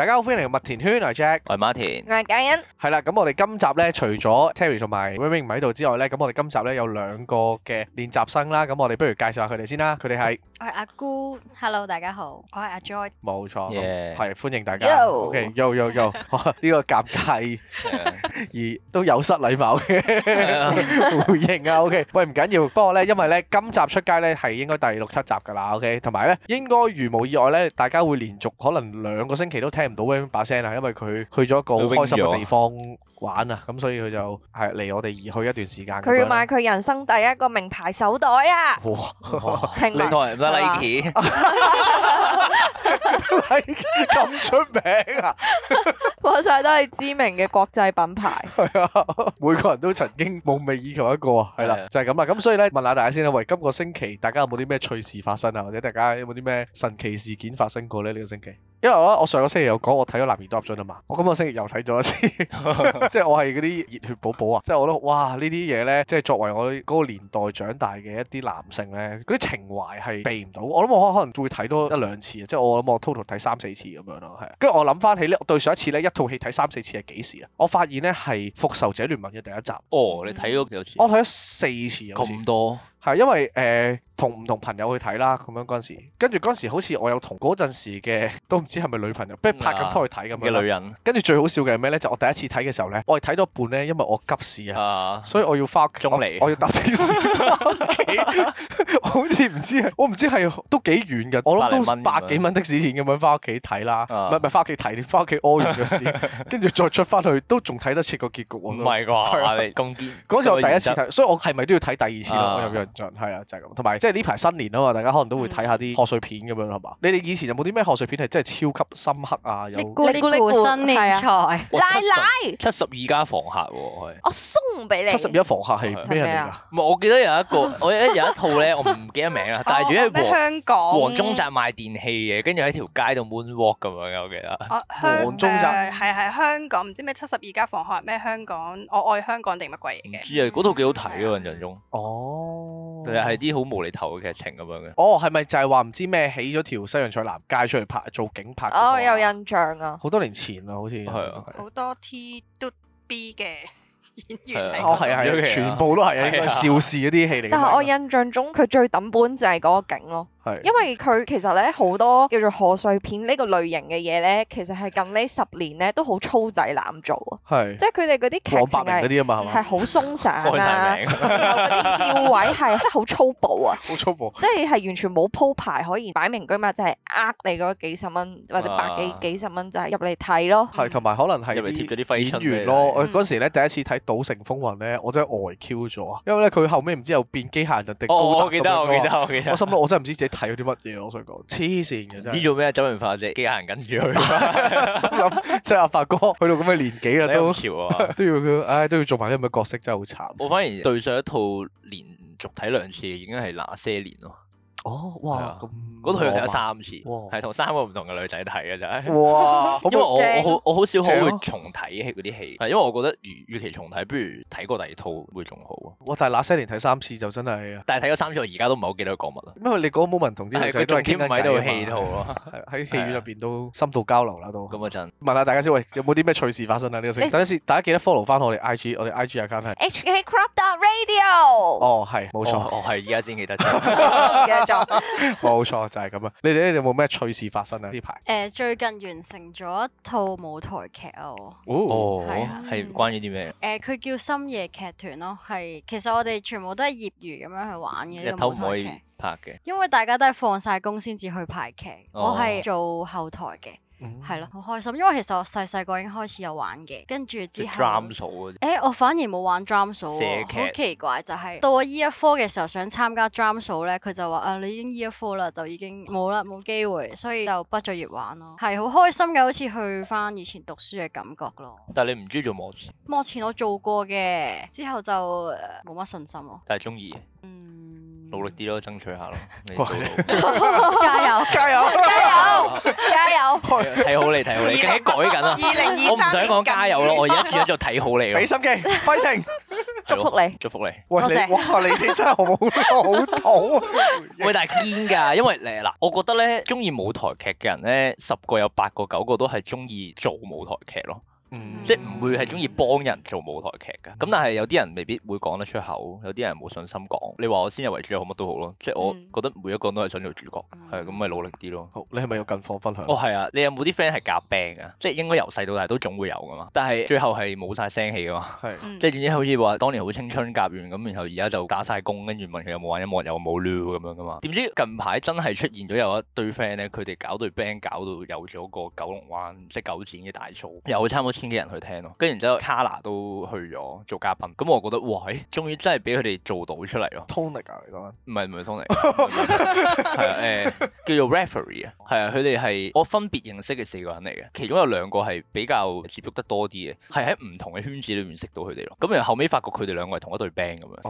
大家好，歡迎嚟麥田圈啊，Jack。我係 Martin，我係嘉欣。係啦，咁我哋今集咧，除咗 Terry 同埋 Ray Wing 唔喺度之外咧，咁我哋今集咧有兩個嘅練習生啦，咁我哋不如介紹下佢哋先啦。佢哋係。我係阿菇，Hello，大家好，我係阿 Joy，冇錯，係歡迎大家，OK，Yo Yo Yo 呢個夾計而都有失禮貌嘅回應啊，OK，喂唔緊要，不過咧因為咧今集出街咧係應該第六七集噶啦，OK，同埋咧應該如無意外咧，大家會連續可能兩個星期都聽唔到 Win 把聲啦，因為佢去咗一個好開心嘅地方。玩啊！咁所以佢就係離我哋而去一段時間。佢要買佢人生第一個名牌手袋啊！哇！你同人得 Nike？Nike 咁出名啊！講晒都係知名嘅國際品牌。係啊，每個人都曾經夢寐以求一個啊！係啦，就係咁啦。咁所以咧，問下大家先啦。喂，今個星期大家有冇啲咩趣事發生啊？或者大家有冇啲咩神奇事件發生過咧？呢個星期？因為我我上個星期有講我睇咗《男兒當入樽》啊嘛，我今個星期又睇咗一次，即係我係嗰啲熱血寶寶啊！即係我覺得，哇呢啲嘢咧，即係作為我嗰個年代長大嘅一啲男性咧，嗰啲情懷係避唔到。我諗我可能可能會睇多一兩次啊，即係我諗我 total 睇三四次咁樣咯，係。跟住我諗翻起咧，我對上一次咧一套戲睇三四次係幾時啊？我發現咧係《復仇者聯盟》嘅第一集。哦，你睇咗幾多次？嗯，我睇咗四次，有次。咁多？係因為誒同唔同朋友去睇啦，咁樣嗰陣時，跟住嗰陣時好似我有同嗰陣時嘅都唔知係咪女朋友，不如拍緊拖去睇咁樣，嘅女人。跟住最好笑嘅係咩咧？就我第一次睇嘅時候咧，我係睇咗一半咧，因為我急事啊，所以我要翻屋企，我要搭的士，好似唔知，我唔知係都幾遠噶，我諗都百幾蚊的士錢咁樣翻屋企睇啦，唔係唔係翻屋企睇，你翻屋企屙完個屎，跟住再出翻去都仲睇得切個結局。唔係啩？你咁癲？嗰時我第一次睇，所以我係咪都要睇第二次？係啊，就係咁，同埋即係呢排新年啊嘛，大家可能都會睇下啲賀歲片咁樣，係嘛？你哋以前有冇啲咩賀歲片係真係超級深刻啊？有啲故新年賽，奶奶七十二家房客喎，係。我送俾你七十二家房客係咩人嚟㗎？我記得有一個，我有一套咧，我唔記得名啦，但係住喺香港，黃宗澤賣電器嘅，跟住喺條街度 moonwalk 咁樣嘅，我記得。哦，黃宗澤係係香港唔知咩七十二家房客咩？香港我愛香港定乜鬼嘢嘅？唔知嗰套幾好睇喎，印象中哦。又係啲好無厘頭嘅劇情咁樣嘅，哦，係咪就係話唔知咩起咗條西洋菜南街出嚟拍做景拍？哦，有印象啊，好多年前咯，好似係、哦、啊、好、啊、多 TVB 嘅演員嚟、啊、哦，係啊係啊，全部都係啊，應該邵氏嗰啲戲嚟。啊啊、但係我印象中佢最抌本就係嗰個景咯。因為佢其實咧好多叫做賀歲片呢個類型嘅嘢咧，其實係近呢十年咧都好粗仔濫造啊，係是，即係佢哋嗰啲劇情係啲啊嘛，係好鬆散啦，啲， 笑位係好粗暴啊，好 粗暴，即係係完全冇鋪排可以擺明句嘛，就係、是、呃你嗰幾十蚊、啊、或者百幾幾十蚊就係入嚟睇咯，係，同埋可能係啲演員咯，嗰、嗯、時咧第一次睇《賭城風雲》咧，我真係呆、呃、Q 咗，因為咧佢後尾唔知有變機械人迪高登咁多，我心諗我真係唔知 睇咗啲乜嘢？我想講，黐線嘅真係。呢個咩啊？周潤發啫，機眼跟住佢，心諗即係阿發哥去到咁嘅年紀啦， 都潮啊， 都要佢唉、哎，都要做埋啲咁嘅角色，真係好慘。我反而對上一套連續睇兩次，已經係那些年咯。哦，哇，咁嗰度去睇咗三次，係同三個唔同嘅女仔睇嘅就，咋。哇，因為我我好我好少可會重睇嗰啲戲，因為我覺得與其重睇不如睇過第二套會仲好。哇，但係那些年睇三次就真係，但係睇咗三次我而家都唔係好記得講乜啦。因為你 moment 同啲，其實都係傾喺啲戲套啊，喺戲院入邊都深度交流啦都。咁啊，一陣問下大家先喂，有冇啲咩趣事發生啊？呢個等陣先，大家記得 follow 翻我哋 I G，我哋 I G 啊，account 係 HK Crop Radio。哦，係冇錯，哦係而家先記得。冇 錯，就係咁啊！你哋咧有冇咩趣事發生啊？呢排誒最近完成咗一套舞台劇啊！哦，係啊是，係、嗯、關於啲咩？誒、呃，佢叫深夜劇團咯，係其實我哋全部都係業餘咁樣去玩嘅。一、這個、偷唔可以拍嘅，因為大家都係放晒工先至去排劇。哦、我係做後台嘅。係咯，好、mm hmm. 開心，因為其實我細細個已經開始有玩嘅，跟住之後，誒、欸，我反而冇玩 drama、啊、show，好奇怪就係、是、到我 year four 嘅時候想參加 drama show 咧，佢就話啊，你已經 year four 啦，就已經冇啦，冇機會，所以就畢咗業玩咯，係好開心嘅，好似去翻以前讀書嘅感覺咯。但係你唔中意做幕前？幕前我做過嘅，之後就冇乜、呃、信心咯、啊。但係中意嗯。努力啲咯，爭取下咯！你哇加油！加油！加油！加油！睇好你，睇好你，而家改緊啊！二零二三我唔想講加油咯，20 23 我而家變咗就睇好你咯！俾心機，輝停！祝福你，祝福你！哇，你哇你啲真係好好土、啊，喂，但係堅㗎。因為你嗱，我覺得咧中意舞台劇嘅人咧，十個有八個九個都係中意做舞台劇咯。嗯、即係唔會係中意幫人做舞台劇㗎，咁、嗯、但係有啲人未必會講得出口，有啲人冇信心講。你話我先入為主，好乜都好咯，即係我、嗯、覺得每一個人都係想做主角，係咁咪努力啲咯。好，你係咪有近況分享？哦，係啊，你有冇啲 friend 係夾 band 㗎？即係應該由細到大都總會有㗎嘛。但係最後係冇晒聲氣㗎嘛。是嗯、即係點知好似話當年好青春夾完咁，然後而家就打晒工，跟住問佢有冇玩音樂，有冇料咁樣㗎嘛。點知近排真係出現咗有一堆 friend 咧，佢哋搞隊 band，搞到有咗個九龍灣即係九展嘅大騷，又差唔多。千幾人去聽咯，跟住然之後卡 a 都去咗做嘉賓，咁我覺得哇，終於真係俾佢哋做到出嚟咯。Tony 啊，你講，唔係唔係 Tony，係啊，誒、 呃、叫做 referee 啊，係啊，佢哋係我分別認識嘅四個人嚟嘅，其中有兩個係比較接觸得多啲嘅，係喺唔同嘅圈子裏面識到佢哋咯。咁然後後尾發覺佢哋兩個係同一隊 band 咁樣，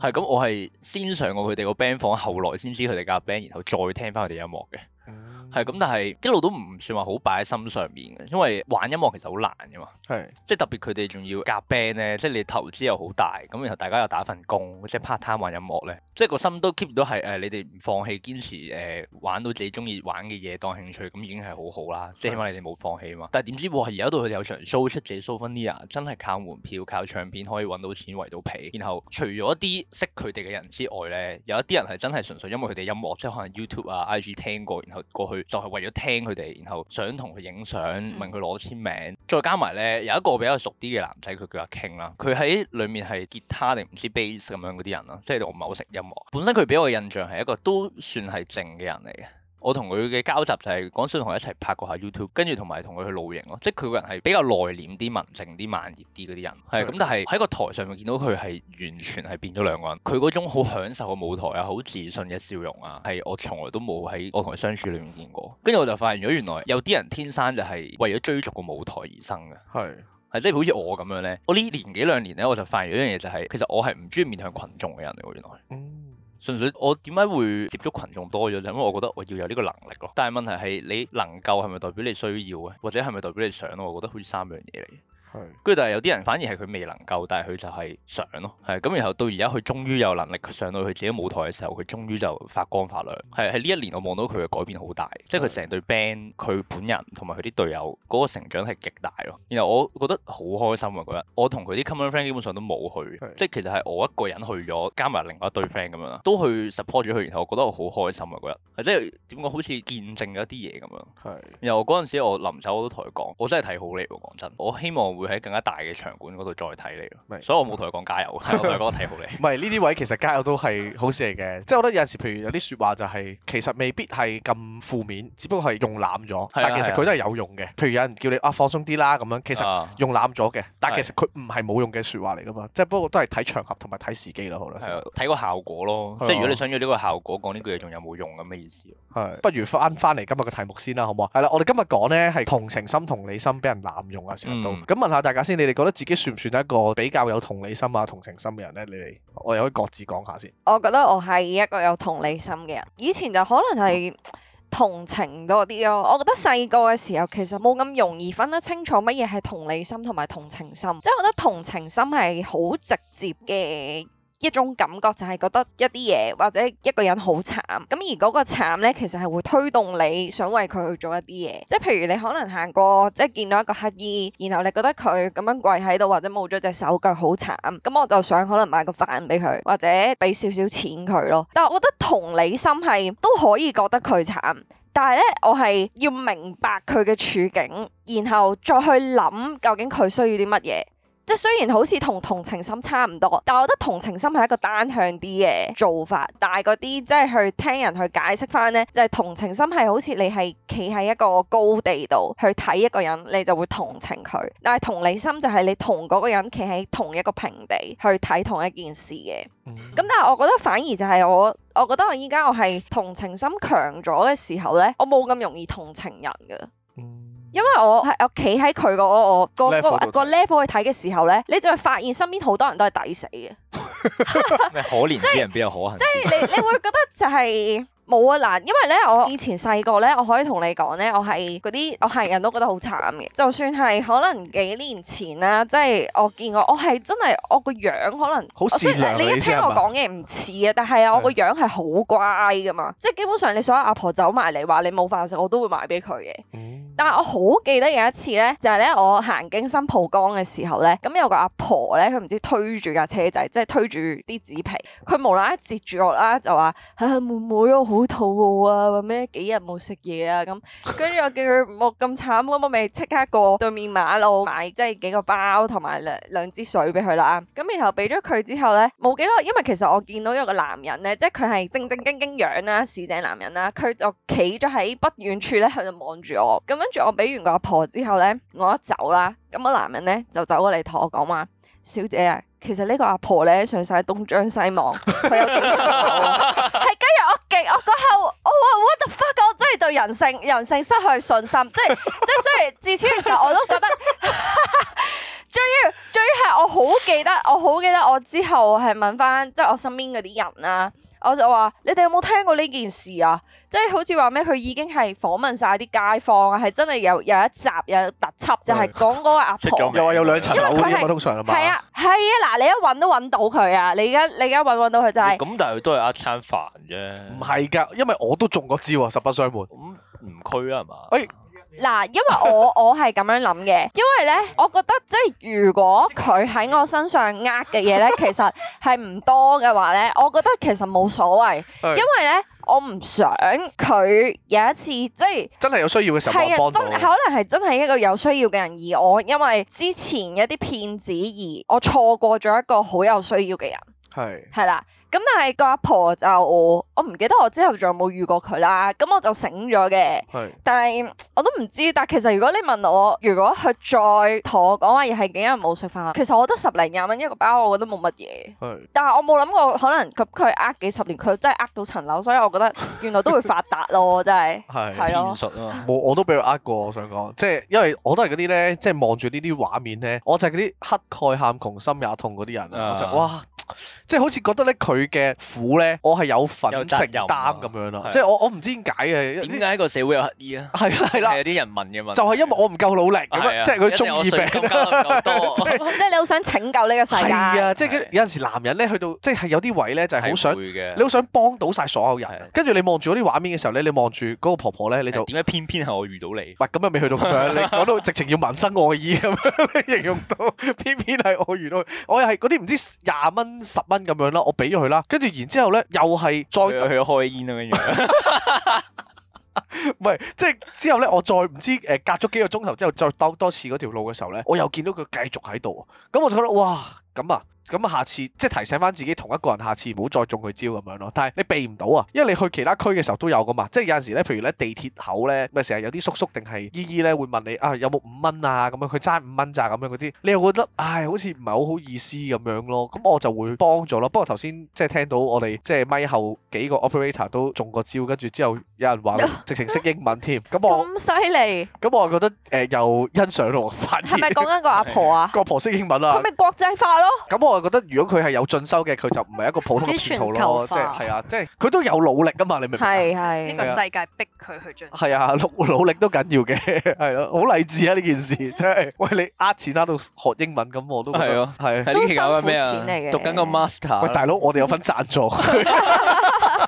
係咁、oh. 我係先上過佢哋個 band 房，後來先知佢哋夾 band，然後再聽翻佢哋音樂嘅。Mm. 係咁，但係一路都唔算話好擺喺心上面嘅，因為玩音樂其實好難嘅嘛。係的，即係特別佢哋仲要夾 band 咧，即係你投資又好大，咁然後大家又打份工，即係 part time 玩音樂咧，即係個心都 keep 到係誒，你哋唔放棄，堅持誒、呃、玩到自己中意玩嘅嘢當興趣，咁已經係好好啦。即係的起碼你哋冇放棄啊嘛。但係點知喎、啊，而家到佢哋有場 show 出，自己 souvenir 真係靠門票、靠唱片可以揾到錢圍到皮。然後除咗一啲識佢哋嘅人之外咧，有一啲人係真係純粹因為佢哋音樂，即係可能 YouTube 啊、IG 聽過，然後過去。就係為咗聽佢哋，然後想同佢影相，問佢攞簽名，嗯、再加埋咧有一個比較熟啲嘅男仔，佢叫阿 King 啦，佢喺裏面係吉他定唔知 bass 咁樣嗰啲人咯，即係我唔係好識音樂。本身佢俾我印象係一個都算係靜嘅人嚟嘅。我同佢嘅交集就係講笑同佢一齊拍過下 YouTube，跟住同埋同佢去露營咯。即係佢個人係比較內斂啲、文靜啲、慢熱啲嗰啲人，係咁。但係喺個台上面見到佢係完全係變咗兩個人。佢嗰種好享受嘅舞台啊，好自信嘅笑容啊，係我從來都冇喺我同佢相處裡面見過。跟住我就發現咗，原來有啲人天生就係為咗追逐個舞台而生嘅。係係是即係好似我咁樣呢。我呢年幾兩年呢，我就發現咗一樣嘢就係、是，其實我係唔中意面向群眾嘅人。原來。嗯純粹我點解會接觸群眾多咗就係因為我覺得我要有呢個能力咯。但係問題係，你能夠係咪代表你需要？或者係咪代表你想？我覺得好似三樣嘢嚟。跟住，但係有啲人反而係佢未能夠，但係佢就係想咯、啊。係咁，然後到而家佢終於有能力上到佢自己舞台嘅時候，佢終於就發光發亮。係喺呢一年，我望到佢嘅改變好大，即係佢成隊 band 佢本人同埋佢啲隊友嗰、嗰個成長係極大咯。然後我覺得好開心啊！嗰日我同佢啲 common friend 基本上都冇去，的即係其實係我一個人去咗，加埋另外一對 friend 咁樣都去 support 咗佢。然後我覺得我好開心啊！嗰日係即係點講？好似見證咗一啲嘢咁樣。係又嗰陣時我，我臨走我都同佢講，我真係睇好你喎。講真，我希望會喺更加大嘅場館嗰度再睇你咯， 所以我冇同佢講加油，係講個睇好嚟。唔係呢啲位其實加油都係好事嚟嘅，即係我覺得有陣時，譬如有啲説話就係、是、其實未必係咁負面，只不過係用濫咗。 啊啊、但其實佢都係有用嘅。譬如有人叫你啊放鬆啲啦咁樣，其實用濫咗嘅，但其實佢唔係冇用嘅説話嚟噶嘛。即係不過都係睇場合同埋睇時機啦，好啦睇個效果咯。 啊、即係如果你想要呢個效果，講呢句嘢仲有冇用咁嘅意思、啊？不如翻翻嚟今日嘅題目先啦，好唔好啊？係啦，我哋今日講咧係同情心同理心俾人濫用嘅成日都咁問。啊！大家先，你哋覺得自己算唔算一個比較有同理心啊同情心嘅人呢？你哋我哋可以各自講下先。我覺得我係一個有同理心嘅人，以前就可能係同情多啲咯。我覺得細個嘅時候其實冇咁容易分得清楚乜嘢係同理心同埋同情心，即係我覺得同情心係好直接嘅。一種感覺就係覺得一啲嘢或者一個人好慘，咁而嗰個慘咧其實係會推動你想為佢去做一啲嘢，即係譬如你可能行過即係見到一個乞兒，然後你覺得佢咁樣跪喺度或者冇咗隻手腳好慘，咁我就想可能買個飯俾佢或者俾少少錢佢咯。但係我覺得同理心係都可以覺得佢慘，但係咧我係要明白佢嘅處境，然後再去諗究竟佢需要啲乜嘢。即係雖然好似同同情心差唔多，但係我覺得同情心係一個單向啲嘅做法，但係嗰啲即係去聽人去解釋翻呢，就係、是、同情心係好似你係企喺一個高地度去睇一個人，你就會同情佢。但係同理心就係你同嗰個人企喺同一個平地去睇同一件事嘅。咁、嗯、但係我覺得反而就係我，我覺得我依家我係同情心強咗嘅時候呢，我冇咁容易同情人嘅。因為我係我企喺佢個我、嗰個 level 看個 level 去睇嘅時候咧，你就會發現身邊好多人都係抵死嘅，可憐之人必有可恨，即係 你你會覺得就係、係。冇啊！嗱，因為咧，我以前細個咧，我可以同你講咧，我係嗰啲我係人都覺得好慘嘅。就算係可能幾年前啦，即係我見過，我係真係我個樣可能好善良然你一聽我講嘢唔似啊，但係啊，我個樣係好乖㗎嘛。對即係基本上你所有阿婆，婆走埋嚟話你冇飯食，我都會買俾佢嘅。嗯、但係我好記得有一次咧，就係、是、咧我行經新蒲崗嘅時候咧，咁有個阿婆咧，佢唔知推住架車仔，即係推住啲紙皮，佢無啦啦截住我啦，就話：嚇、哎、妹妹我。好肚餓啊！話咩幾日冇食嘢啊？咁跟住我叫佢冇咁慘，咁我咪即刻過對面馬路買即係幾個包同埋兩兩支水俾佢啦。咁然後俾咗佢之後咧，冇幾耐，因為其實我見到一個男人咧，即係佢係正正經經樣啦，市井男人啦，佢就企咗喺不遠處咧，佢就望住我。咁跟住我俾完個阿婆之後咧，我一走啦，咁個男人咧就走過嚟同我講話：小姐啊，其實呢個阿婆咧上曬東張西望，佢又係今日我。我嗰下我我都發覺我真係對人性人性失去信心，即係即係雖然自此其實我都覺得， 最要最係我好記得我好記得我之後係問翻即係我身邊嗰啲人啦、啊。我就話：你哋有冇聽過呢件事啊？即係好似話咩？佢已經係訪問晒啲街坊啊，係真係有有一集有一特輯，就係講嗰個阿婆。 又話有兩層，因為佢係係啊，係啊，嗱、啊，你一揾都揾到佢啊！你而家你而家揾揾到佢就係、是、咁，但係都係一餐飯啫。唔係㗎，因為我都中過招，十不相瞞。咁唔區啊，係嘛？欸嗱， 因為我我係咁樣諗嘅，因為咧，我覺得即係如果佢喺我身上呃嘅嘢咧，其實係唔多嘅話咧，我覺得其實冇所謂，是因為咧，我唔想佢有一次即係真係有需要嘅時候，我幫我。係呀，可能係真係一個有需要嘅人，而我因為之前一啲騙子而我錯過咗一個好有需要嘅人。係係是啦。咁但係個阿婆就話我，我唔記得我之後仲有冇遇過佢啦。咁我就醒咗嘅是，但係我都唔知。但係其實如果你問我，如果佢再同我講話又係幾日冇食飯，其實我覺得十零廿蚊一個包，我覺得冇乜嘢。是但係我冇諗過可能佢佢呃幾十年，佢真係呃到層樓，所以我覺得原來都會發達咯， 真係的。係現實啊！我 我都俾佢呃過，我想講，即係因為我都係嗰啲咧，即係望住呢啲畫面咧，我就係嗰啲乞丐喊窮心也痛嗰啲人，我、就係、哇。 即係好似覺得咧，佢嘅苦咧，我係有份承擔咁樣咯。即係我我唔知點解嘅。點解呢個社會有乞兒啊？係啊係啦，有啲人問嘅嘛。就係因為我唔夠努力，即係佢中意病，即係你好想拯救呢個世界。啊，即係有陣時男人咧去到即係有啲位咧就係好想，你好想幫到晒所有人。跟住你望住嗰啲畫面嘅時候咧，你望住嗰個婆婆咧，你就點解偏偏係我遇到你？喂，係咁又未去到咁樣，講到直情要紋身愛意咁樣形容到，偏偏係我遇到，我又係嗰啲唔知廿蚊。十蚊咁樣啦，我俾咗佢啦，跟住然之後呢 之後咧，又係再對佢開煙啊咁樣，唔係即係之後咧，我再唔知誒隔咗幾個鐘頭之後，再兜多，多次嗰條路嘅時候咧，我又見到佢繼續喺度，咁我就覺得哇！咁啊，咁啊，下次即係提醒翻自己同一個人，下次唔好再中佢招咁樣咯，啊。但係你避唔到啊，因為你去其他區嘅時候都有噶嘛。即係有陣時咧，譬如咧地鐵口咧，咪成日有啲叔叔定係姨姨咧會問你啊，有冇五蚊啊咁樣，佢爭五蚊咋咁樣嗰啲，你又覺得唉，哎，好似唔係好好意思咁樣咯。咁我就會幫咗咯。不過頭先即係聽到我哋即係咪後幾個 operator 都中過招，跟住之後有人話， 直情識英文添。咁我咁犀利。咁我覺得誒又，呃，欣賞咯，反係咪講緊個阿婆啊？個婆識 英文啊？咁咪國際化咯～咁我係覺得，如果佢係有進修嘅，佢就唔係一個普通嘅騙徒咯。即係係啊，即係佢都有努力噶嘛，你明唔明啊？係係，呢個世界逼佢去進修。係啊，努力都緊要嘅，係咯，好勵志啊！呢件事即係，喂，你呃錢呃到學英文咁，我都係啊。係呢期係咩啊？讀緊個 master。喂，大佬，我哋有份贊助。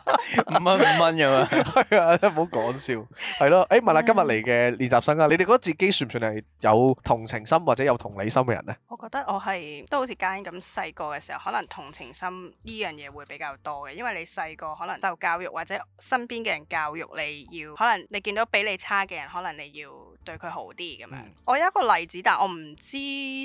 五蚊五蚊咁啊，係啊，唔好講笑，係 咯，誒、哎，問下今日嚟嘅練習生啦， 你哋覺得自己算唔算係有同情心或者有同理心嘅人呢？我覺得我係都好似嘉欣咁細個嘅時候，可能同情心呢樣嘢會比較多嘅，因為你細個可能就教育或者身邊嘅人教育你要，可能你見到比你差嘅人，可能你要對佢好啲咁樣。嗯、我有一個例子，但我唔知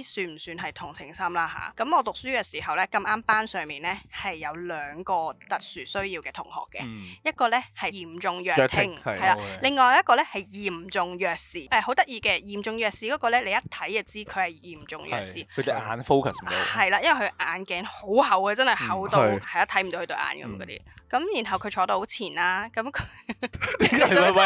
算唔算係同情心啦吓。咁、啊、我讀書嘅時候呢，咁啱班上面呢係有兩個特殊需要嘅同學。學嘅一個咧係嚴重弱聽係啦，另外一個咧係嚴重弱視誒，好得意嘅嚴重弱視，嗰個咧你一睇就知佢係嚴重弱視。佢隻眼 focus 唔到係啦，因為佢眼鏡好厚呀，真係厚到係啊，睇唔到佢對眼咁嗰啲。咁然後佢坐到好前啦，咁佢唔係唔你忍住，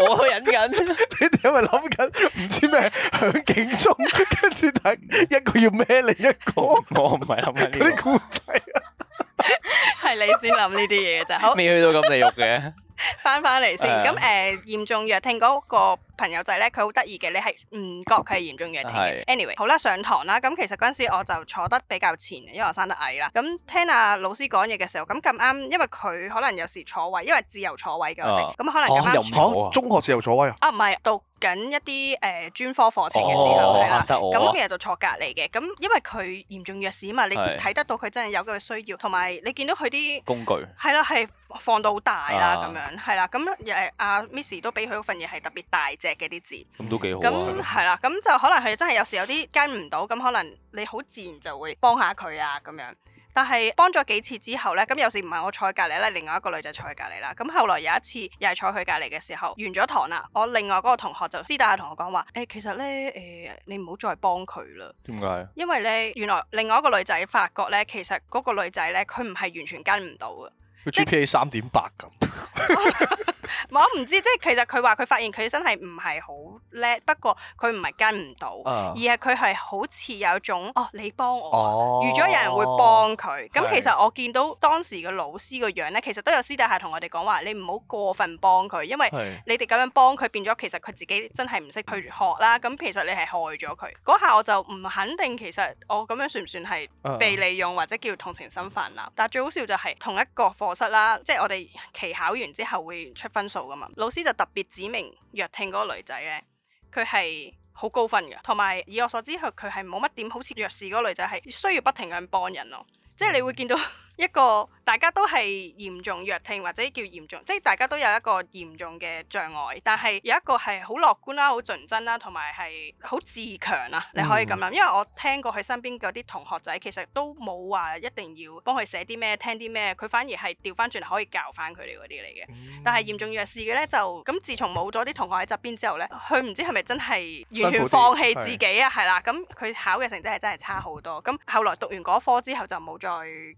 我忍緊，你點解咪諗緊唔知咩響警鐘？跟住但一個要孭你一個，我唔係諗緊啲古仔啊。係 你先諗呢啲嘢嘅咋，啫，未去到咁地獄嘅。翻翻嚟先，咁誒、uh，huh. 呃、嚴重藥聽嗰、嗰個。朋友仔咧，佢好得意嘅，你係唔覺佢係嚴重弱聽嘅。Anyway，好啦，上堂啦，咁其實嗰陣時我就坐得比較前，因為我生得矮啦。咁聽阿老師講嘢嘅時候，咁咁啱，因為佢可能有時坐位，因為自由坐位嘅，咁、uh. 了可能咁啱中學自由坐位啊。啊，唔係讀緊一啲誒專科課程嘅時候係啦，咁其實就坐隔離嘅。咁因為佢嚴重弱視啊嘛，你睇得到佢真係有個需要，同埋你見到佢啲工具係啦，係放到好大啦咁樣，係、啊、啦，咁誒阿 Miss 都俾佢份嘢係特別大嘅啲字咁都幾好啊，咁係啦，咁 就、嗯嗯嗯嗯嗯嗯、可能佢真係有時有啲跟唔到，咁可能你好自然就會幫下佢啊咁樣。但係幫咗幾次之後咧，咁有時唔係我坐喺隔籬咧，另外一個女仔坐喺隔籬啦。咁後來有一次又係坐佢隔籬嘅時候，完咗堂啦，我另外嗰個同學就私底下同我講話，誒、欸，其實咧，誒、欸，你唔好再幫佢啦。點解？因為咧，原來另外一個女仔發覺咧，其實嗰個女仔咧，佢唔係完全跟唔到嘅。佢 GPA 三點八咁，我唔知，即係其實佢話佢發現佢真係唔係好叻，不過佢唔係跟唔到，嗯、而係佢係好似有種哦，你幫我預、啊、咗、哦、有人會幫佢。咁、哦、其實我見到當時個老師個樣咧，其實都有私底下同我哋講話，你唔好過分幫佢，因為你哋咁樣幫佢變咗，其實佢自己真係唔識去學啦。咁、嗯、其實你係害咗佢。嗰下我就唔肯定，其實我咁樣算唔算係被利用、嗯、或者叫同情心氾濫？但係最好笑就係同一個課。失啦，即係我哋期考完之後會出分數噶嘛，老師就特別指明弱聽嗰個女仔咧，佢係好高分噶，同埋以我所知佢佢係冇乜點好似弱勢嗰個女仔係需要不停咁人幫人咯，即係你會見到一個。大家都係嚴重弱聽或者叫嚴重，即係大家都有一個嚴重嘅障礙，但係有一個係好樂觀啦、啊、好純真啦、啊，同埋係好自強啊。你可以咁諗，因為我聽過佢身邊嗰啲同學仔，其實都冇話一定要幫佢寫啲咩、聽啲咩，佢反而係調翻轉可以教翻佢哋嗰啲嚟嘅。但係嚴重弱視嘅呢，就咁自從冇咗啲同學喺側邊之後呢，佢唔知係咪真係完全放棄自己啊？係啦，咁佢考嘅成績係真係差好多。咁、嗯、後來讀完嗰科之後就冇再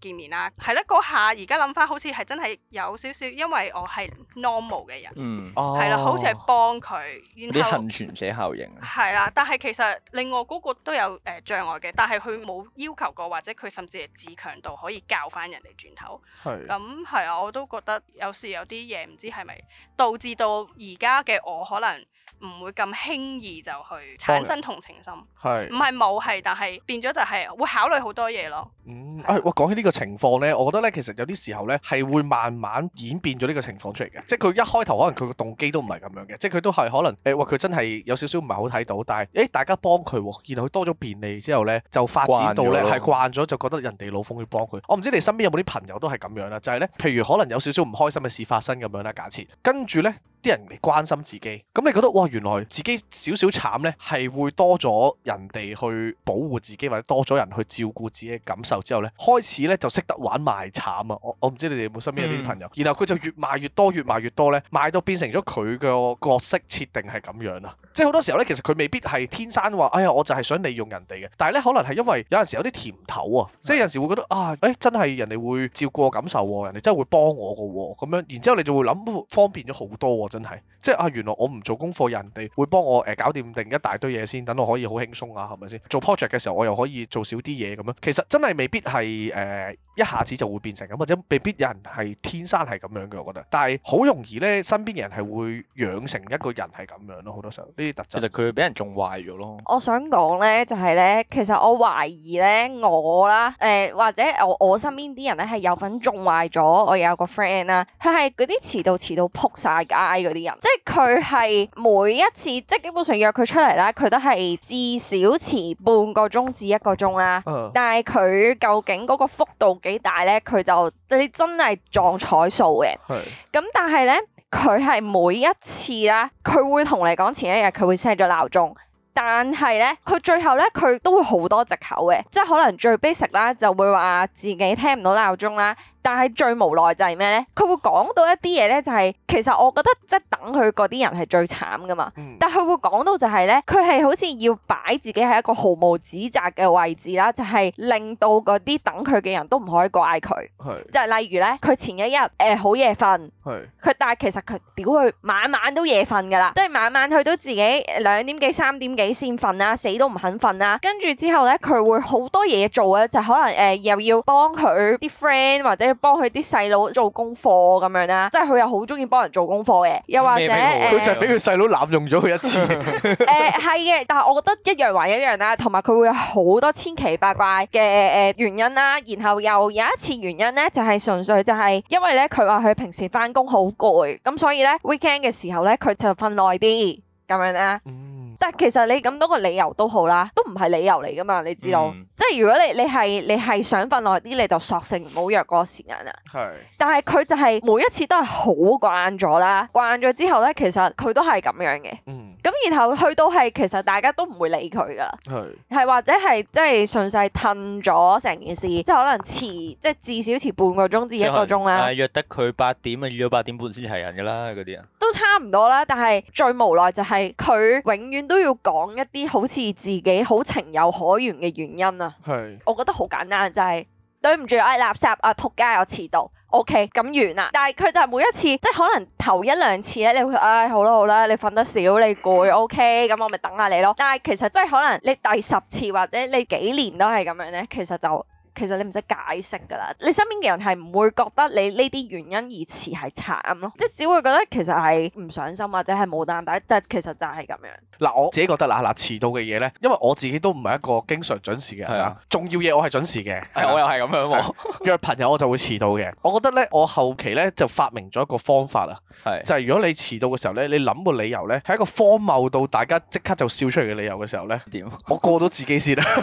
見面啦。係啦，下。啊！而家諗翻，好似係真係有少少，因為我係 normal 嘅人，係啦、嗯哦，好似係幫佢，然後幸存者效應，係啦。但係其實另外嗰個都有誒、呃、障礙嘅，但係佢冇要求過，或者佢甚至係自強到可以教翻人哋轉頭。係咁係啊，我都覺得有時有啲嘢唔知係咪導致到而家嘅我可能，唔會咁輕易就去產生同情心，係唔係冇係，但係變咗就係會考慮好多嘢咯。嗯，哎，我講起呢個情況呢，我覺得呢，其實有啲時候呢，係會慢慢演變咗呢個情況出嚟嘅，即係佢一開頭可能佢個動機都唔係咁樣嘅，即係佢都係可能誒，佢、呃、真係有少少唔係好睇到，但係誒大家幫佢，然後佢多咗便利之後呢，就發展到呢，係了慣咗，就覺得人哋老奉要幫佢。我唔知你身邊有冇啲朋友都係咁樣啦，就係、是、呢，譬如可能有少少唔開心嘅事發生咁樣咧，假設跟住呢。啲人嚟關心自己，咁你覺得哇，原來自己少少慘呢，係會多咗人哋去保護自己，或者多咗人去照顧自己嘅感受之後呢，開始呢，就識得玩賣慘啊！我我唔知你哋有冇身邊有啲朋友，嗯、然後佢就越賣越多，越賣越多呢，賣到變成咗佢嘅角色設定係咁樣啦。即係好多時候呢，其實佢未必係天生話，哎呀，我就係想利用人哋嘅，但係呢，可能係因為有陣時有啲甜頭啊，即係有陣時會覺得啊，誒、哎、真係人哋會照顧我感受喎，人哋真係會幫我嘅喎，咁樣，然之後你就會諗方便咗好多喎。真係，即係啊！原來我唔做功課，人哋會幫我誒、呃、搞掂定,定一大堆嘢先，等我可以好輕鬆啊，係咪先？做 project 嘅時候，我又可以做少啲嘢咁樣。其實真係未必係誒、呃、一下子就會變成咁，或者未必有人係天生係咁樣嘅。我覺得，但係好容易呢，身邊人係會養成一個人係咁樣咯。好多時候呢啲特質，其實佢俾人種壞咗咯。我想講呢，就係、是、呢，其實我懷疑呢，我啦，誒、呃、或者我我身邊啲人呢，係有份種壞咗。我有個 friend 啦、啊，佢係嗰啲遲到遲到扑晒街。啲人，即係佢係每一次，即係基本上約佢出嚟啦，佢都係至少遲半個鐘至一個鐘啦。Uh huh. 但係佢究竟嗰個幅度幾大咧？佢就你真係撞彩數嘅。係、uh，咁、huh. 但係咧，佢係每一次啦，佢會同你講前一日佢會 set 咗鬧鐘，但係咧，佢最後咧，佢都會好多借口嘅，即係可能最 basic 啦，就會話自己聽唔到鬧鐘啦。但係最無奈就係咩咧？佢會講到一啲嘢咧，就係其實我覺得即係等佢嗰啲人係最慘㗎嘛。嗯、但係佢會講到就係咧，佢係好似要擺自己喺一個毫無指責嘅位置啦，就係、是、令到嗰啲等佢嘅人都唔可以怪佢。係是就係例如咧，佢前一日誒好夜瞓，佢是但係其實佢屌佢晚晚都夜瞓㗎啦，即係晚晚佢都自己兩點幾三點幾先瞓啦，死都唔肯瞓啦。跟住之後咧，佢會好多嘢做啊，就可能誒、呃、又要幫佢啲 friend 或者。幫佢啲細佬做功課咁樣啦，即係佢又好中意幫人做功課嘅，又或者佢、呃、就係俾佢細佬濫用咗佢一次。誒、 呃，係嘅，但係我覺得一樣還一樣啦，同埋佢會有好多千奇百怪嘅誒原因啦，然後又有一次原因咧就係純粹就係因為咧佢話佢平時返工好攰，咁所以咧 weekend 嘅時候咧佢就瞓耐啲咁樣啦。嗯但其實你咁多個理由都好啦，都唔係理由嚟㗎嘛，你知道？嗯、即係如果你你係你係想瞓耐啲，你就索性唔好約嗰個時間喇。係。但係佢就係每一次都係好慣咗啦，慣咗之後咧，其實佢都係咁樣嘅。嗯咁然後去到係其實大家都唔會理佢㗎，係係是或者係即係順勢褪咗成件事，即係可能遲即係至少遲半個鐘至一個鐘啦。但約得佢八點啊，約到八點半先係人㗎啦嗰啲啊，人都差唔多啦。但係最無奈就係佢永遠都要講一啲好似自己好情有可原嘅原因啊。係是，我覺得好簡單就係、是、對唔住啊垃圾啊仆街我遲到。O K，咁完啦。但係佢就係每一次，即係可能頭一兩次咧，你會，唉、哎，好啦好啦，你瞓得少，你攰，O K，咁我咪等下你咯。但係其實即係可能你第十次或者你幾年都係咁樣咧，其實就。其實你唔使解釋噶啦，你身邊嘅人係唔會覺得你呢啲原因而遲係慘咯，即係只會覺得其實係唔上心或者係冇擔帶，但係其實就係咁樣。嗱，我自己覺得嗱嗱遲到嘅嘢咧，因為我自己都唔係一個經常準時嘅人啦。是啊、重要嘢我係準時嘅、啊啊，我又係咁樣喎。約朋友我就會遲到嘅。我覺得咧，我後期咧就發明咗一個方法啊，是就係如果你遲到嘅時候咧，你諗個理由咧係一個荒謬到大家即刻就笑出嚟嘅理由嘅時候咧，點？我過到自己先啊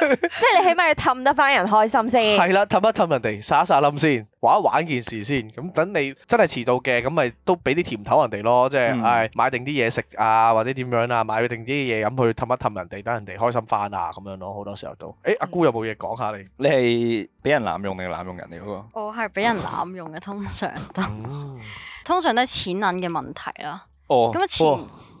即係你。起碼你咪氹得翻人開心先，係啦，氹一氹人哋，耍一耍冧先，玩一玩件事先。咁等你真係遲到嘅，咁咪都俾啲甜頭人哋咯，即係係買定啲嘢食啊，或者點樣啦，啊，買定啲嘢飲去氹一氹人哋，等人哋開心翻啊，咁樣咯。好多時候都，誒、欸、阿菇有冇嘢講下你？你係俾人濫用定係濫用人哋嗰個？我係俾人濫用嘅，通常都，通常都係錢銀嘅問題啦。哦，咁啊錢。哦唔係，但係我係，這個，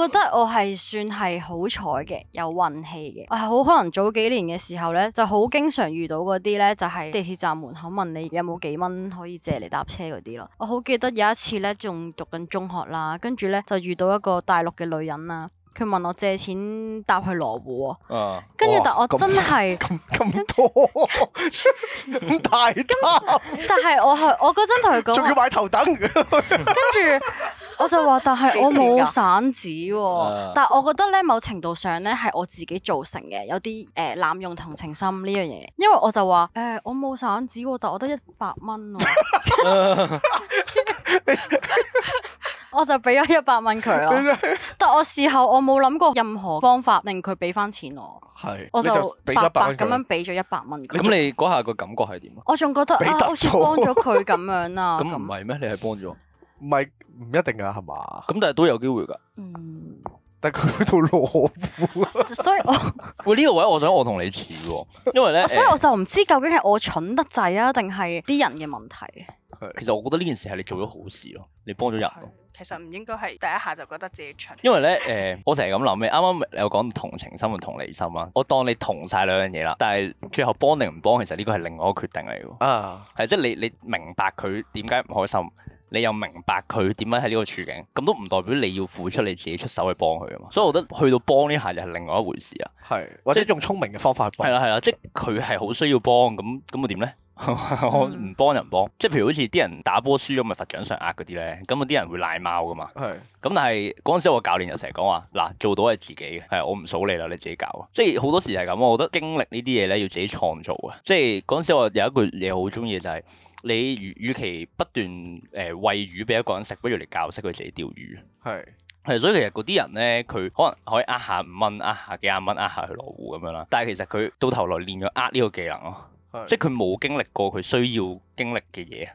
我覺得我係算係好彩嘅，有運氣嘅。我係好可能早幾年嘅時候呢，就好經常遇到嗰啲呢，就係、是、地鐵站門口問你有冇幾蚊可以借嚟搭車嗰啲咯。我好記得有一次呢，仲讀緊中學啦，跟住呢，就遇到一個大陸嘅女人啦，佢問我借錢搭去羅湖。啊！Uh, 跟住但我真係咁多咁大， 但係我係我嗰陣就係講仲要買頭等， 跟住。我就話，但係我冇散紙、啊，啊、但係我覺得咧，某程度上咧係我自己造成嘅，有啲誒濫用同情心呢樣嘢。因為我就話，誒、欸、我冇散紙、啊，但我得一百蚊，我就俾咗一百蚊佢啦。但我事後我冇諗過任何方法令佢俾翻錢我、啊，係是我就白白咁樣俾咗一百蚊佢。咁你嗰還下個感覺係點啊？我仲覺得啊，好似幫咗佢咁樣啦。咁唔係咩？你係幫咗。唔係唔一定啊，係嘛？咁但係都有機會噶。嗯，但佢喺度裸富啊，所以我喂呢 個位，我想我同你似，因為咧， 所以我就唔知究竟係我蠢得制啊，定係啲人嘅問題。是其實我覺得呢件事係你做咗好事咯，你幫咗人。其實唔應該係第一下就覺得自己蠢。因為咧，誒、呃，我成日咁諗，你啱啱你有講同情心同理心啊，我當你同晒兩樣嘢啦，但係最後幫定唔幫，其實呢個係另外一個決定嚟噶。啊，係即係你你明白佢點解唔開心。你又明白佢點樣喺呢個處境，咁都唔代表你要付出你自己出手去幫佢啊嘛。所以我覺得去到幫呢下又係另外一回事啊。係，或者用聰明嘅方法幫。係啦，係啦，即係佢係好需要幫，咁咁我點咧？ 我唔幫人幫、嗯，即係譬如好似啲人打波輸咗咪罰掌上壓嗰啲咧，咁啲人會賴貓噶嘛。係是。咁但係嗰陣時我教練就成日講話，嗱，做到係自己嘅，係我唔數你啦，你自己搞。即係好多時係咁，我覺得經歷呢啲嘢咧要自己創造啊。即係嗰陣時我有一句嘢好中意就係、是，你與與其不斷誒餵魚俾一個人食，不如嚟教識佢自己釣魚。係係是，所以其實嗰啲人咧，佢可能可以呃下五蚊，呃下幾廿蚊，呃下去羅湖咁樣啦。但係其實佢到頭來練咗呃呢個技能咯。即係佢冇經歷過佢需要經歷嘅嘢，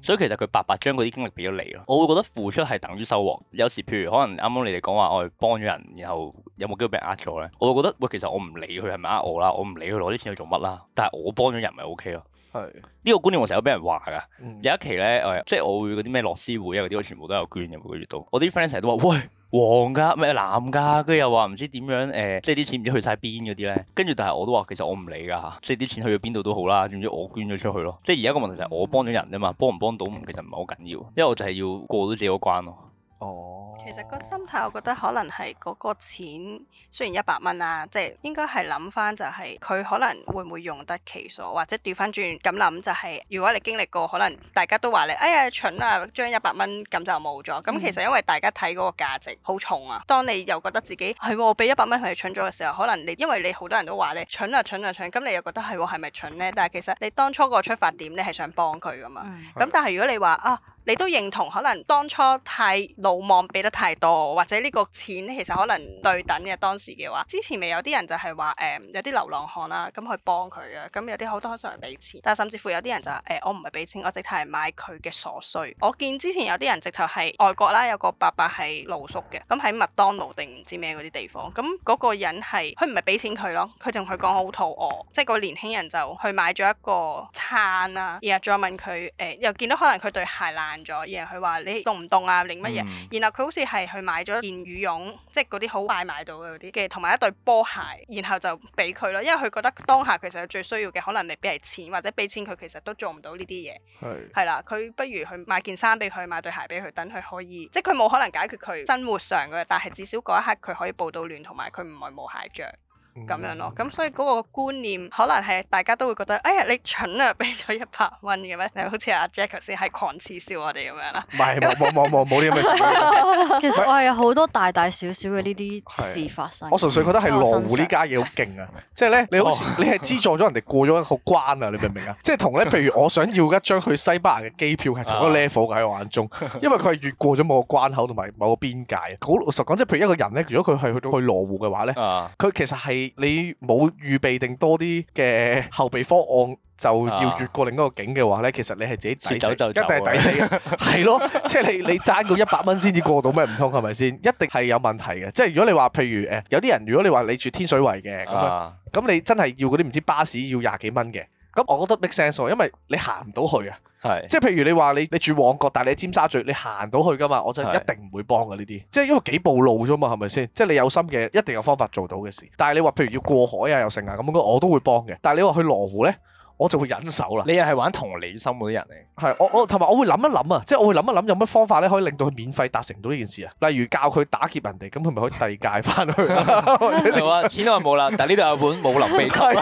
所以其實佢白白將嗰啲經歷俾咗你咯。我會覺得付出係等於收穫。有時譬如可能啱啱你哋講話，我幫咗人，然後有冇機會俾人呃咗咧？我會覺得喂，其實我唔理佢係咪呃我啦，我唔理佢攞啲錢去做乜啦，但係我幫咗人咪 OK 咯。係呢個觀念我成日都俾人話噶，嗯、有一期咧誒，即係我會嗰啲咩樂施會啊嗰啲，我全部都有捐嘅，每個月都。我啲 friend 成日都話：喂，黃噶咩？藍噶，跟住又話唔知點樣誒，即係啲錢唔知去晒邊嗰啲咧。跟住但係我都話其實我唔理噶，即係啲錢去到邊度都好啦，總之我捐咗出去咯。即係而家個問題就係我幫咗人啫嘛，幫唔幫到其實唔係好緊要，因為我就係要過到自己嗰關咯。哦，其實個心態，我覺得可能係嗰個錢，雖然一百蚊啦，即係應該係諗翻就係佢可能會唔會用得其所，或者調翻轉咁諗就係，如果你經歷過，可能大家都話你，哎呀蠢啊，將一百蚊咁就冇咗。咁其實因為大家睇嗰個價值好重啊，當你又覺得自己係俾一百蚊佢蠢咗嘅時候，可能你因為你好多人都話你蠢啊蠢啊蠢，咁你又覺得係喎係咪蠢呢？但係其實你當初個出發點你係想幫佢噶嘛。咁但係如果你話啊，你都認同可能當初太魯莽俾得太多，或者呢個錢其實可能對等嘅當時嘅話，之前咪有啲人就係話誒有啲流浪漢啦、啊，咁去幫佢嘅、啊，咁、嗯、有啲好多都上去俾錢，但係甚至乎有啲人就係、是欸、我唔係俾錢，我直頭係買佢嘅所需。我見之前有啲人直頭係外國啦、啊，有個伯伯係露宿嘅，咁喺麥當勞定唔知咩嗰啲地方，咁嗰個人係佢唔係俾錢佢咯，佢同佢講好肚餓，即係個年輕人就去買咗一個餐啦、啊，然後再問佢誒、欸、又見到可能佢對鞋爛。行咗，然後佢話你凍唔凍啊，定乜嘢？嗯、然後佢好似係去買咗件羽絨，即係嗰啲好快買到嘅嗰啲嘅，同埋一對波鞋，然後就俾佢咯。因為佢覺得當下其實佢最需要嘅可能未必係錢，或者俾錢佢其實都做唔到呢啲嘢。係係啦，佢不如去買件衫俾佢，買對鞋俾佢，等佢可以，即係佢冇可能解決佢生活上嘅，但係至少嗰一刻佢可以保到暖，同埋佢唔係冇鞋着。咁樣咯，咁所以嗰個觀念可能係大家都會覺得，哎呀你蠢啊，俾咗一百蚊嘅咩？你好似阿 Jack 先係狂恥笑我哋咁樣啦。唔係，冇冇冇冇冇呢啲咁嘅事。其實我係有好多大大小小嘅呢啲事發生。我純粹覺得係羅湖呢家嘢好勁啊！即係咧，你好似你係資助咗人哋過咗一個關啊，你明唔明啊？即係同咧，譬如我想要一張去西班牙嘅機票同一個 level 喺我眼中，因為佢係越過咗某個關口同埋某個邊界。好老實講，即係譬如一個人咧，如果佢係去到羅湖嘅話咧，佢其實係。你冇預備定多啲嘅後備方案，就要越過另一個境嘅話呢，其實你係自己脱手就走一定係抵死，係咯， 即係你你爭個一百蚊先至過到咩唔通係咪先？一定係有問題嘅。即係如果你話譬如誒，有啲人如果你話你住天水圍嘅咁樣，咁、啊、你真係要嗰啲唔知巴士要廿幾蚊嘅。咁我覺得 make sense 因為你行唔到去啊，係是即係譬如你話你你住旺角，但係你尖沙咀，你行到去㗎嘛，我就一定唔會幫嘅呢啲，即係因為幾步路啫嘛，係咪先？即係你有心嘅，一定有方法做到嘅事。但係你話譬如要過海啊，又成啊，咁我我都會幫嘅。但係你話去羅湖咧？我就會忍手啦。你又係玩同理心嗰啲人嚟？係我我同埋我會諗一諗啊，即係我會諗一諗有乜方法咧，可以令到佢免費達成到呢件事啊。例如教佢打劫人哋，咁佢咪可以遞界翻去？啊？錢都冇啦，但係呢度有本武林秘笈，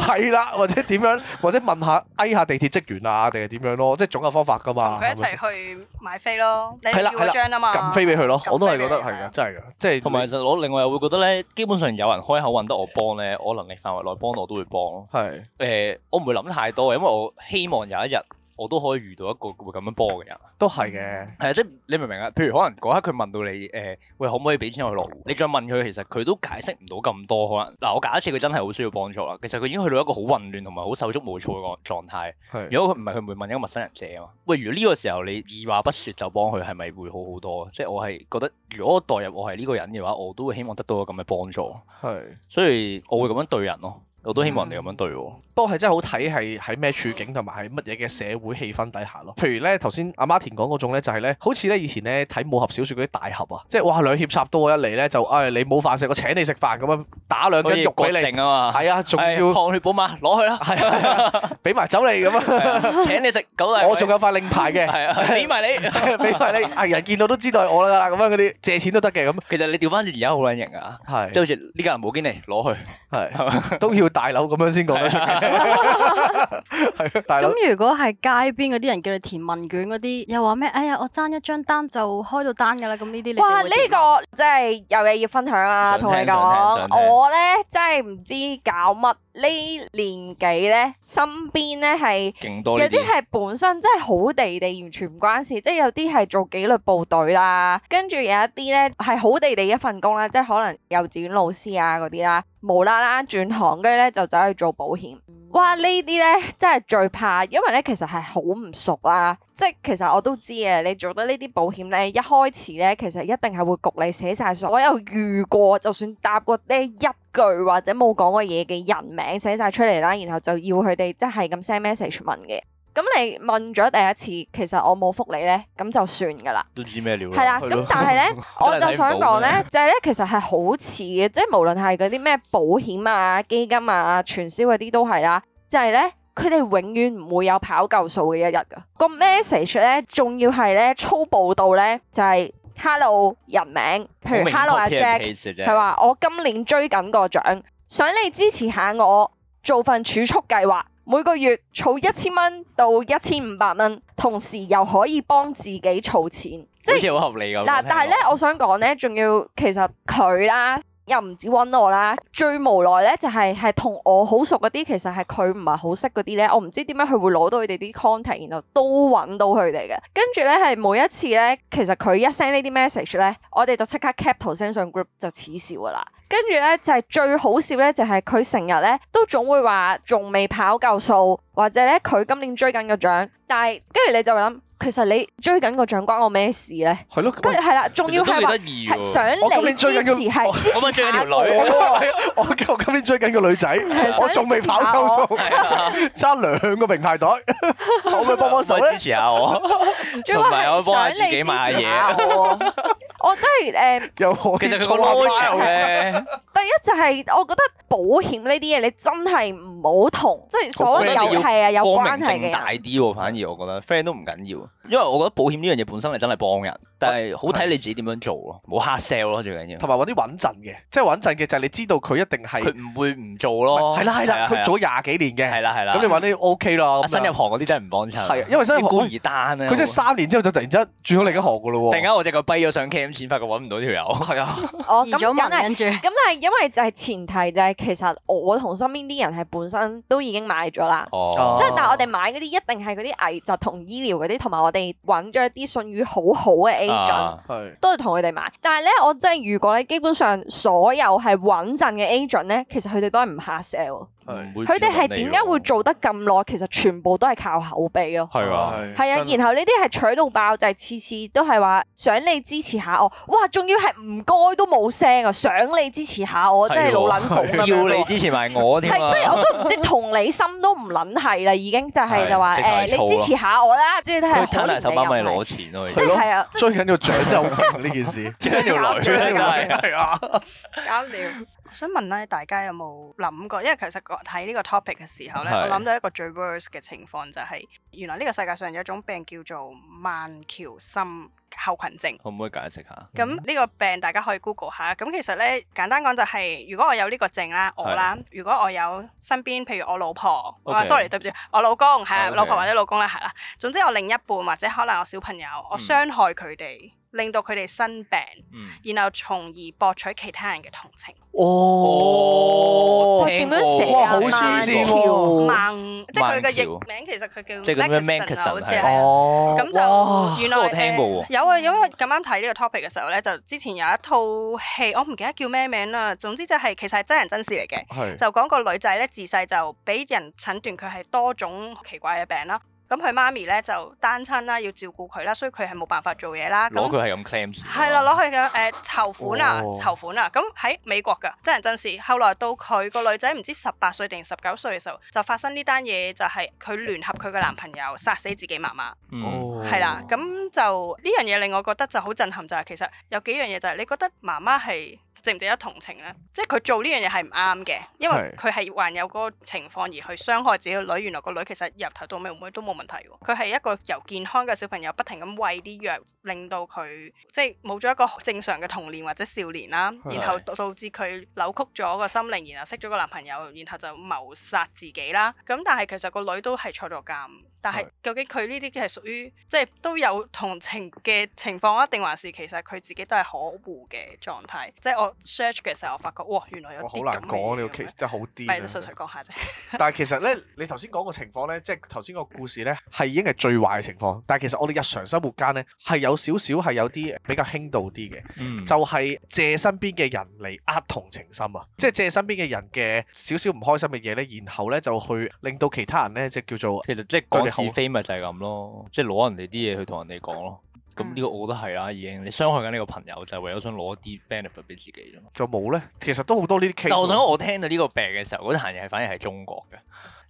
係啦，或者點樣，或者問下 A 下地鐵職員啊，定係點樣咯？即係總有方法噶嘛。佢一齊去買飛咯，你攞張啊嘛？撳飛俾佢咯，我都係覺得係嘅，真係嘅，即係同埋其實我另外又會覺得咧，基本上有人開口揾得我幫咧，我能力範圍內幫我都會幫咯。係誒，我唔會諗太多，因為我希望有一日，我都可以遇到一個會咁樣幫我嘅人。都係嘅，係即係你明唔明啊？譬如可能嗰刻佢問到你，誒、呃，喂，可唔可以俾錢我去落戶？你再問佢，其實佢都解釋唔到咁多。可能嗱，我假設佢真係好需要幫助啦。其實佢已經去到一個好混亂同埋好手足無措嘅狀狀態。的如果佢唔係，佢唔會問一個陌生人借啊嘛？喂，如果呢個時候你二話不說就幫佢，係咪會好好多？即係我係覺得，如果代入我係呢個人嘅話，我都會希望得到個咁嘅幫助。係的，的所以我會咁樣對人咯。我都希望人哋咁樣對喎、哦，嗯、都係真係好睇係喺咩處境同埋喺乜嘢嘅社會氣氛底下咯。譬如咧頭先 Martin 講嗰種咧、就是，就係咧好似咧以前咧睇武俠小説嗰啲大俠啊，即係哇兩肋插刀一嚟咧就誒、哎、你冇飯食，我請你食飯咁啊，打兩斤肉俾你。啊嘛，係啊，仲要抗血寶嘛攞去啦，係俾埋走你咁啊，請你食，九啊，我仲有塊令牌嘅，係 啊，俾埋你，俾埋你，係人見到都知道係我啦咁啊，嗰啲借錢都得嘅咁。其實你調翻而 家好撚型㗎嚇，即係好似呢個人冇經理，攞去，係都要。大佬咁樣先講得出嚟，係咯。咁如果係街邊嗰啲人叫你填問卷嗰啲，又話咩？哎呀，我爭一張單就開到單噶啦。咁呢啲你哇呢個真係有嘢要分享啊！同聽你講，我咧真係唔知搞乜。呢年紀咧，身邊咧係勁多有啲係本身真係好地地完全唔關事，即係有啲係做紀律部隊啦，跟住有一啲咧係好地地一份工啦，即係可能幼稚園老師啊嗰啲啦，無啦啦轉行呢，跟住咧就走去做保險。哇！呢啲咧真係最怕，因為咧其實係好唔熟啦。即係其實我都知呀，你做得呢啲保險咧，一開始咧其實一定係會焗你寫晒所有遇過，就算搭過呢一句或者冇講過嘢嘅人名寫晒出嚟啦，然後就要佢哋即係咁 send message 問嘅。咁你問咗第一次，其實我冇覆你咧，咁就算噶啦。都知咩料係啦，咁的的但係咧， 我就想講咧，就係咧，其實係好似嘅，即係無論係嗰啲咩保險啊、基金啊、傳銷嗰啲都係啦，就係咧，佢哋永遠唔會有跑夠數嘅一日噶。個 message 咧，仲要係咧粗暴到咧，就係。Hello 人名，譬如 Hello 阿 Jack，佢話 我今年追緊個獎，想你支持下我做份儲蓄計劃，每個月儲一千蚊到一千五百蚊，同時又可以幫自己儲錢， 即係好似好合理咁。嗱， 但係咧， 我想講咧，仲要其實佢啦。又唔止揾我啦，最無奈咧就係係同我好熟嗰啲，其實係佢唔係好識嗰啲咧。我唔知點解佢會攞到佢哋啲 contact，然後都揾到佢哋嘅。跟住咧係每一次咧，其實佢一 send 呢啲 message 咧，我哋就即刻 cap 圖 send 上 group 就恥笑噶啦。跟住咧就係、是、最好笑咧，就係佢成日咧都總會話仲未跑夠數，或者咧佢今年追緊個獎，但係跟住你就會諗。其實你追緊個獎關我咩事咧？係咯，跟住係啦，仲要係話，想嚟支持，係支持我。我今朝追緊個女，我今朝追緊個女仔，我仲未跑夠數，差兩個名牌袋，可唔可以幫幫手支持下我？同埋我幫下自己買下嘢。我真係誒，又其實佢第一就係我覺得保險呢啲嘢，你真係唔好同，即係所有係啊有關係嘅。大啲，反而我覺得 friend 都唔緊要。因為我覺得保險呢樣嘢本身係真係幫人。但係好睇你自己點樣做咯，冇黑 sell 咯最緊要，同埋揾啲穩陣嘅，即係穩陣嘅就係你知道佢一定係佢唔會唔做咯，係啦，係啦，佢做咗廿幾年嘅，係啦，係啦，咁你話啲 O K 啦，新入行嗰啲真係唔幫襯，係因為新入行孤兒單咧，佢即係三年之後就突然之間轉咗另一行噶咯喎，突然間我隻腳跛咗上 claim 錢，發覺揾唔到條友，係啊，哦，咁咁係咁，但係因為就係前提就係其實我同身邊啲人係本身都已經買咗啦，即係但係我哋買嗰啲一定係嗰啲危疾同醫療嗰啲，同埋我哋揾咗一啲信譽好好嘅。agent、啊、都要同佢哋買，但係咧，我即係如果咧基本上所有係穩陣嘅 agent 咧，其實佢哋都係唔 hard sell。佢哋係點解會做得咁耐？其實全部都係靠口碑咯。係啊，係啊。然後呢啲係取到爆，就係次次都係話想你支持下我。哇！仲要係唔該都冇聲啊，想你支持下我，真係老撚。要你支持埋我添啊！即係我都唔知同理心都唔撚係啦，已經就係就話誒，你支持下我啦，即係咪攞錢咯。即係追緊個獎就呢件事，獎就攞獎，係啊，搞掂。想問咧，大家有冇諗過？因為其實個睇呢個 topic 嘅時候咧，是我諗到一個最 worse 嘅情況就係、是，原來呢個世界上有一種病叫做孟喬森候群症。可唔可以解釋下？咁呢個病大家可以 Google 下。咁其實咧，簡單講就係、是，如果我有呢個症啦，我啦，是如果我有身邊譬如我老婆，啊 Okay.、oh, sorry 對唔住，我老公係啊 Okay. 老婆或者老公咧係啦，總之我另一半或者可能我小朋友，我傷害佢哋。嗯令到佢哋生病，然後從而博取其他人嘅同情。哦，點樣寫啊？哇，好黐線喎！即係佢嘅譯名，其實佢叫。即係 Munchausen 即係哦。咁就原來咧，有啊，因為咁啱睇呢個 topic 嘅時候咧，就之前有一套戲，我唔記得叫咩名啦。總之就係其實係真人真事嚟嘅，就講個女仔咧，自細就俾人診斷佢係多種奇怪嘅病啦。咁佢媽咪咧就單親啦，要照顧佢啦，所以佢係冇辦法做嘢啦。攞佢係咁 claim。係、嗯、啦，攞佢嘅誒籌款啊，籌款啊。咁喺、哦、美國噶真人真事。後來到佢個女仔唔知十八歲定十九歲嘅時候，就發生呢單嘢，就係佢聯合佢嘅男朋友殺死自己媽媽。嗯、哦。係啦，咁就呢樣嘢令我覺得就好震撼，就係，就係其實有幾樣嘢就係你覺得媽媽係。值唔值得同情咧？即係佢做呢樣嘢係唔啱嘅，因為佢係患有嗰個情況而去傷害自己個女。原來個女其實入頭到尾都冇問題，佢係一個由健康嘅小朋友不停咁喂啲藥令到佢即係冇咗一個正常嘅童年或者少年啦。是然後導致佢扭曲咗個心靈，然後識咗個男朋友，然後就謀殺自己啦。咁但係其實個女都係坐咗監。但係究竟佢呢啲係屬於即係都有同情嘅情況啊？定還是其實佢自己都係可惡嘅狀態，即係我。search 嘅時候，我發覺哇，原來有好難講呢個 case，真係好癲，係，純粹講下啫。 但係其實咧，你頭先講個情況咧，即係頭先個故事咧，係已經係最壞嘅情況。但係其實我哋日常生活間咧，係有少少係有啲比較輕度啲嘅。嗯、就係借身邊嘅人嚟呃同情心啊，即係借身邊嘅人嘅少少唔開心嘅嘢咧，然後咧就去令到其他人咧，即係叫做。其實即係講是非咪就係咁咯，即係攞人哋啲嘢去同人哋講咯。咁呢、嗯、個我都係啦，已經你傷害緊呢個朋友，就係為咗想攞啲 benefit 俾自己啫。就冇咧，其實都好多呢啲 case。但係我想我聽到呢個病嘅時候，嗰啲行業係反而係中國嘅。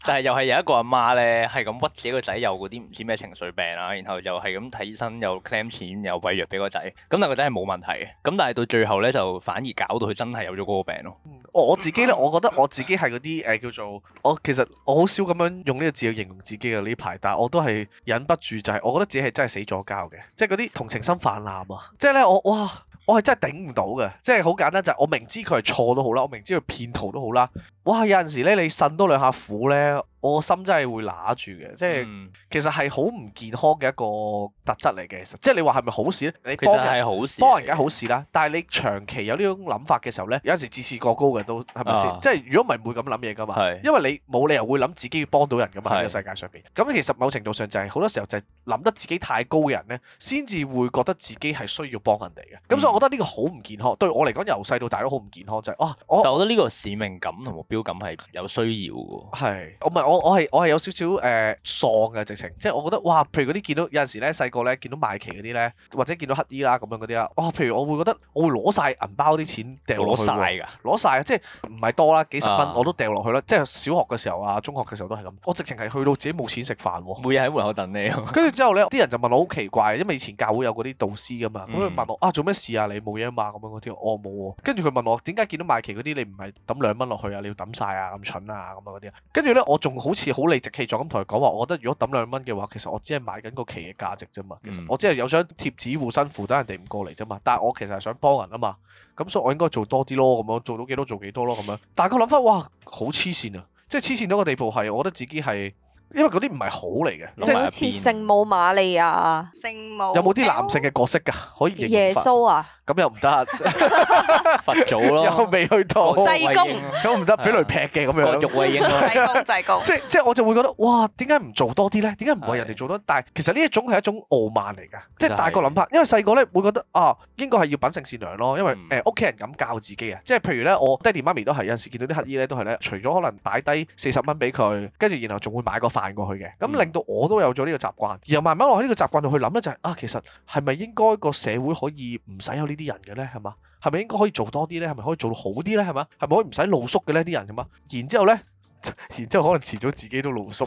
就係又係有一個阿媽咧，係咁屈死個仔有嗰啲唔知咩情緒病啊，然後又係咁睇醫生，又 claim 錢，又餵藥俾個仔。咁但係個仔係冇問題嘅。咁但係到最後咧，就反而搞到佢真係有咗嗰個病咯。我自己咧，我覺得我自己係嗰啲誒叫做我其實我好少咁樣用呢個字嚟形容自己嘅呢排，但我都係忍不住就係、是、我覺得自己係真係死左膠嘅，即係嗰啲同情心泛濫啊！即係咧我哇～我係真係頂唔到嘅，即係好簡單就係、是、我明知佢係錯都好啦，我明知佢騙徒都好啦。哇，有陣時呢，你呻多兩下苦呢。我心真係會揦住嘅，即係、嗯、其實係好唔健康嘅一個特質嚟嘅。其實即係你話係咪好事咧？你幫人係好事，幫人梗係好事啦。 但係你長期有呢種諗法嘅時候咧，有陣時自視過高嘅都係咪先？是是啊、即係如果唔係唔會咁諗嘢噶嘛。是因為你冇理由會諗自己要幫到人噶嘛。喺是個世界上邊咁，其實某程度上就係、是、好多時候就係諗得自己太高嘅人咧，先至會覺得自己係需要幫人哋嘅。咁、嗯、所以我覺得呢個好唔健康，對我嚟講由細到大都好唔健康就係、是、哦。啊、我，我覺得呢個使命感同目標感係有需要㗎。我唔我。我我係我係有少少誒喪嘅直情，即係我覺得哇，譬如嗰啲見到有陣時咧細個咧見到賣旗嗰啲咧，或者見到乞衣啦咁樣嗰啲啦，哇！譬如我會覺得我會攞晒銀包啲錢掉落去喎，攞曬攞曬啊！即係唔係多啦？幾十蚊我都掉落去啦。啊、即係小學嘅時候啊，中學嘅時候都係咁。我直情係去到自己冇錢食飯喎，每日喺門口等你。跟住 之後咧，啲人就問我好奇怪，因為以前教會有嗰啲導師噶嘛，咁佢問我、嗯、啊做咩事啊？你冇嘢、哦、啊嘛咁樣嗰啲，我冇喎。跟住佢問我點解見到賣旗嗰啲你唔係抌兩蚊落去啊？你要抌晒啊？咁蠢啊咁樣嗰啲啊。」跟住咧我仲……好似好理直氣壯咁同佢講話，我覺得如果抌兩蚊嘅話，其實我只係買緊個旗嘅價值啫嘛。其實我只係有張貼紙護身符等人哋唔過嚟啫嘛。但係我其實係想幫人啊嘛，咁所以我應該做多啲咯，咁樣做到幾多做幾多咯，咁樣。但係佢諗翻，哇，好黐線啊！即係黐線到個地步係，我覺得自己係。因為嗰啲唔係好嚟嘅，即係好似聖母瑪利亞，聖母有冇啲男性嘅角色㗎？可以耶穌啊？咁又唔得，佛祖咯，又未去到濟公，咁唔得俾雷劈嘅咁樣，用嚟形容，濟公濟公，即係即係我就會覺得哇，點解唔做多啲咧？點解唔為人哋做多？但係其實呢一種係一種傲慢嚟㗎，即係大個諗法，因為細個咧會覺得啊，應該係要品性善良咯，因為誒屋企人咁教自己啊，即係譬如咧，我爹哋媽咪都係有陣時見到啲乞衣咧，都係咧，除咗可能擺低四十蚊俾佢，跟住然後仲會買個行過去嘅，咁、嗯、令到我都有咗呢個習慣，然後慢慢落喺呢個習慣度去諗咧、就係，就係啊，其實係咪應該個社會可以唔使有呢啲人嘅呢？係嘛，係咪應該可以做多啲呢？係咪可以做到好啲呢？係咪？係咪可以唔使露宿嘅呢啲人嘛，然之後咧， 然之後可能遲早自己都露宿。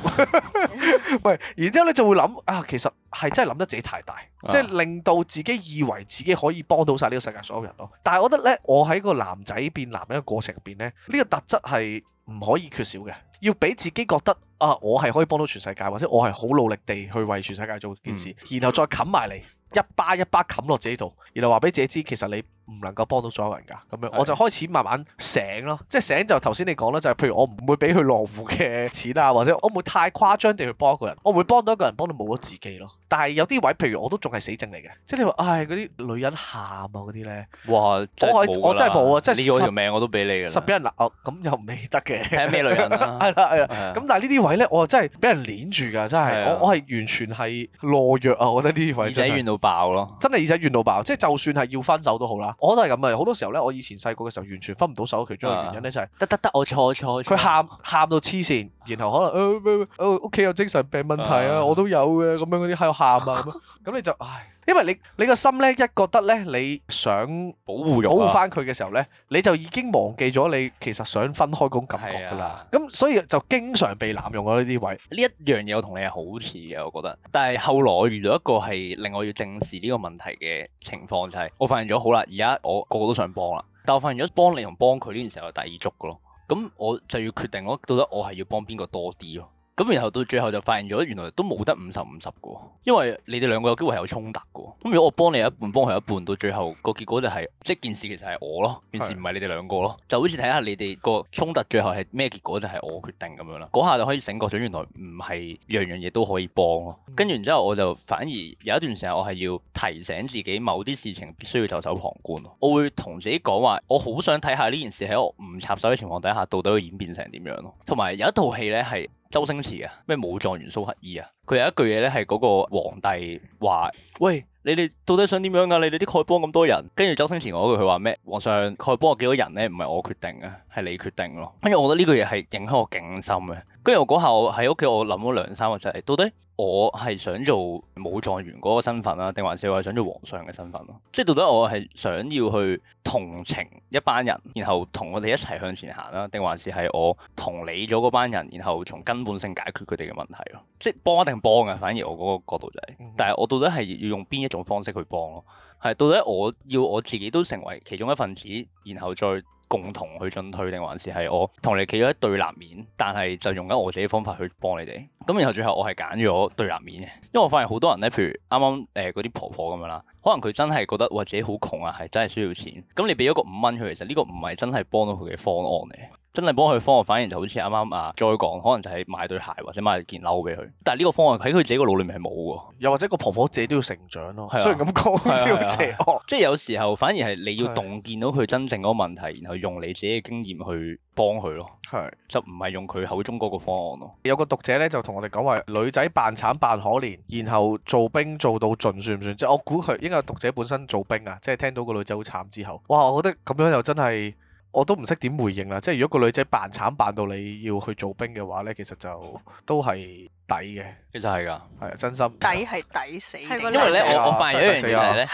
喂， 然之後咧就會諗啊，其實係真係諗得自己太大，即係、啊、令到自己以為自己可以幫到晒呢個世界所有人咯。但係我覺得呢，我喺個男仔變男人嘅過程入邊呢，呢、呢個特質係唔可以缺少嘅，要俾自己覺得。啊！我係可以幫到全世界，或者我係好努力地去為全世界做件事，嗯、然後再冚埋嚟，一巴一巴冚落自己度，然後話俾自己知，其實你。唔能夠幫到所有人㗎，咁樣我就開始慢慢醒咯。即係醒就頭先你講啦，就係、是、譬如我唔會俾佢落戶嘅錢啊，或者我唔會太誇張地去幫一個人，我唔會幫到一個人幫到冇咗自己咯。但係有啲位，譬如我都仲係死症嚟嘅，即係你話唉嗰啲女人喊啊嗰啲咧，呢哇我！我真係冇啊，了即係失呢個條命我都俾你嘅啦，失俾人啦，哦咁又未得嘅。咩女人、啊？係啦係啦。咁但係呢啲位咧，我真係俾人攆住㗎，真係了我我係完全係懦弱啊！我覺得呢啲位而且怨到爆咯，真係而且怨到爆，即係就算係要分手都好啦。我都係咁啊！好多時候呢，我以前細個嘅時候完全分唔到手，其中一個原因呢就係得得得，我錯錯，佢喊喊到黐線。然後可能誒，屋、呃、企、呃、有精神病問題啊，啊我都有嘅咁樣嗰啲喺度喊啊，咁你就唉，因為你你個心咧一覺得咧，你想保護保護返佢嘅時候咧，啊、你就已經忘記咗你其實想分開嗰種感覺㗎啦。咁、啊、所以就經常被濫用咯呢啲位。呢一樣嘢我同你係好似嘅，我覺得。但係後來我遇到一個係令我要正視呢個問題嘅情況就係、是，我發現咗好啦，而家我個個都想幫啦，但我發現咗幫你同幫佢呢件時候係第二足嘅咯。咁我就要決定，我到底我係要幫邊個多啲咯。咁然後到最後就發現咗，原來都冇得五十五十個，因為你哋兩個有機會係有衝突㗎。咁如果我幫你一半，幫佢一半，到最後個結果就係、是、即件事其實係我咯，件事唔係你哋兩個咯，是就好似睇下你哋個衝突最後係咩結果，就係、是、我決定咁樣啦。嗰下就可以醒覺咗，原來唔係樣樣嘢都可以幫咯。跟住然之後，我就反而有一段時間，我係要提醒自己某啲事情必須要袖手旁觀。我會同自己講話，我好想睇下呢件事喺我唔插手嘅情況底下，到底會演變成點樣咯。同埋有一套戲呢係。周星馳啊，咩武狀元蘇乞兒啊，佢有一句嘢咧，係嗰個皇帝話：喂，你哋到底想點樣啊？你哋啲丐幫咁多人，跟住周星馳嗰句佢話咩？皇上丐幫有幾多人咧？唔係我決定嘅，係你決定咯。跟住我覺得呢句嘢係影響我警心嘅。跟住我嗰下喺屋企，我諗咗兩三個，就係到底我係想做武狀元嗰個身份啦，定還是我係想做皇上嘅身份咯？即係到底我係想要去同情一班人，然後同我哋一齊向前行啦，定還是係我同理咗嗰班人，然後從根本性解決佢哋嘅問題咯？即係幫一定幫啊？反而我嗰個角度就係、是，但係我到底係要用邊一種方式去幫咯？係到底我要我自己都成為其中一份子，然後再。共同去進退，定還是係我同你企咗喺對立面，但係就用緊我自己方法去幫你哋。咁然後最後我係揀咗對立面，因為我發現好多人呢，譬如啱啱誒嗰啲婆婆咁樣啦。可能佢真係覺得或者好窮啊，係真係需要錢。咁、嗯、你俾咗個五蚊佢，其實呢個唔係真係幫到佢嘅方案嚟，真係幫佢方案，反而就好似啱啱 Joy 再講，可能就係買對鞋或者買件褸俾佢。但係呢個方案喺佢自己個腦裡面係冇㗎。又或者個婆婆自己都要成長咯。啊、雖然咁講，即係邪惡。即係有時候反而係你要洞見到佢真正嗰個問題，啊、然後用你自己嘅經驗去幫佢咯。係是就唔係用佢口中嗰個方案咯。啊、有個讀者咧就同我哋講話，女仔扮慘扮可憐，然後做兵做到盡算唔算？ 即係我估佢應該。因為讀者本身做兵啊，即係聽到個女仔好慘之後，哇！我覺得咁樣又真係我都唔識點回應啦。即係如果個女仔扮慘扮到你要去做兵嘅話呢，其實就都係。抵嘅，其實係㗎，係真心。抵係抵死，因為咧我我發現一樣嘢就係咧，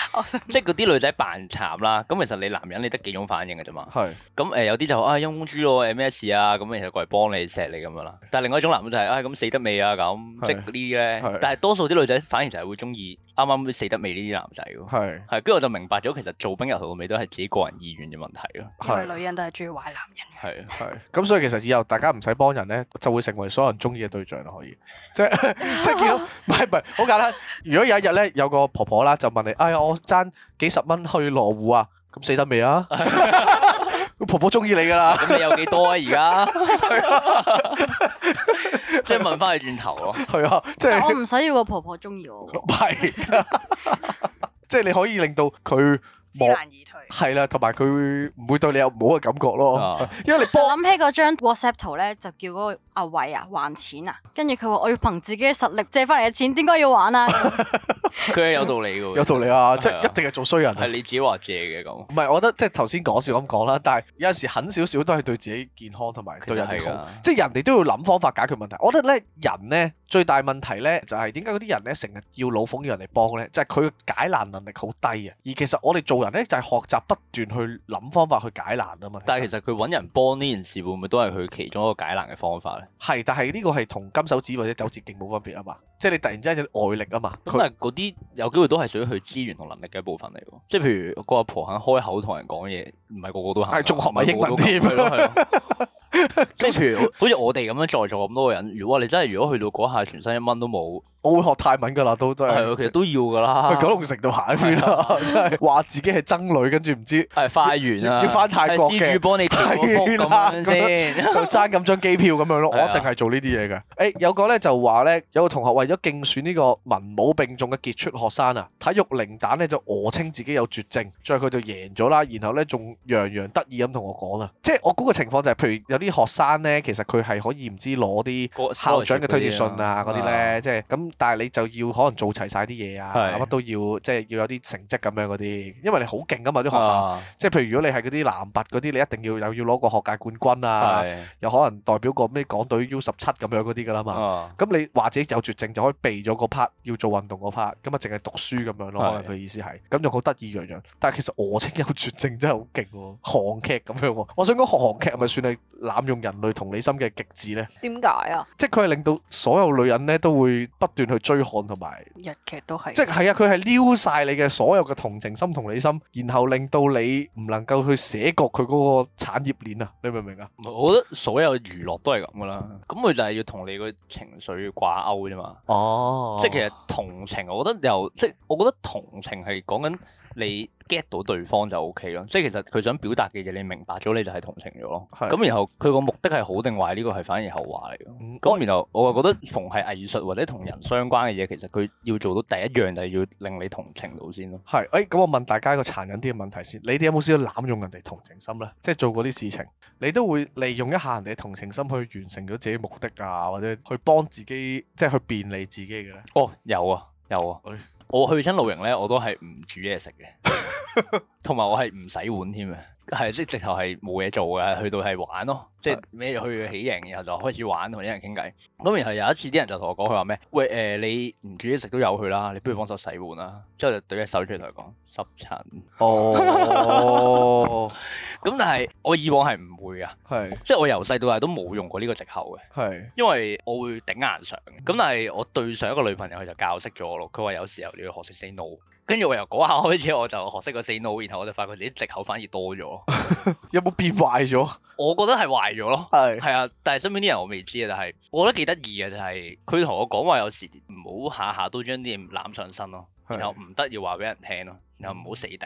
即係嗰啲女仔扮插啦。咁其實你男人你得幾種反應㗎啫嘛。係。咁誒有啲就啊陰公豬喎，誒咩事啊？咁其實過嚟幫你錫你咁樣啦。但係另外一種男嘅就係啊咁死得未啊咁，即係啲咧。但係多數啲女仔反而就係會中意啱啱死得未呢啲男仔㗎。係。跟住我就明白咗，其實做兵入到尾都係自己個人意願嘅問題咯。因為女人都係中意壞男人。係啊，咁所以其實以後大家唔使幫人咧，就會成為所有人中意嘅對象咯，可以。 即係即係見到，唔係唔係好簡單。如果有一日咧，有個婆婆啦，就問你：哎呀，我爭幾十蚊去羅湖啊，咁死得未 啊？婆婆中意你噶啦，咁你有幾多啊？而家即係問翻佢轉頭咯，係啊，即係我唔使要個婆婆中意我，唔係，即係你可以令到佢。知難而退，係啦，同埋佢唔會對你有唔好嘅感覺咯。啊、因為你我諗起嗰張 WhatsApp 圖咧，就叫嗰個阿偉啊還錢啊，跟住佢話我要憑自己嘅實力借翻嚟嘅錢，點解要還啊？佢係 有道理嘅，有道理啊！啊即係一定係做衰人，係你自己話借嘅咁。唔、那、係、個，我覺得即係頭先講笑咁講啦，但係有時狠少少都係對自己健康同埋對，其實 對人哋好。的即係人哋都要諗方法解決問題。我覺得咧，人咧最大問題咧就係點解嗰啲人咧成日要老奉要人嚟幫咧？即係佢解難能力好低啊！而其實我哋做人咧就係、是、學習不斷去諗方法去解難啊嘛。但係其實佢揾人幫呢件事會唔會都係佢其中一個解難嘅方法呢？係，但係呢個係同金手指或者走捷徑冇分別啊嘛。即係你突然之間有啲外力啊嘛，可能嗰啲有機會都係屬於佢資源同能力嘅一部分嚟喎。即係譬如個阿婆肯開口同人講嘢，唔係個個都肯。係仲學埋英文添。即係譬如好似我哋咁樣在座咁多個人，如果你真係如果去到嗰下全身一蚊都冇，我會學泰文噶啦，都都係。其實都要㗎啦。去九龍城度行一圈啦，真係話自己係僧侶，跟住唔知係快完啊，要翻泰國嘅師傅幫你睇屋咁樣先，就爭咁張機票咁樣咯。我一定係做呢啲嘢嘅。誒有個咧就話咧，有個同學為咗，競選呢個文武並重嘅傑出學生啊，體育靈蛋咧就訛稱自己有絕症，最後佢就贏咗啦，然後咧仲洋洋得意咁同我講啦，即係我估個情況就係、是，譬如有啲學生咧，其實佢係可以唔知攞啲校長嘅推薦信啊，嗰啲咧，即係咁，就是、但係你就要可能做齊晒啲嘢啊，乜都是要，即、就、係、是、要有啲成績咁樣嗰啲，因為你好勁噶嘛啲學生，啊啊、即係譬如如果你係嗰啲男拔嗰啲，你一定要又要攞個學界冠軍啊，是啊，又可能代表個咩港隊 U 十七咁樣嗰啲噶啦嘛，咁、啊啊啊、你話自己有絕症就？我避咗個 part 要做運動個 part，咁啊淨係讀書咁樣咯。可能佢意思係，咁仲好得意洋洋。但係其實我稱有絕症真係好勁喎，韓劇咁樣喎、哦。我想講學韓劇係咪算係濫用人類同理心嘅極致呢？點解啊？即係佢係令到所有女人咧都會不斷去追看同埋日劇都係，即係係啊！佢係撩晒你嘅所有嘅同情心同理心，然後令到你唔能夠去解局佢嗰個產業鏈啊！你明唔明啊？我覺得所有娛樂都係咁㗎啦，咁佢 就係要同你個情緒掛鈎啫嘛。哦，即係其實同情，我覺得又即係，我覺得同情係講緊。你 get 到對方就 OK 咯，即係其實佢想表達嘅嘢，你明白咗你就係同情咗咯。咁是然後佢個目的係好定壞呢，這個係反而後話嚟嘅。咁、嗯、然後我覺得逢係藝術或者同人相關嘅嘢，其實佢要做到第一樣就係要令你同情到先咯。係，誒、欸、咁、嗯、我問大家一個殘忍啲嘅問題先，你哋有冇試過濫用人哋同情心呢？即、就、係、是、做過啲事情，你都會利用一下人哋同情心去完成咗自己的目的啊，或者去幫自己，即係去便利自己嘅呢？哦，有啊，有啊。有啊 我去親露營咧，我都係唔煮嘢食嘅，同埋 我係唔洗碗添啊！係即直頭係冇嘢做嘅，去到係玩咯，即咩是去起營，然後就開始玩同啲人傾偈。咁然後有一次啲人就同我講，佢話咩？喂誒、呃，你唔煮嘢食都有去啦，你不如幫手洗碗啦。之後就懟隻手出嚟同佢講濕疹。哦，咁 但係我以往係唔會㗎，係即是我由細到大都冇用過呢個藉口嘅，係是因為我會頂硬上，咁但係我對上一個女朋友佢就教識咗我咯，佢話有時候你要學識 say no。」跟住我由嗰下開始，我就學識個 say no，然後我就發覺你啲藉口反而多咗， 有冇變壞咗？我覺得係壞咗咯，係係啊，但係身邊啲人我未知啊，但係我覺得幾得意嘅就係佢同我講話，有時唔好下下都將啲嘢攬上身咯是，然後唔得要話俾人聽咯，然後唔好死定。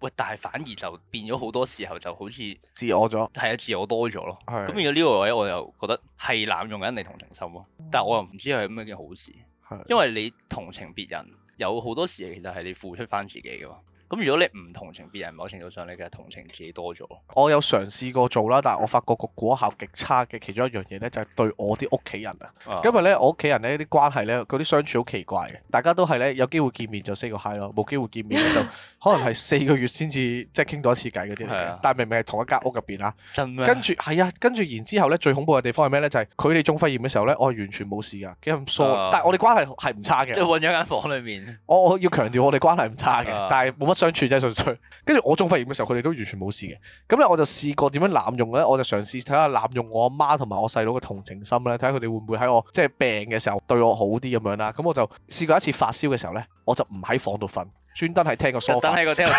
喂，但係反而就變咗好多時候就好似自我咗，係啊，自我多咗咯。咁如果呢個位，我就覺得係濫用緊你同情心咯，但係我又唔知係咩嘅好事，是因為你同情別人。有好多時其實係你付出翻自己嘅。咁如果你唔同情別人，某程度上你其實同情自己多咗。我有嘗試過做啦，但我發覺個果效極差嘅其中一樣嘢咧，就係對我啲屋企人啊。因為咧我屋企人呢啲關係咧嗰啲相處好奇怪嘅，大家都係咧有機會見面就 say 個 hi 咯，冇機會見面咧就可能係四個月先至 即係傾到一次偈嗰啲嚟嘅。啊、但明明係同一間屋入邊啊，真咩？跟住係啊，跟住然之後咧最恐怖嘅地方係咩咧？就係佢哋中肺炎嘅時候咧，我完全冇事㗎，幾咁疏。但係我哋關係係唔差嘅。即係換咗間房裏面。嗯、我我要強調我哋關係唔差嘅，嗯嗯、但係冇乜。相處真係純粹，跟住我中肺炎嘅時候，佢哋都完全冇事嘅。咁咧，我就試過點樣濫用咧，我就嘗試睇下濫用我阿媽同埋我細佬嘅同情心咧，睇下佢哋會唔會喺我即係病嘅時候對我好啲咁樣啦。咁我就試過一次發燒嘅時候咧，我就唔喺房度瞓，專登喺個梳化。專登喺個廳度。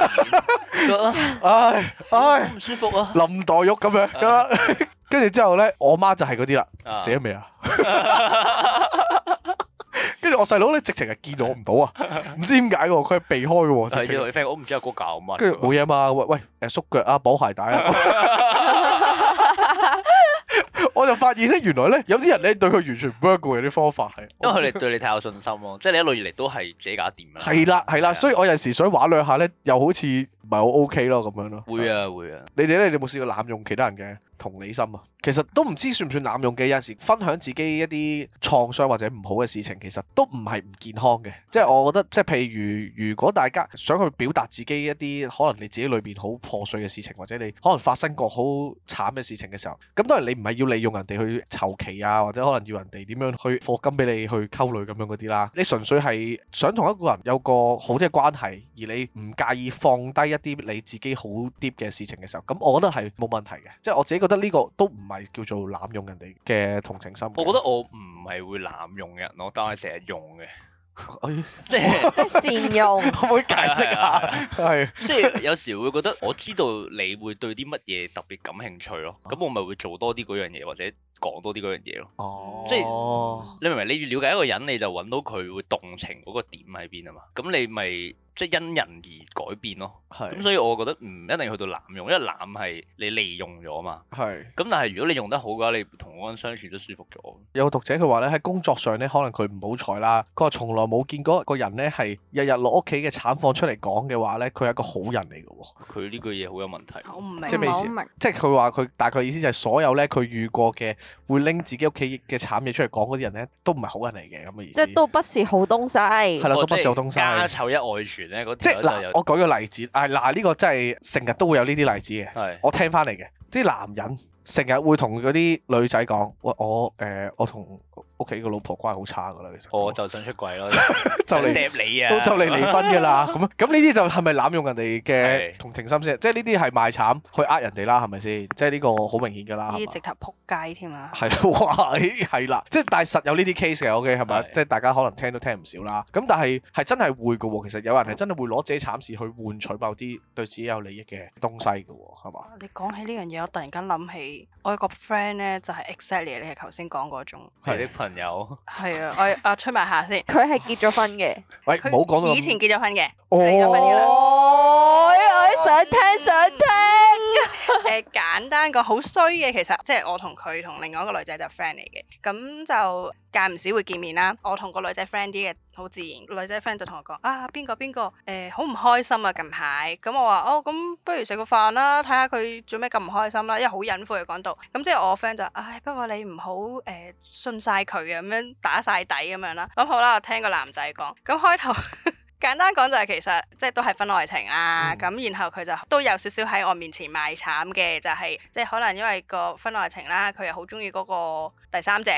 唉、哎、唉。唔舒服啊！林黛玉咁樣，跟住之後咧，我媽就係嗰啲啦，死咗未啊？我細佬咧，直情係見到我唔到啊，唔 知點解喎，佢係避開喎。我唔 知阿哥搞乜，跟住冇嘢啊嘛，喂，誒、呃、縮腳啊，綁鞋帶啊。 我就發現咧，原來咧有啲人咧對佢完全唔 work 嘅啲方法係，因為佢哋對你太有信心咯， 即係你一路以嚟都係自己搞掂啦。係啦係啦，的所以我有時想玩兩下咧，又好似唔係好 OK 咯咁樣咯。會啊會啊，的會啊你哋咧有冇試過濫用其他人嘅同理心啊？其實都唔知算唔算濫用嘅。有時分享自己一啲創傷或者唔好嘅事情，其實都唔係唔健康嘅。即係我覺得，即係譬如如果大家想去表達自己一啲可能你自己裏邊好破碎嘅事情，或者你可能發生過好慘嘅事情嘅時候，咁當然你唔係要你。用人哋去籌旗啊，或者可能要人哋點樣去課金俾你去溝女咁樣嗰啲啦。你純粹係想同一個人有個好啲嘅關係，而你唔介意放低一啲你自己好 deep 嘅事情嘅時候，咁我覺得係冇問題嘅。即係我自己覺得呢個都唔係叫做濫用人哋嘅同情心。我覺得我唔係會濫用人，我當係成日用嘅。 即係善用，可唔可以解釋下？係即係有時會覺得我知道你會對啲乜嘢特別感興趣咯，咁我咪會做多啲嗰樣嘢或者講多啲嗰樣嘢咯。哦，即係你明唔明？你越了解一個人，你就揾到佢會動情嗰個點喺邊啊嘛。咁你咪。即係因人而改變咯，哦，咁是所以我覺得唔一定要去到濫用，因為濫係你利用咗嘛。係是，咁但係如果你用得好嘅話，你同我相處都舒服咗。有個讀者佢話咧喺工作上咧，可能佢唔好彩啦。佢話從來冇見過一個人咧係日日攞屋企嘅慘況出嚟講嘅話咧，佢係一個好人嚟嘅喎。佢呢句嘢好有問題，我唔明即係咩意思？明即係佢話佢大概意思就係所有咧佢遇過嘅會拎自己屋企嘅慘嘢出嚟講嗰啲人咧，都唔係好人嚟嘅咁嘅意思。即係都不是好東西。係啦， 都不是好東西。家、 啊就是、醜一外傳。即係嗱，我舉個例子，誒嗱呢個真係成日都會有呢啲例子嘅係，我聽翻嚟嘅，啲男人成日會同嗰啲女仔講，喂我誒我同。屋企個老婆關係好差㗎啦，其實我就想出軌咯，就嚟搲你啊，都就嚟離婚㗎啦。咁咁呢啲就係咪濫用人哋嘅同情心先？即係呢啲係賣慘去呃人哋啦，係咪先？即係呢個好明顯㗎啦。可以直頭撲街添啊！係，係啦，即係但係實有呢啲 case 嘅，OK 係咪？即係大家可能聽都聽唔少啦。咁但係係真係會㗎喎，其實有人係真係會攞自己慘事去換取某啲對自己有利益嘅東西㗎喎，係嘛？你講起呢樣嘢，我突然間諗起我有個 friend 咧，就係 exactly 你頭先講嗰種。係啲。朋友？係啊， 我啊吹埋下先，佢係 結咗婚嘅，喂，佢冇講到，以前結咗婚嘅，哦，我的、哦、想聽，想聽，誒、 呃、簡單講，好衰嘅。其實即係、就是、我同佢同另外一個女仔就 friend 嚟嘅，咁就間唔時會見面啦，我同個女仔 friend 啲嘅。好自然，女仔 friend 就同我講啊，邊個邊個誒，好唔、欸、開心啊，近排咁、嗯、我話哦，咁不如食個飯啦，睇下佢做咩咁唔開心啦，因為好隱晦嚟講到，咁、嗯、即係我 friend 就唉，不過你唔好誒信晒佢嘅，咁樣打晒底咁樣啦，咁、嗯嗯、好啦，我聽個男仔講，咁、嗯、開頭。 簡單講就係其實即係都係婚外情啦，咁、嗯、然後佢就都有少少喺我面前賣慘嘅，就係、是、即係可能因為個婚外情啦，佢又好鍾意嗰個第三者，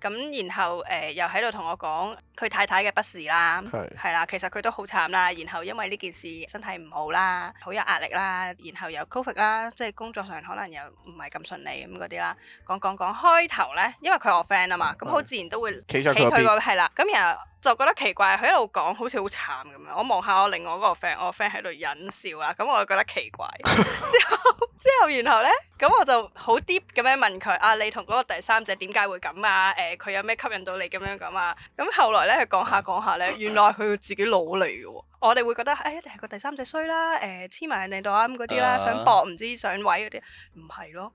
咁然後誒、呃、又喺度同我講佢太太嘅不是啦，係係啦，其實佢都好慘啦，然後因為呢件事身體唔好啦，好有壓力啦，然後又 covid 啦，即係工作上可能又唔係咁順利咁嗰啲啦，講講講開頭呢，因為佢我 friend 啊嘛，咁好對自然都會企佢對、嗰個啦，咁對對然後。就覺得奇怪，佢一路講好似好慘咁樣。我望下我另外嗰個 friend，我 friend 喺度忍笑啦。咁我就覺得奇怪。之後 之後，之後然後咧，咁我就好 deep 咁樣問佢：啊，你同嗰個第三者點解會咁啊？誒、啊，佢有咩吸引到你咁樣咁啊？咁、啊、後來咧，佢講下講下咧，原來佢要自己攞嚟嘅喎。我哋會覺得誒，哎、一定係個第三者衰啦，誒黐埋人哋度啊嗰啲啦，uh、想搏唔知上位嗰啲，唔係咯。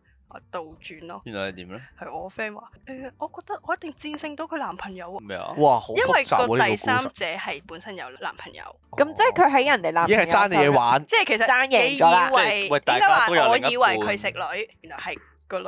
倒轉咯！原來係點咧？係我 friend 話，誒、欸，我覺得我一定戰勝到佢男朋友。咩啊麼？哇！因為個第三者係本身有男朋友，咁、哦、即係佢喺人哋男朋友身邊，即係其實你以為喂，大家話我以為佢食女，原來係個女。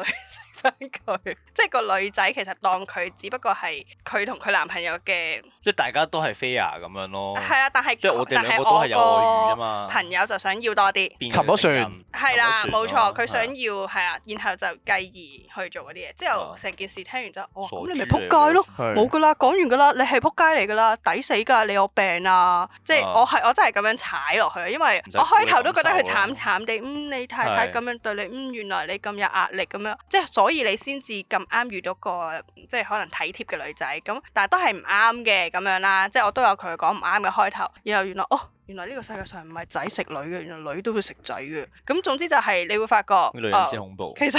佢即係個女仔，其實當佢只不過係佢同佢男朋友嘅，即係大家都係 fair 咁樣咯。係啊，但係即係我哋兩個都係有外遇啊嘛。朋友就想要多啲，差唔多算係啦，冇錯，佢想要係啦，然後就繼而去做嗰啲嘢。之後成件事聽完之後哇，你咪扑街咯，冇噶啦，講完噶啦，你係扑街嚟噶啦，抵死噶，你有病啊！即係我係我真係咁樣踩落去，因為我開頭都覺得佢慘慘地，嗯，你太太咁樣對你，嗯，原來你咁有壓力咁樣，即係所。所以你先至咁啱遇到個即係可能體貼嘅女仔，咁但係都係唔啱嘅，咁樣啦。即係我都有佢講唔啱嘅開頭，然後原來哦，原來呢個世界上唔係仔食女嘅，原來女都會食仔嘅。咁總之就係你會發覺，女人先恐怖，哦。其實。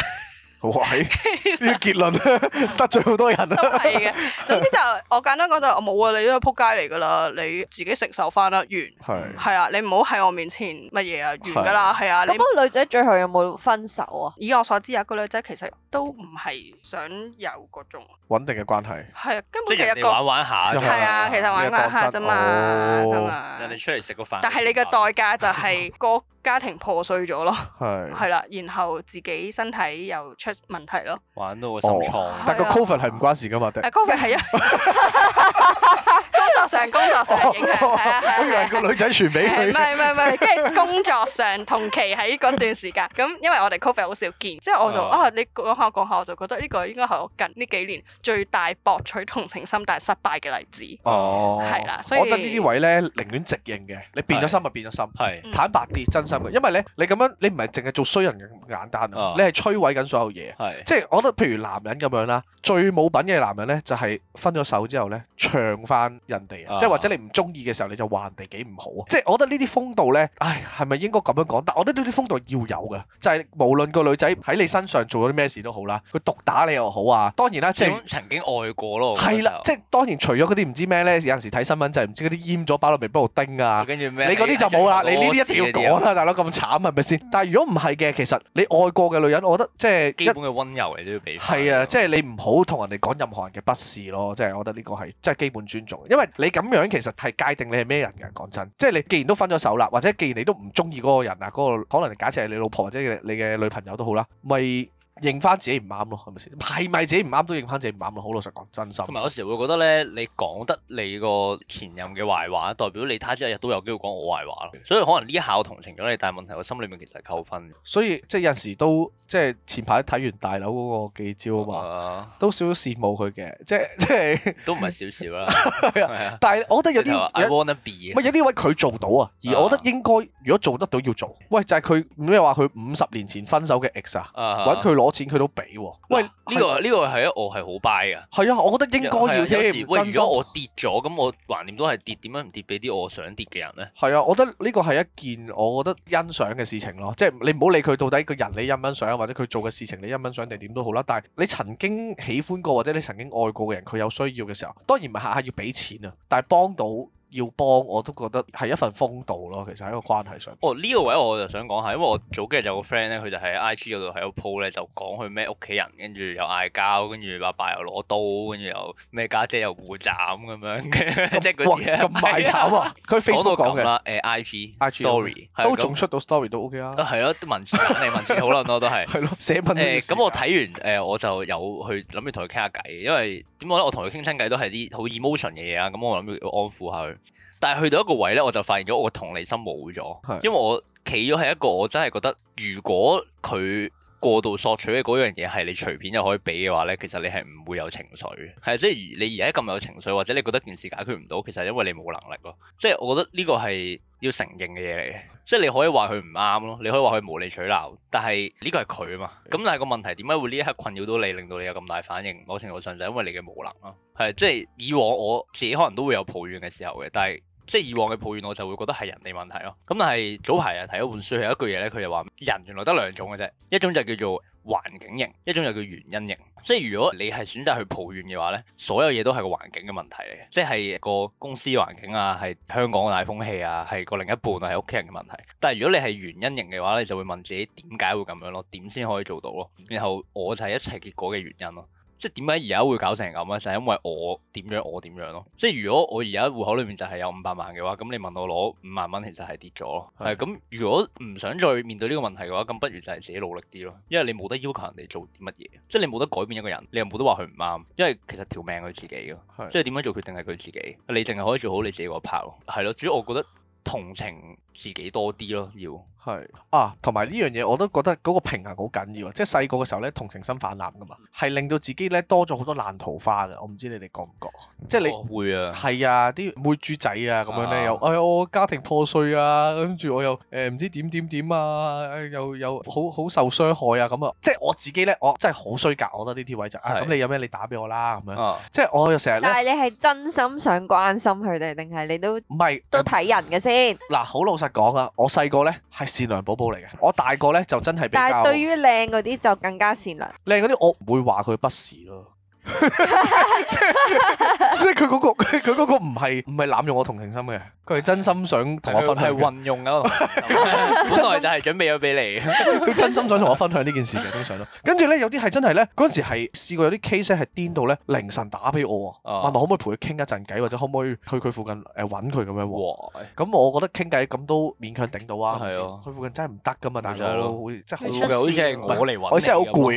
好，呢啲結論啊， 得罪好很多人啊 ，都係嘅。總之就係、我簡單講就，我冇啊，你都係撲街嚟㗎啦，你自己承受翻啦，完係係啊，你唔好喺我面前乜嘢啊，完㗎啦，係啊的。咁個的女仔最後有冇分手啊？以我所知啊，嗰個女仔其實都唔係想有嗰種穩定嘅關係，係根本其實玩玩下，係啊，其實玩玩，玩下啫嘛，咁啊，人哋出嚟食個飯，但係你嘅代價就係個。 家庭破碎咗咯，係係啦，然後自己身體又出問題咯，玩到我心創。但個 covid 係唔關事㗎嘛？定係 covid 係一。工作上、工作上影響係啊，係係個女仔傳俾佢。唔係唔係，跟住工作上同期喺嗰段時間，咁因為我哋 COVID 好少見，即係我就啊，你講下講下，我就覺得呢個應該係我近呢幾年最大博取同情心但係失敗嘅例子。哦，係啦，所以我覺得呢位咧寧願直認嘅，你變咗心就變咗心，係坦白啲真心嘅，因為咧你咁樣你唔係淨係做衰人嘅咁簡單啊，你係摧毀緊所有嘢，係即係我覺得譬如男人咁樣啦，最冇品嘅男人咧就係分咗手之後咧唱返人。啊、即係或者你唔中意嘅時候，你就話人哋幾唔好啊！即係我覺得呢啲風度咧，唉，係咪應該咁樣講？但我覺得呢啲風度要有嘅，就係、是、無論個女仔喺你身上做咗啲咩事都好啦，佢毒打你又好啊。當然啦，即係曾經愛過咯，係啦的，即係當然除咗嗰啲唔知咩咧，有陣時睇新聞就係唔知嗰啲醃咗擺落微波爐叮啊，跟住咩？你嗰啲就冇啦，你呢啲一定要講啦、啊，大佬咁慘係咪先？但係如果唔係嘅，其實你愛過嘅女人，我覺得即係基本嘅溫柔嚟都要俾。係啊，即係你唔好同人哋講任何人嘅不是咯，即係我覺得呢個係即係基本尊重，因為。你咁樣其實係界定你係咩人嘅。講真，即係你既然都分咗手啦，或者既然你都唔中意嗰個人啊，嗰、嗰個可能假設係你老婆或者你嘅女朋友都好啦，咪～認翻自己唔啱咯，係咪先？係咪自己唔啱都認翻自己唔啱咯，好老實講，真心。同埋有時候會覺得咧，你講得你個前任嘅壞話，代表你他朝一日都有機會講我壞話咯。的所以可能呢一下我同情咗你，但係問題我心裏面其實係扣分。所以即係有時即陣時都即係前排睇完大樓嗰個記招啊嘛，uh huh。都少少羨慕佢嘅，即係即係都唔係少少啦。但係我覺得有啲 有啲位佢做到啊，而我覺得應該、uh huh。如果做得到要做，喂就係佢咩話佢五十年前分手嘅 ex 啊，揾佢攞。錢佢都俾喎，啊，喂，呢、這個呢是個係啊，我係好 buy 㗎，係啊，我覺得應該要即係、啊心，如果我跌咗，咁我橫掂都係跌，點樣唔跌俾啲我想跌嘅人呢？係啊，我覺得呢個係一件我覺得欣賞嘅事情咯，即係你唔好理佢到底個人你欣唔欣賞，或者佢做嘅事情你欣唔欣賞，定點都好啦。但係你曾經喜歡過或者你曾經愛過嘅人，佢有需要嘅時候，當然唔係下下要俾錢啊，但係幫到。要幫我都覺得係一份風度咯，其實喺個關係上。哦，呢個位我就想講下，因為我早幾日就有個 friend 咧，佢就喺 IG 嗰度喺度 po 咧，就講佢咩屋企人，跟住又嗌交，跟住爸爸又攞刀，跟住又咩家姐又互斬咁樣，即係嗰啲嘢。哇！咁賣慘啊！講到咁啦，誒 IG IG story 都仲出到 story 都 OK 啊。係咯，文字睇文字好撚多都係。係咯，寫文誒咁我睇完誒我就有去諗住同佢傾下偈，因為點講咧，我同佢傾親偈都係啲好 emotion 嘅嘢啊，咁我諗住要安撫下佢。但係去到一個位呢，我就發現咗我個同理心冇咗，是的 因為我企咗喺一個我真係覺得如果佢。過度索取嘅嗰樣嘢係你隨便就可以俾嘅話咧，其實你係唔會有情緒，係即係你而家咁有情緒，或者你覺得件事解決唔到，其實因為你冇能力咯。即係我覺得呢個係要承認嘅嘢嚟嘅，即係你可以話佢唔啱咯，你可以話佢無理取鬧，但係呢個係佢啊嘛。咁但係個問題點解會呢一刻困擾到你，令到你有咁大反應？某程度上就因為你嘅無能咯。係即係以往我自己可能都會有抱怨嘅時候嘅，但係。即係以往嘅抱怨，我就會覺得係人哋問題咯。咁但係早排啊睇一本書，有一句嘢咧，佢就話人原來得兩種嘅啫，一種就叫做環境型，一種就叫原因型。即係如果你係選擇去抱怨嘅話咧，所有嘢都係個環境嘅問題嚟嘅，即係個公司環境啊，係香港嘅大風氣啊，係個另一半啊，係屋企人嘅問題。但係如果你係原因型嘅話咧，你就會問自己點解會咁樣咯，點先可以做到咯？然後我就係一切結果嘅原因咯。即係點解而家會搞成咁呢？就係、是、因為我點樣我點樣咯。即係如果我而家戶口裏面就係有五百萬嘅話，咁你問我攞五萬蚊，其實係跌咗咯。係咁，如果唔想再面對呢個問題嘅話，咁不如就係自己努力啲咯。因為你冇得要求人哋做啲乜嘢，即係你冇得改變一個人，你又冇得話佢唔啱。因為其實條命佢自己咯，的即係點樣做決定係佢自己。你淨係可以做好你自己個 part 咯。係咯，主要我覺得同情自己多啲咯，要。係是啊，同埋呢樣嘢我都覺得嗰個平衡好緊要，啊。即係細個嘅時候咧，同情心泛濫噶嘛，係令到自己咧多咗好多爛桃花噶。我唔知你哋覺唔覺？即係你、哦、會啊？係啊，啲妹豬仔啊咁樣咧、啊、又，哎我家庭破碎啊，跟住我又誒唔、哎、知點點點啊，哎、又又，又好好受傷害啊咁啊。即係我自己咧，我真係好衰格，我覺得呢啲位就是啊。咁、啊、你有咩你打俾我啦咁樣。啊、即係我又成日，但係你係真心想關心佢哋，定係你都唔係是都睇人嘅先？嗱、 啊，好老實講啊，我細個咧係。善良寶寶嚟嘅，我大個咧就真係比較。但係對於靚嗰啲就更加善良。靚嗰啲我唔會話佢不是咯。即係佢嗰個佢嗰個唔係唔係濫用我同情心嘅，佢係真心想同我分享。係運用啊，本來就係準備咗俾你。佢真心想同我分享呢件事嘅，通常咯。跟住咧，有啲係真係咧，嗰陣時係試過有啲 case 係癲到咧，凌晨打俾我啊，問我可唔可以陪佢傾一陣偈，或者可唔可以去佢附近誒揾佢咁樣。咁我覺得傾偈咁都勉強頂到啊。係啊。去附近真係唔得噶嘛，大佬。好似真係好攰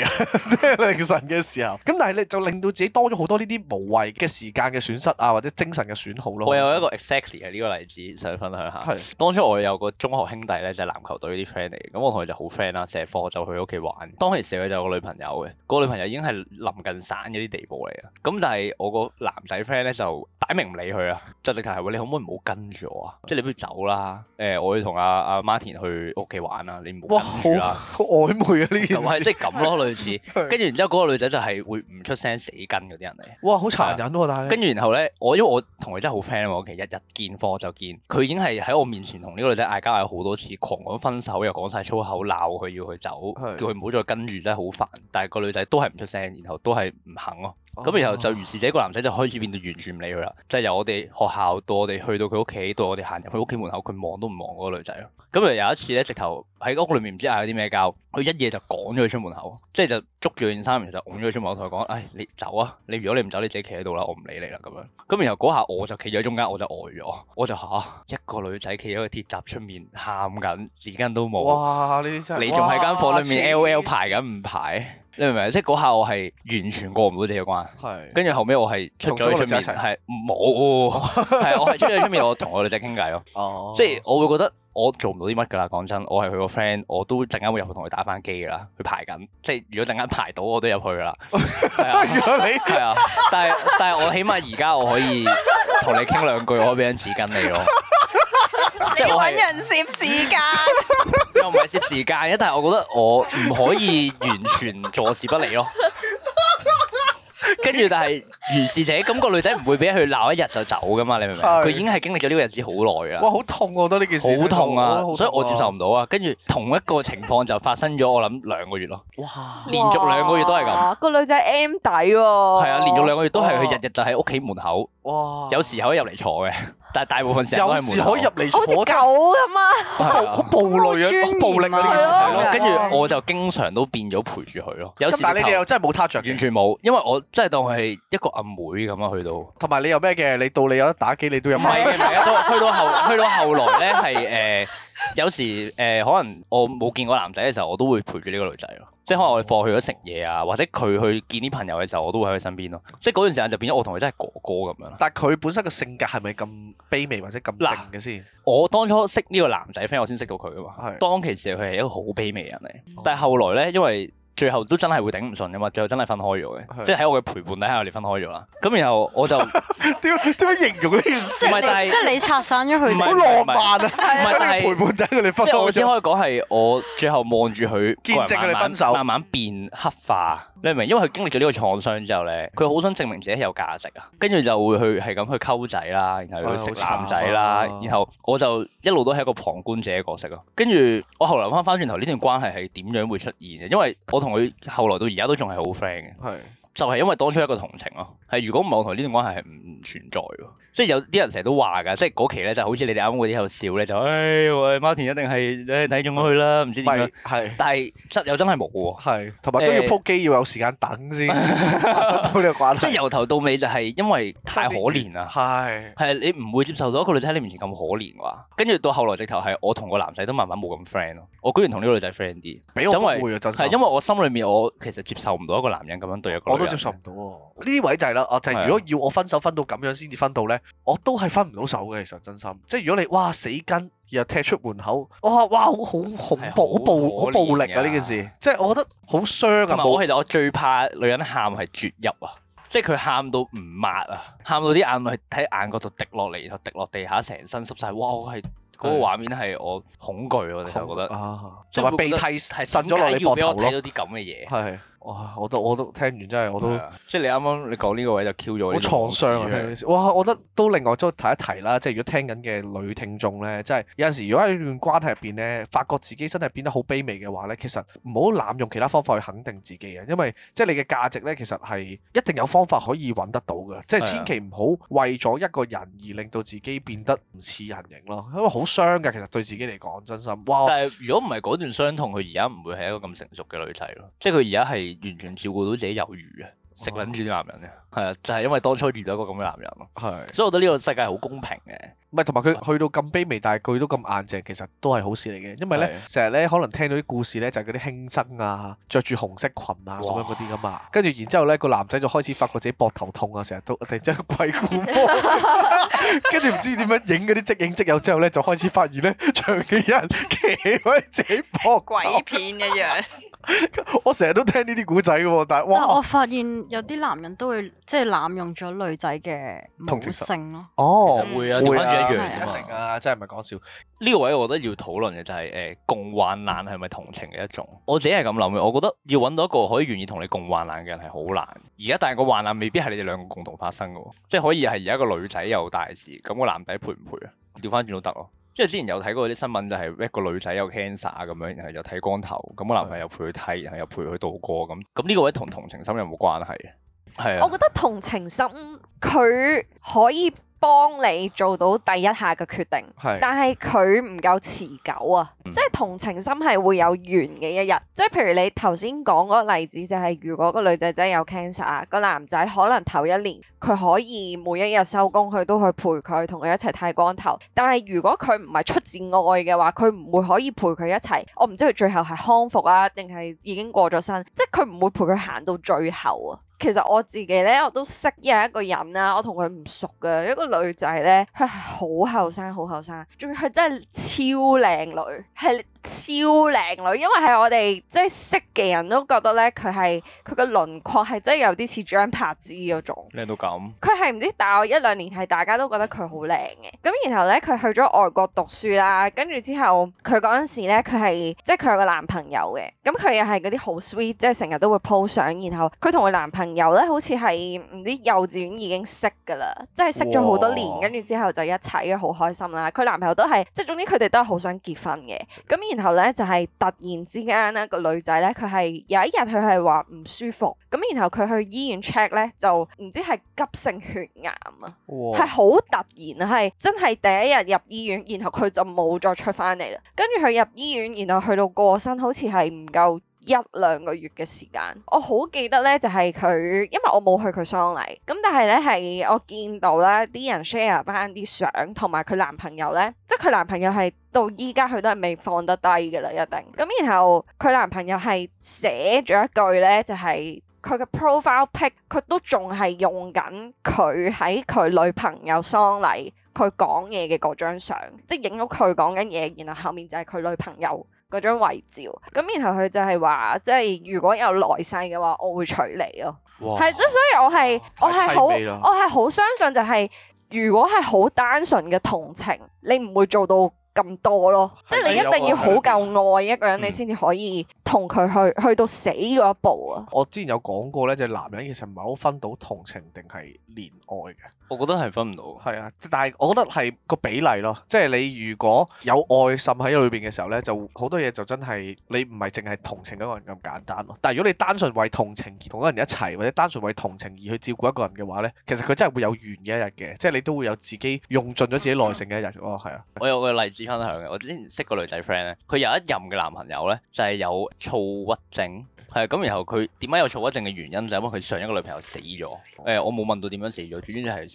啊，即係凌晨嘅時候。咁但係你就到自己多咗好多呢啲無謂嘅時間嘅損失啊，或者精神嘅損耗咯、啊。我有一個 exactly 係呢、這個例子想分享下。係，是的 當初我有個中學兄弟咧，就係、籃球隊啲 friend 嚟嘅，咁我同佢就好 friend 啦，成日課就去屋企玩。當時社佢就有個女朋友嘅，個女朋友已經係臨近散嗰啲地步嚟嘅。咁但係我個男仔 friend 咧就擺明唔理佢啊，即係直頭係話你可唔可以唔好跟住我啊？即係你不如走啦。誒、欸，我要同阿阿 Martin 去屋企玩啦，你唔好跟住啦、啊。好曖昧啊！呢啲咁係即係咁咯，類似。跟住然之後嗰個女仔就係會唔出聲。死跟嗰啲人嚟，哇，好殘忍喎、啊！但係跟住然後呢，我因為我同佢真係好 friend，我其實日日見科就見佢已經係喺我面前同呢個女仔嗌交，嗌好多次，狂咁分手，又講晒粗口，鬧佢要佢走，的叫佢唔好再跟住真係，好煩。但係個女仔都係唔出聲，然後都係唔肯咯、啊。咁然後就於是這個男仔就開始變到完全唔理佢啦，就由我哋學校到我哋去到佢屋企，到我哋行入去屋企門口，佢望都唔望嗰個女仔咯。咁然後有一次咧，直頭喺屋裏面唔知嗌咗啲咩交，佢一夜就趕咗佢出門口，即係就捉住件衫，然後就㧬咗佢出門口同佢講：唉，你走啊！你如果你唔走，你自己企喺度啦，我唔理你啦咁樣。咁然後嗰下我就企咗喺中間，我就呆咗，我就嚇一個女仔企喺個鐵閘出面喊緊，時間都冇。哇！呢啲真係你仲喺間房裏面 L O L 排緊唔排？你明唔明？即係嗰下我係完全過唔到呢個關，係跟住後尾我係出咗出面，係冇，係我係出咗出面，我同我女仔傾偈咯。哦，即係我會覺得我做唔到啲乜噶啦，講真，我係佢個 friend，我都陣間會入去同佢打返機噶啦，佢排緊，即係如果陣間排到我都入去噶啦。係 啊，如果你係啊，但係 但係我起碼而家我可以同你傾兩句，我可以俾張紙巾你咯。 要搵人攝時間，又唔係攝時間啫。但係我覺得我唔可以完全坐視不理咯。跟住但係，如是者咁個女仔唔會俾佢鬧一日就走噶嘛？你明唔明？佢已經係經歷咗呢個日子好耐啦。哇！好痛，我覺得呢件事好痛啊！所以我接受唔到啊。跟住同一個情況就發生咗，我諗兩個月咯。哇！連續兩個月都係咁。個女仔 M 底喎。係啊，連續兩個月都係佢日日就喺屋企門口。哇！有時候入嚟坐嘅。但係大部分時候有時可以入嚟坐狗咁啊，好暴內啊，暴力嗰啲，跟住我就經常都變咗陪住佢咯。有時但你哋又真係冇 touch 完全冇，因為我真係當佢係一個阿妹咁啊去到。同埋你有咩嘅？你到你有得打機你都有。去 到後去到後來咧係誒。 有時誒、呃，可能我冇見過男仔嘅時候，我都會陪住呢個女仔咯。即係可能我放學去咗食嘢啊，或者佢去見啲朋友嘅時候，我都會喺佢身邊咯。即係嗰段時間就變咗我同佢真係哥哥咁樣。但係佢本身嘅性格係咪咁卑微或者咁靜嘅先？我當初識呢個男仔 friend，我先識到佢噶嘛。係是。當其時佢係一個好卑微嘅人嚟，但係後來咧，因為。最後都真係會頂唔順噶嘛，最後真係分開咗嘅，即係喺我嘅陪伴底下，我哋分開咗啦。咁然後我就點點樣形容呢件事？唔係，即係你拆散咗佢，好浪漫啊！喺你陪伴底下，分開咗。即係我只可以講係我最後望住佢見證佢哋分手，慢慢變黑化，你明唔明？因為佢經歷咗呢個創傷之後咧，佢好想證明自己有價值啊。跟住就會去係咁去溝仔啦，然後去識男仔啦。然後我就一路都係一個旁觀者嘅角色咯。跟住我後嚟翻翻轉頭呢段關係係點樣會出現嘅？因為我。同佢後來到而家都仲係好 friend 嘅，係。就係因為當初一個同情咯，係如果唔係我同呢段關係係唔存在嘅，即係有啲人成日都話㗎，即係嗰期咧就好似你哋啱啱嗰啲喺度笑咧，就誒喂 Martin 一定係誒睇中咗佢啦，唔知點樣係，但係室友真係冇喎，同埋都要撲機要有時間等先，即係由頭到尾就係因為太可憐啦，係係你唔會接受到一個女仔喺你面前咁可憐㗎，跟住到後來直頭係我同個男仔都慢慢冇咁 friend 咯，我居然同呢個女仔 friend 啲，因為係因為我心裏面我其實接受唔到一個男人咁樣對一個女仔。接受唔到喎，呢位就係啦，就係如果要我分手分到咁樣先至分到咧，我都係分唔到手嘅。其實真心，即係如果你哇死根，然後踢出門口，我話哇好好恐怖，好暴好暴力啊呢件事，即係我覺得好傷啊。冇，其實我最怕女人喊係絕入啊，即係佢喊到唔抹啊，喊到啲眼淚喺眼角度滴落嚟，然後滴落地下，成身濕晒。哇！我係嗰個畫面係我恐懼，我哋，其實覺得啊，即係被替係伸咗你膊頭咯。點解要俾我睇到啲咁嘅嘢？係。哇！我都我都聽完真係我都，的即係你啱啱你講呢個位就 Q 咗，好創傷啊！聽的哇！我覺得都另外再提一提啦，即係如果聽緊嘅女聽眾咧，即係有陣時如果喺一段關係入邊咧，發覺自己真係變得好卑微嘅話咧，其實唔好濫用其他方法去肯定自己啊，因為即係你嘅價值咧，其實係一定有方法可以揾得到嘅，的即係千祈唔好為咗一個人而令到自己變得唔似人形咯，因為好傷㗎，其實對自己嚟講真心。哇！但係如果唔係嗰段傷痛，佢而家唔會係一個咁成熟嘅女仔咯，即係佢而家係。完全照顧到自己有餘啊，食撚住啲男人啊，係啊、哦，就係、是、因為當初遇到一個咁嘅男人咯，係、哦，所以我覺得呢個世界好公平嘅。同埋佢去到咁卑微，但係佢都咁硬淨，其實都係好事嚟嘅。因為咧成日咧可能聽到啲故事咧，就係嗰啲輕生啊，着住紅色裙啊咁哇 樣嗰啲噶嘛。跟住然之後咧，個男仔就開始發覺自己膊頭痛啊，成日都真係鬼故。跟住唔知點樣影嗰啲即影即有之後咧，就開始發現咧，長期有人企喺自己膊鬼片一樣。 我成日都聽呢啲古仔喎，但係我發現有啲男人都會即濫用咗女仔嘅、啊、母性咯。哦，會啊，會係啊，一定啊，真係唔係講笑。呢 個位我覺得要討論嘅就係、是、誒、欸，共患難係咪同情嘅一種？我自己係咁諗嘅，我覺得要搵到一個可以願意同你共患難嘅人係好難。而家但係個患難未必係你哋兩個共同發生嘅，即係可以係而家個女仔有大事，咁個男仔陪唔陪啊？調翻轉都得咯。即係之前有睇過啲新聞，就係一個女仔有 cancer 啊咁樣，然後又剃光頭，咁個男朋友又陪佢剃，的然後又陪佢度過咁。咁呢個位同同情心有冇關係啊？係啊，我覺得同情心佢可以。幫你做到第一下嘅決定，是但係佢唔夠持久啊！嗯、即係同情心係會有完嘅一日。即係譬如你頭先講嗰個例子、就是，就係如果個女仔真係有 cancer，個男仔可能頭一年佢可以每一日收工佢都去陪佢，同佢一齊剃光頭。但係如果佢唔係出自愛嘅話，佢唔會可以陪佢一齊。我唔知佢最後係康復啊，定係已經過咗身？即係佢唔會陪佢行到最後啊！其實我自己咧，我都識有一個人啦，我同佢唔熟嘅一個女仔咧，佢係好後生，好後生，仲要佢真係超靚女，係超靚女，因為係我哋即係識嘅人都覺得咧，佢係佢個輪廓係真係有啲似張柏芝嗰種。靚到咁？佢係唔知大我一兩年係大家都覺得佢好靚嘅，咁然後咧佢去咗外國讀書啦，跟住之後佢嗰陣時咧佢係即係佢有個男朋友嘅，咁佢又係嗰啲好 sweet，即係成日都會 po 相，然後佢同佢男朋友。朋友咧，好似係唔知幼稚園已經識噶啦，即係識咗好多年，跟住哇 之後就一齊，好開心啦。佢男朋友都係，即係總之佢哋都係好想結婚嘅。咁然後咧就係、是、突然之間咧，那個女仔咧佢係有一日佢係話唔舒服，咁然後佢去醫院 check 咧就唔知係急性血癌啊，係好哇 突然係真係第一日入醫院，然後佢就冇再出翻嚟啦。跟住佢入醫院，然後去到過身，好似係唔夠。一兩個月嘅時間，我好記得呢就係佢，因為我冇去佢喪禮，咁但係呢，係我見到啦啲人 share 翻啲相，同埋佢男朋友呢，即係佢男朋友係到依家佢都係未放得低嘅啦，一定。咁然後佢男朋友係寫咗一句呢，就係佢嘅 profile pic，佢都仲係用緊佢喺佢女朋友喪禮佢講嘢嘅嗰張相，即係影咗佢講緊嘢，然後後面就係佢女朋友。嗰張遺照，咁然後佢就係話，即、就、係、是、如果有來世嘅話，我會娶你咯。係哇，即所以我係我係好，我係好相信、就是，就係如果係好單純嘅同情，你唔會做到咁多咯。即係的你一定要好夠愛一個人，你先至可以同佢去、嗯、去到死嗰一步啊。我之前有講過咧，就是、男人其實唔係好分到同情定係戀愛嘅。我覺得係分唔到，係啊，但係我覺得係個比例咯，即係你如果有愛心喺裏邊嘅時候咧，就好多嘢就真係你唔係淨係同情一個人咁簡單咯。但係如果你單純為同情同一個人一齊，或者單純為同情而去照顧一個人嘅話咧，其實佢真係會有完嘅一日嘅，即係你都會有自己用盡咗自己耐性嘅一日。哦，係啊，我有個例子分享嘅，我之前識個女仔 friend 咧，佢有一任嘅男朋友咧就係、是、有躁鬱症，係咁，然後佢點解有躁鬱症嘅原因就係、是、因為佢上一個女朋友死咗。誒、欸，我冇問到點樣死咗，主要就係。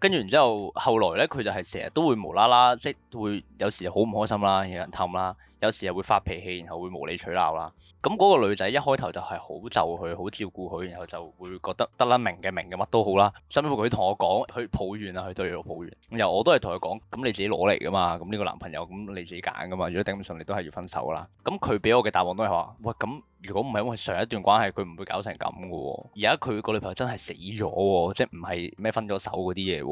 跟住然之後，後來呢，佢就係成日都會無啦啦，即會有時好唔開心啦，有人氹啦，有時又會發脾氣，然後會無理取鬧啦。咁嗰個女仔一開頭就係好就佢，好照顧佢，然後就會覺得得啦，明嘅明嘅，乜都好啦。甚至乎佢同我講，佢抱怨啊，佢都要抱怨。然後我都係同佢講，咁你自己攞嚟噶嘛，咁呢個男朋友咁你自己揀噶嘛。如果頂唔順，你都係要分手啦。咁佢俾我嘅答案都係話：喂，咁如果唔係因為上一段關係，佢唔會搞成咁嘅喎。而家佢個女朋友真係死咗喎，哦，即唔係咩分咗手嗰啲嘢。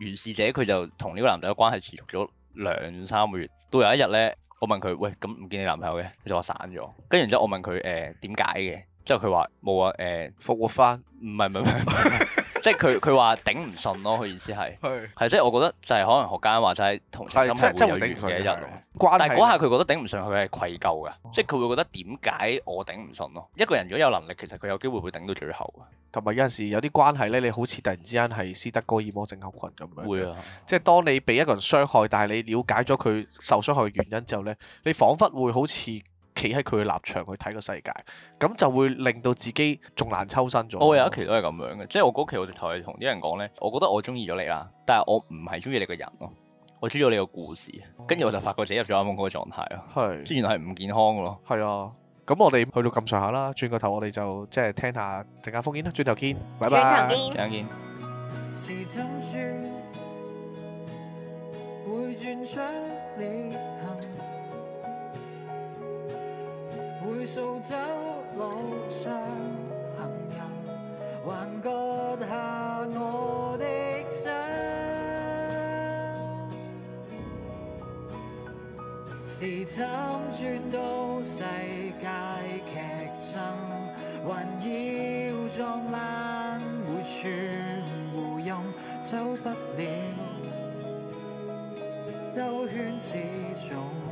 如是者佢就同呢個男仔嘅關係持續咗兩三個月，到有一日咧，我問佢：喂，咁唔見你男朋友嘅？佢就話散咗。跟住之後我問佢誒點解嘅？之、呃、後佢話冇啊，誒復活返，唔係唔係唔係。 即係佢佢話頂唔順咯，佢意思係係 是是即係我覺得就係可能學家話就係同情心係會有緣嘅人，係。但係嗰下佢覺得頂唔順，佢係愧疚嘅，嗯、即係佢會覺得點解我頂唔順咯？一個人如果有能力，其實佢有機會會頂到最後嘅。同埋有陣時有啲關係呢，你好似突然之間係斯德哥爾摩症候群咁樣。會啊，即係當你畀一個人傷害，但係你了解咗佢受傷害嘅原因之後呢，你彷，彷彿會好似。企喺佢嘅立場去睇個世界，咁就會令到自己仲難抽身咗。我有一期都係咁樣嘅，即係我嗰期我直頭係同啲人講咧，我覺得我中意咗你啦，但係我唔係中意你個人咯，我中意你個故事。跟住我就發覺自己入咗阿風嗰個狀態咯，係、哦，即係原來係唔健康㗎咯。係啊，咁我哋去到咁上下啦，轉個頭我哋就即係聽下陣間風煙啦，轉頭見，拜拜，轉頭見，回數走路上行人，還割下我的心。時針轉到世界劇震，還要撞爛每寸護蔭，走不了，兜圈子中。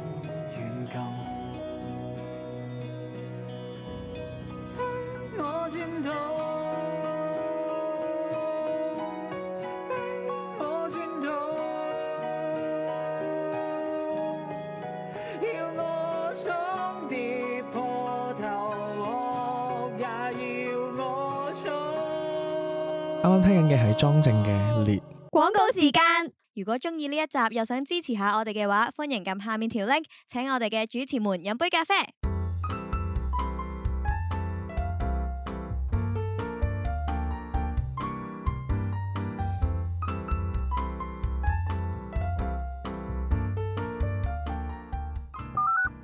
啱啱聽緊嘅係莊正嘅列。廣告時間，如果中意呢一集又想支持下我哋嘅話，歡迎撳下面條 link，請我哋嘅主持們飲杯咖啡。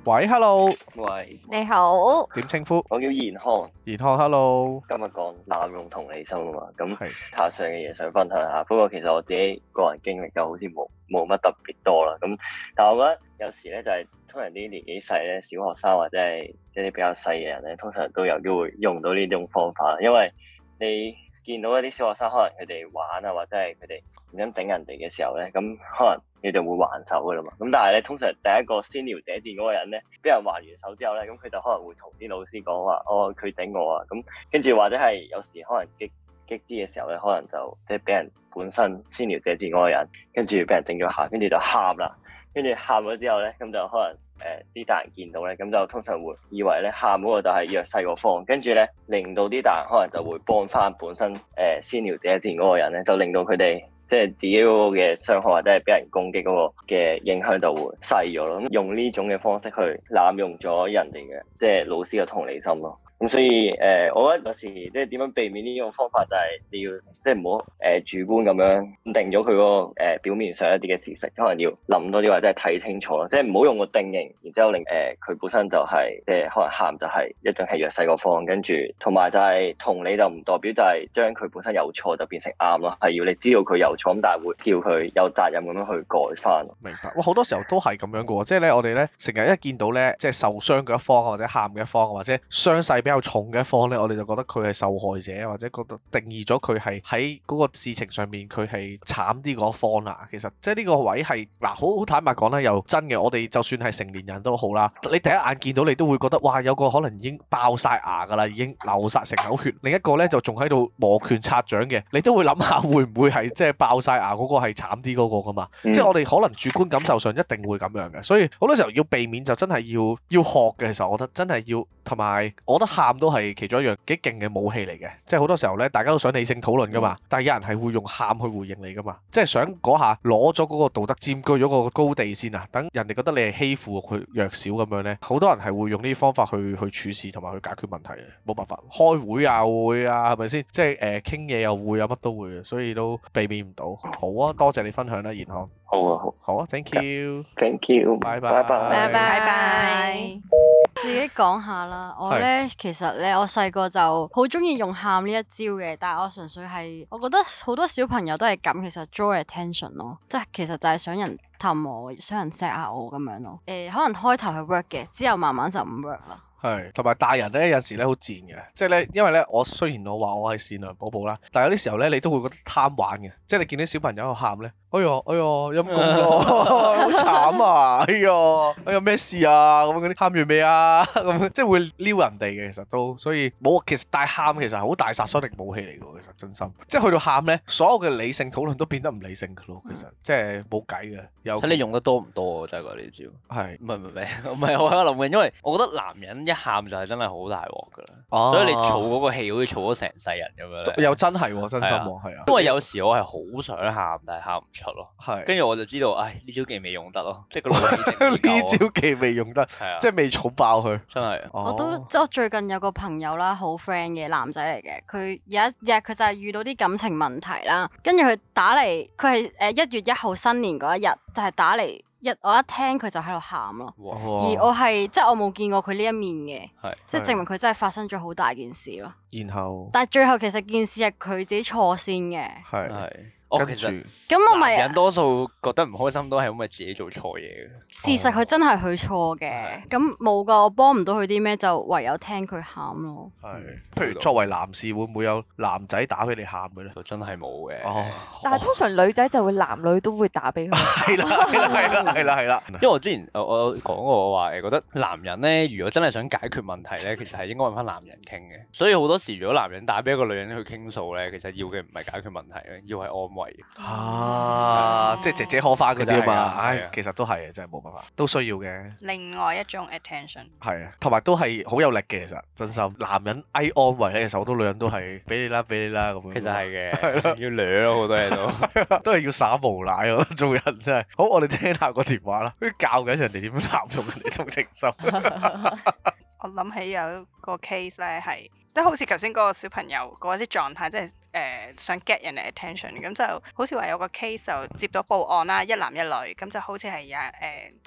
喂，Hello，喂，你好，點稱呼？我叫賢康，賢康，Hello，今日講濫用同理心啊嘛，咁係，塔上嘅嘢想分享下，不過其實我自己個人經歷就好似冇冇乜特別多啦，咁，但係我覺得有時咧就係通常啲年紀細咧，小學生或者係即係啲比較細嘅人咧，通常都有機會用到呢種方法，因為你見到一啲小學生可能佢哋玩啊，或者係佢哋亂咁整人哋嘅時候咧，咁可能你就會還手噶啦嘛。咁但係咧，通常第一個先撩者賤嗰個人咧，俾人還完手之後咧，咁佢就可能會同啲老師講話：哦，佢整我啊！咁跟住或者係有時可能激激啲嘅時候咧，可能就即係俾人本身先撩者賤嗰個人，跟住俾人整咗下，跟住就喊啦。跟住喊咗之後咧，咁就可能。誒啲、呃、大人見到咧，咁就通常會以為咧，喊嗰個就係弱勢個方，跟住咧令到啲大人可能就會幫返本身誒、呃、先撩者賤嗰個人咧，就令到佢哋即係自己嗰個嘅傷害或者係俾人攻擊嗰個嘅影響就會細咗咯。用呢種嘅方式去濫用咗人哋嘅即係老師嘅同理心咯。咁所以誒、呃，我覺得有時即係點樣避免呢種方法，就係、是、你要即係唔好誒主觀咁樣定咗佢嗰個表面上一啲嘅事實，可能要諗多啲或者係睇清楚咯，即係唔好用個定型，然之後令誒佢、呃、本身就係、是、即可能喊就係、是、一種係弱勢嗰方，跟住同埋就係同理就唔代表就係將佢本身有錯就變成啱咯，係要你知道佢有錯，咁但係會叫佢有責任咁樣去改返。明白。哇，好多時候都係咁樣嘅喎， 即係咧我哋咧成日一見到咧即係受傷嗰一方或者喊嘅一方或者傷勢較重嘅一方咧，我哋就覺得佢係受害者，或者覺得定義咗佢係喺嗰個事情上面佢係慘啲嗰方啦。其實即係呢個位係嗱，好、啊、好坦白講咧，又真嘅。我哋就算係成年人都好啦，你第一眼見到你都會覺得哇，有個可能已經爆晒牙噶啦，已經流晒成口血，另一個咧就仲喺度磨拳擦掌嘅，你都會諗下會唔會係即係爆晒牙嗰個係慘啲嗰個噶嘛？嗯、即係我哋可能主觀感受上一定會咁樣嘅。所以好多時候要避免就真係要要學嘅時候，我覺得真係要同埋，我覺得喊都係其中一樣幾勁嘅武器嚟嘅，即係好多時候呢，大家都想理性討論噶嘛，但係有人係會用喊去回應你噶嘛，即係想嗰下攞咗嗰個道德佔據咗個高地先啊，等人哋覺得你係欺負佢弱小咁樣呢。好多人係會用呢啲方法去去處事同埋去解決問題嘅，冇辦法，開會啊會啊，係咪先？即係誒傾嘢又會啊，乜都會，所以都避免唔到。好啊，多謝你分享啦，賢康。好啊，好，啊，thank you，thank you，拜拜，拜拜，拜拜，自己講下啦，我呢， 其實呢，我細個就好中意用喊呢一招嘅，但係我純粹係，我覺得好多小朋友都係咁，其實 draw attention 咯，即係其實就係想人氹我，想人錫下我咁樣咯，誒、呃，可能開頭係 work 嘅，之後慢慢就唔 work 啦。係，同埋大人呢，有陣時呢好賤嘅，即係呢，因為呢，我雖然我話我係善良寶寶啦，但係有啲時候呢，你都會覺得貪玩嘅，即係你見到小朋友喊呢。哎呦，哎呦，陰公咯， 好慘啊！哎呦，哎有咩、哎哎、事啊？咁嗰啲喊完未啊？咁即係會撩人哋嘅，其實都所以冇。其實大喊其實係好大殺傷力武器嚟嘅喎，其實真心即係去到喊咧，所有嘅理性討論都變得唔理性嘅咯。其實即係冇計嘅。又睇你用得多唔多真係嗰啲招？係唔係唔係唔係？我喺度諗緊，因為我覺得男人一喊就係真係好大鑊嘅啦。啊、所以你儲嗰個氣好似儲咗成世人咁樣又真係喎、啊，真心喎，啊。因為有時我係好想喊，但係喊唔出。係，跟住我就知道，唉，呢招技未用得咯，即係個呢招技未用得，係啊，即係未炒爆佢，真係。我都、哦、即係我最近有個朋友啦，好 friend 嘅男仔嚟嘅，佢有一日佢就係遇到啲感情問題啦，跟住佢打嚟，佢係誒一月一號新年嗰一日就係、是、打嚟，一我一聽佢就喺度喊咯，而我係即係我冇見過佢呢一面嘅，係，即係證明佢真係發生咗好大件事咯。然後，但係最後其實件事係佢自己錯先嘅，係。咁、哦、其實，咁我咪、人多數覺得唔開心都係因為自己做錯嘢嘅。哦、事實佢真係去錯嘅，咁冇噶，我幫唔到佢啲咩，就唯有聽佢喊咯。係的，嗯、譬如作為男士，嗯、會唔會有男仔打俾你喊嘅咧？就真係冇嘅。哦，但係通常女仔就會男女都會打俾佢。係啦、哦，係 啦，係啦，係啦。 因為我之前我我講過，我話誒覺得男人咧，如果真係想解決問題咧， 其實係應該揾翻男人傾嘅。所以好多時如果男人打俾一個女人去傾訴咧，其實要嘅唔係解決問題咧，要係安慰。啊，嗯、即係姐姐可花嗰啲啊！唉，哎、的其實都係，真係冇辦法，都需要嘅。另外一種 attention 係啊，同埋都係好有力嘅。其實真心男人愛安慰咧，其實好多女人都係俾你啦，俾你啦咁。其實係嘅，係的的要掠咯，好多嘢都， 都係要耍無賴。我覺得做人真係好。我哋聽下個電話啦，佢教緊人哋點濫用人哋同情心。我諗起有個 case 咧，係即係好似頭先嗰個小朋友嗰啲狀態，即係。誒、呃、想 get 人哋 attention，咁就好似話有個 case 就接到報案啦，一男一女，咁就好似係啊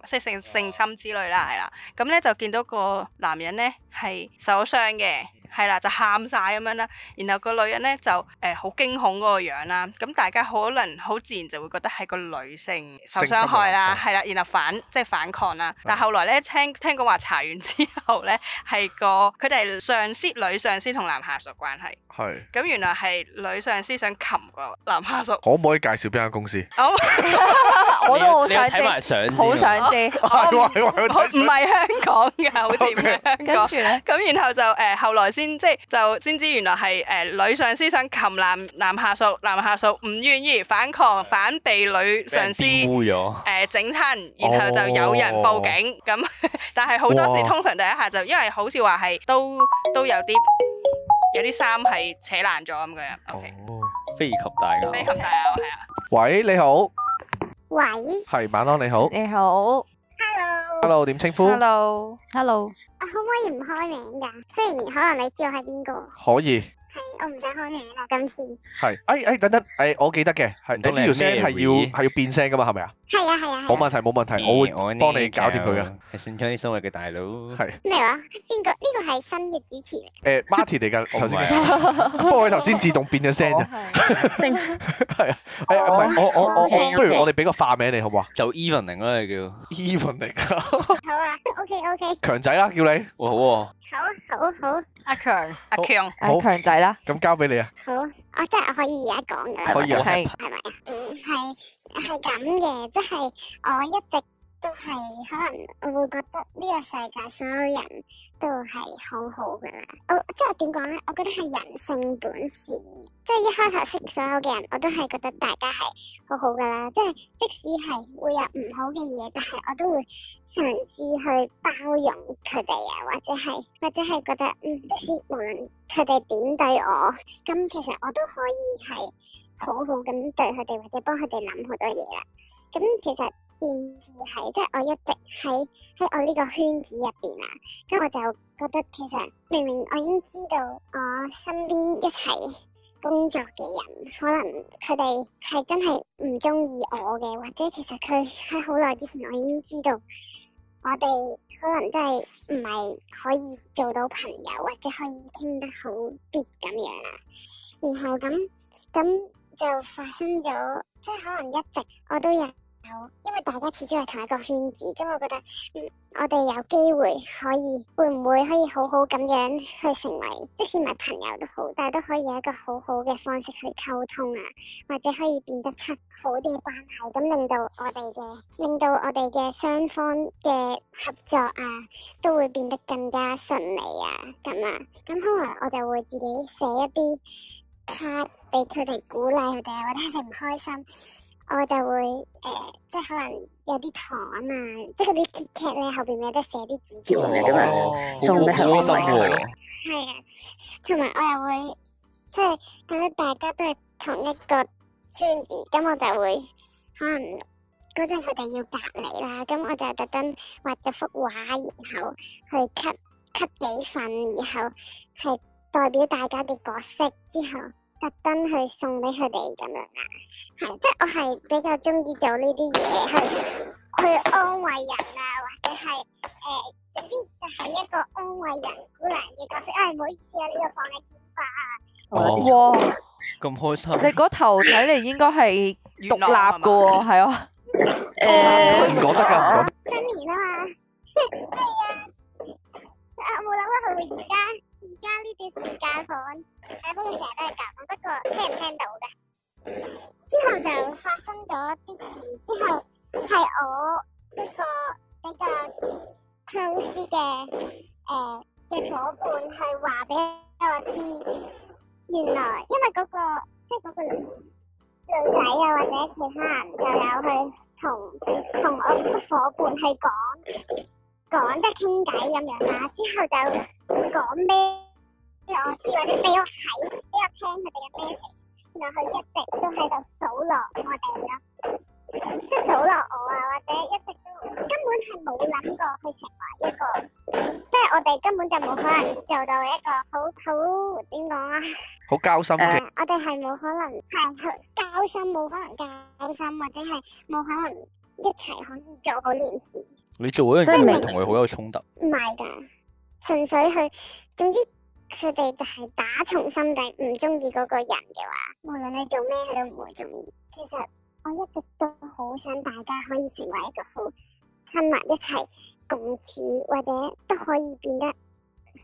誒性性性侵之類啦，係啦，咁咧就見到個男人咧係受傷嘅，係啦，就喊晒咁樣啦，然後個女人咧就誒好、呃、驚恐嗰個樣啦，咁大家可能好自然就會覺得係個女性受傷害啦，係啦，然後反即係、就是、反抗啦，了但係後來咧聽聽講話查完之後咧係個佢哋係上司女上司同男下屬關係，係對，咁原來係。女上司想擒男下屬，可唔可以介紹邊間公司？我都好想知，好想知。唔係香港嘅，好似唔係香港。跟住咧，咁然後就誒，後來先即係就先知原來係誒女上司想擒男男下屬，男下屬唔願意反抗，反被女上司整親，然後就有人報警。咁但係好多時通常第一下就因為好似話係都都有啲。有啲衫係扯爛咗咁嘅，OK。飛擒大咬，飛擒大咬係啊。喂，你好。喂。係晚安，你好。你好。Hello。Hello，點稱呼？Hello。Hello。可唔可以唔開名㗎？雖然可能你知我係邊個。可以。我唔想改名啦，今次係，哎哎等等，哎我記得嘅，係你呢條聲係要係要變聲噶嘛，係咪啊？係啊係啊，冇問題冇問題，我會幫你搞掂佢噶。擅長呢啲生活嘅大佬係咩話？呢個呢個係新嘅主持，誒，Martin 嚟噶，頭先，不過佢頭先自動變咗聲咋，係啊，誒我我我我，不如我哋俾個化名你好唔好啊？就 Even 嚟啦，你叫 Even 嚟噶，好啊，OK OK，強仔啦叫你，好啊，好啊好，阿強阿強阿強仔啦。咁交俾你啊！好，我即係可以而家講噶啦，可以，係咪啊？嗯，係係咁嘅，即係、就是、我一直。都係可能我會覺得呢個世界所有人都係好好噶啦，我即係點講咧我覺得係人性本善，即係一開頭識所有嘅人，我都係覺得大家係好好噶啦。即係即使係會有唔好嘅嘢，但係我都會嘗試去包容佢哋啊，或者係，或者係覺得嗯，即使無論佢哋點對我，咁其實我都可以係好好咁對佢哋，或者幫佢哋諗好多嘢啦。咁其實。仍然係，即係我一直喺喺我呢個圈子入邊啊，咁我就覺得其實明明我已經知道我身邊一齊工作嘅人，可能佢哋係真係唔中意我嘅，或者其實佢喺好耐之前我已經知道我哋可能真係唔係可以做到朋友，或者可以傾得好啲咁樣啦。然後咁咁就發生咗，即係可能一直我都有。因為大家始終係同一個圈子，咁我覺得，嗯，我哋有機會可以，會唔會可以好好咁樣去成為，即使唔係朋友都好，但係都可以有一個好好嘅方式去溝通啊，或者可以變得出好啲嘅關係，咁令到我哋嘅，令到我哋嘅雙方嘅合作啊，都會變得更加順利啊，咁啊，咁可能我就會自己寫一啲卡俾佢哋鼓勵佢哋，或者佢哋唔開心。我就會誒、呃，即係可能有啲糖啊嘛，即係啲 KitKat 咧後邊咪有得寫啲字條，送送送，係啊，同埋、嗯、我又會即係覺得大家都係同一個圈子，咁、嗯、我就會可能嗰陣佢哋要隔離啦，咁、嗯、我就特登畫咗幅畫，然後去 cut cut 幾份，然後係代表大家嘅角色之後。特登去送俾佢哋咁樣啊，係，即係我係比較中意做呢啲嘢，去去安慰人啊，或者係誒，總之就係一個安慰人姑娘嘅角色。啊，唔好意思啊，呢個放你電話啊。哇，咁開心！你嗰頭睇嚟應該係獨立噶喎，係哦。誒，唔覺得噶。新年啊嘛，咩啊？啊，冇諗過佢會而家。而家呢啲時間講，誒不過成日都係講，不過聽唔聽到嘅。之後就發生咗啲事，之後係我一個比較 close 嘅誒嘅伙伴去話俾我知，原來因為嗰、嗰個即係嗰個女,女仔啊，或者其他人就有去同同我嘅伙伴去講。講得傾偈咁樣啦，之後就講咩，因我知或者俾我睇，俾我聽佢哋嘅 message，然後佢一直都喺度數落我哋咯，即係數落我啊，或者一直都根本係冇諗過去成為一個，即係我哋根本就冇可能做到一個好好點講啊，好，好 交心 我哋係冇可能係交心，冇可能交心，或者係冇可能一齊可以做好呢件事。你做嗰樣嘢，係同佢好有衝突？唔係噶，純粹去，總之佢哋就係打從心底唔中意嗰個人嘅話，無論你做咩，佢都唔會中意。其實我一直都好想大家可以成為一個好親密一齊共處，或者都可以變得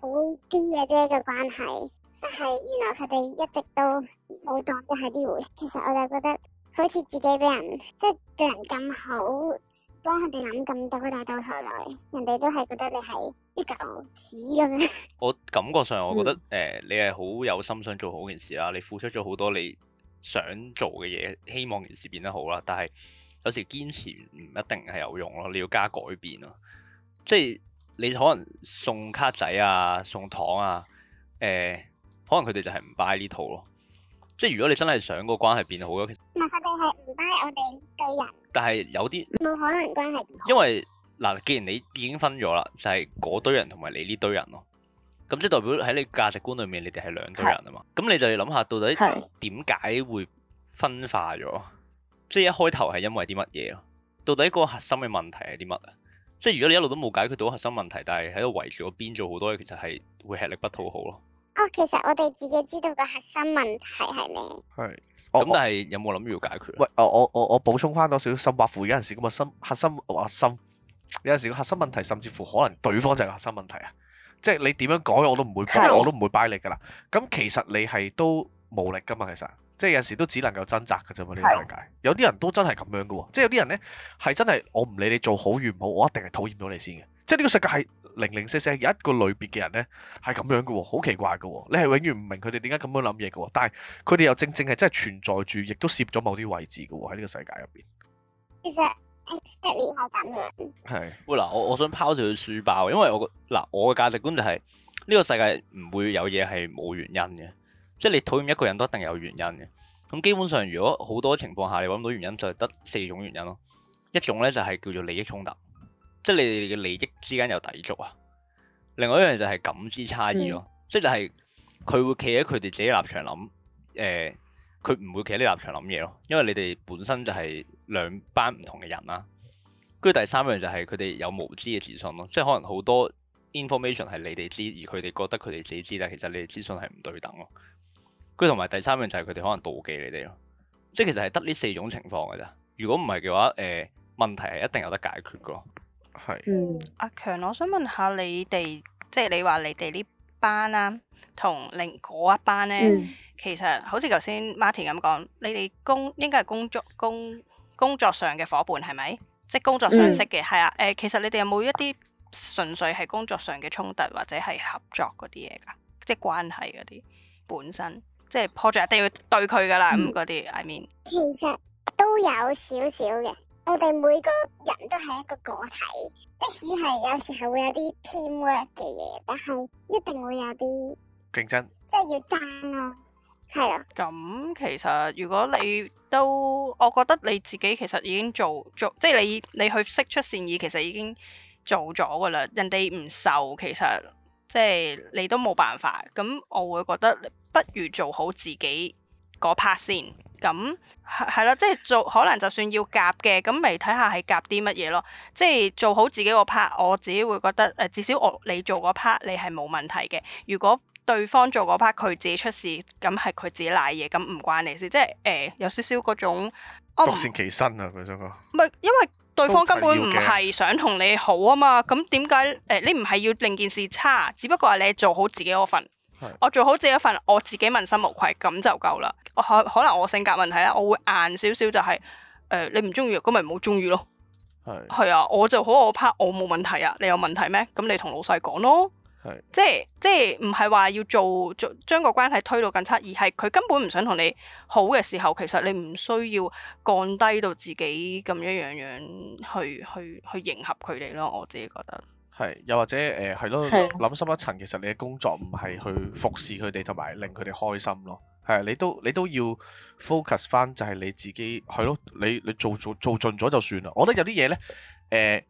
好啲嘅啫嘅關係。但係原來佢哋一直都冇當一係啲回事，其實我就覺得好似自己俾人即係、就是、對人咁好。幫佢哋諗咁多大，但到頭來人哋都係覺得你係一嚿屎咁樣。我感覺上，我覺得誒、嗯呃，你係好有心想做好件事啦，你付出咗好多，你想做嘅嘢，希望件事變得好啦。但係有時堅持唔一定係有用咯，你要加改變咯，即係你可能送卡仔啊，送糖啊，誒、呃，可能佢哋就係唔 buy 呢套咯。即係如果你真係想個關係變好咧，其實或者係唔單係我哋對人，但係有啲冇可能關係變好。因為嗱，既然你已經分咗啦，就係、是、嗰堆人同埋你呢堆人咯。咁即係代表喺你價值觀裏面，你哋係兩堆人啊是的 嘛。咁你就諗下到底點解是的 會分化咗？即係一開頭係因為啲乜嘢？到底個核心嘅問題係啲乜啊？即係如果你一路都冇解決到核心問題，但係喺度圍住個邊做好多嘢，其實係會吃力不討好咯。哦，其實我哋自己知道個核心問題係咩？係，咁、哦、但係有冇諗要解決？喂，我我我我補充翻多少少？心懷負，有陣時咁嘅心核心核心、心，有陣時個核心問題，甚至乎可能對方就係個核心問題啊！即係你點樣講我都唔會，是我都唔會，我都唔會 buy 你噶啦。咁其實你係都無力噶嘛，其實，即係有陣時都只能夠掙扎噶啫嘛。呢的個世界，有啲人都真係咁樣噶喎，即係有啲人咧係真係我唔理你做好與唔好，我一定係討厭到你先嘅。即係呢個世界係。零零散散一個類別嘅人咧，係咁樣嘅喎、哦，好奇怪嘅喎、哦，你係永遠唔明佢哋點解咁樣諗嘢嘅喎，但係佢哋又正正係真係存在住，亦都涉咗某啲位置嘅喎、哦，喺呢個世界入邊。其實 exactly 係咁樣。嗱係、哎，我我想拋掉佢書包，因為我嗱我嘅價值觀就係、是、呢、這個世界唔會有嘢係冇原因嘅，即係你討厭一個人都一定有原因嘅。咁基本上如果好多情況下你揾到原因就係得四種原因咯，一種咧就係叫做利益衝突。即係你哋嘅利益之間有抵觸啊。另外一樣就係感知差異咯、哦，嗯、即係就係佢會企喺佢哋自己立場諗，誒、呃，佢唔會企喺你立場諗嘢咯。因為你哋本身就係兩班唔同嘅人啦、啊。跟住第三樣就係佢哋有無知嘅自信咯、啊，即係可能好多 information 係你哋知，而佢哋覺得佢哋自己知，但其實你哋資訊係唔對等咯。跟住同埋第三樣就係佢哋可能妒忌你哋咯、啊。即係其實係得呢四種情況嘅咋。如果唔係嘅話，誒、呃，問題係一定有得解決噶。係，是嗯、阿強，我想問下你哋，即、就、係、是、你話你哋呢班啦、啊，同另一班咧，嗯、其實好似頭先 Martin 咁講，你哋工應該係工作工工作上嘅伙伴係咪？即係工作上識嘅，係啊、嗯。誒，其實你哋有冇一啲純粹係工作上嘅衝突或者係合作嗰啲嘢噶？即係關係嗰啲本身，即係 project 一定要對佢噶啦，咁嗰啲，I mean，其實都有少少嘅。我哋每個人都係一個個體，即使係有時候會有啲 teamwork 嘅嘢，但係一定會有啲競爭，即係要爭咯，係啊。咁其實如果你都，我覺得你自己其實已經做做，即係你你去釋出善意，其實已經做咗噶啦。人哋唔受，其實即係你都冇辦法。咁我會覺得不如做好自己嗰 part 先。咁係係啦，即係做可能就算要夾嘅，咁咪睇下係夾啲乜嘢咯。即係做好自己個 part，我自己會覺得誒、呃，至少我你做嗰 part 你係冇問題嘅。如果對方做嗰 part 佢自己出事，咁係佢自己賴嘢，咁唔關你事。即係誒、呃、有少少嗰種，啊、獨善其身啊！佢想講，唔係因為對方根本唔係想同你好啊嘛。咁點解誒你唔係要令件事差？只不過係你做好自己嗰份。我做好自己一份，我自己問心無愧，咁就夠啦。我可可能我性格問題啦，我會硬少少、就係，呃、就係誒你唔鍾意，咁咪唔好鍾意咯。係是 啊，我就好，我 part 我冇問題啊。你有問題咩？咁你同老細講咯。係是 即即唔係話要做做將個關係推到更差，而係佢根本唔想同你好嘅時候，其實你唔需要降低到自己咁樣樣樣去去去，去迎合佢哋咯。我自己覺得。係，又或者誒，係、呃、咯，諗深一層，其實你嘅工作唔係去服侍佢哋，同埋令佢哋開心咯。係，你都你都要 focus 翻，就係你自己，係咯，你你做做做盡咗就算啦。我覺得有啲嘢呢，誒、呃，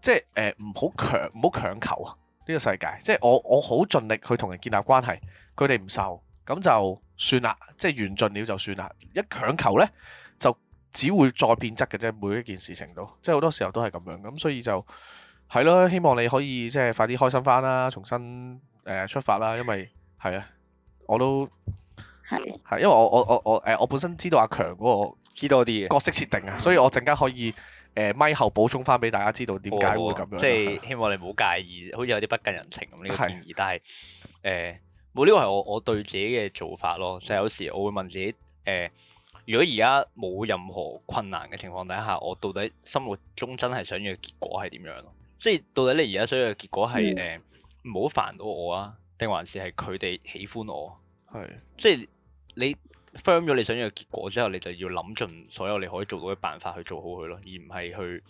即係唔好強，唔好強求啊！呢個世界，即係我我好盡力去同人建立關係，佢哋唔受，咁就算啦，即係完盡了就算啦。一強求呢，就只會再變質嘅啫。每一件事情都，即係好多時候都係咁樣。咁所以就。係咯，希望你可以即係快啲開心翻啦，重新誒、呃、出發啦。因為係啊，我都係係的，因為我我我我誒，我本身知道阿強嗰個知道啲嘅角色設定啊，的所以我陣間可以誒咪、呃、後補充翻俾大家知道點解會咁樣。哦、的即係希望你唔好介意，好似有啲不近人情咁呢個建議。的但係誒，冇、呃、呢、這個係我我對自己嘅做法咯。就有時我會問自己，誒、呃，如果而家冇任何困難嘅情況底下，我到底生活中真係想要嘅結果係點樣咯？即係到底你而家想要嘅結果係誒唔好煩到我啊？定還是係佢哋喜歡我？係即係你 firm 咗你想要嘅結果之後，你就要諗盡所有你可以做到嘅辦法去做好佢咯，而唔係去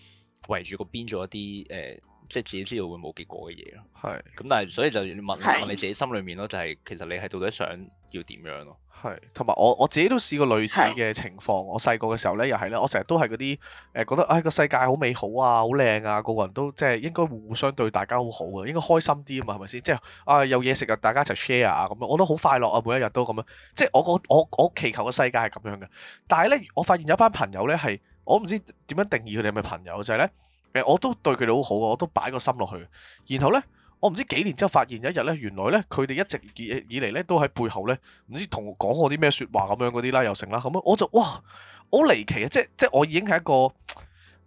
圍住個邊做一啲誒、呃即係自己知道會冇結果嘅嘢咯。係是。咁但係所以就問下是你自己心裏面咯，就係、是、其實你係到底想要點樣咯？係。同埋我我自己都試過類似嘅情況。是我細個嘅時候咧，又係咧，我成日都係嗰啲誒覺得誒個、哎、世界好美好啊，好靚啊，個個人都即係應該互相對大家好好啊，應該開心啲啊嘛，係咪先？即係啊有嘢食啊，大家一齊 share 啊咁樣，我都好快樂啊，每一日都咁樣。即係我我我，我祈求嘅世界係咁樣嘅。但係咧，我發現有一班朋友咧係我唔知點樣定義佢哋係咪朋友，就係、是、咧。其實我都對佢哋好好，我都擺個心落去。然後呢，我唔知幾年之後發現有一日呢，原來呢，佢哋一直以以嚟呢都喺背後呢，唔知同我講我啲咩說話咁樣嗰啲啦，又成啦。咁我就哇好離奇啊！即係即係我已經係一個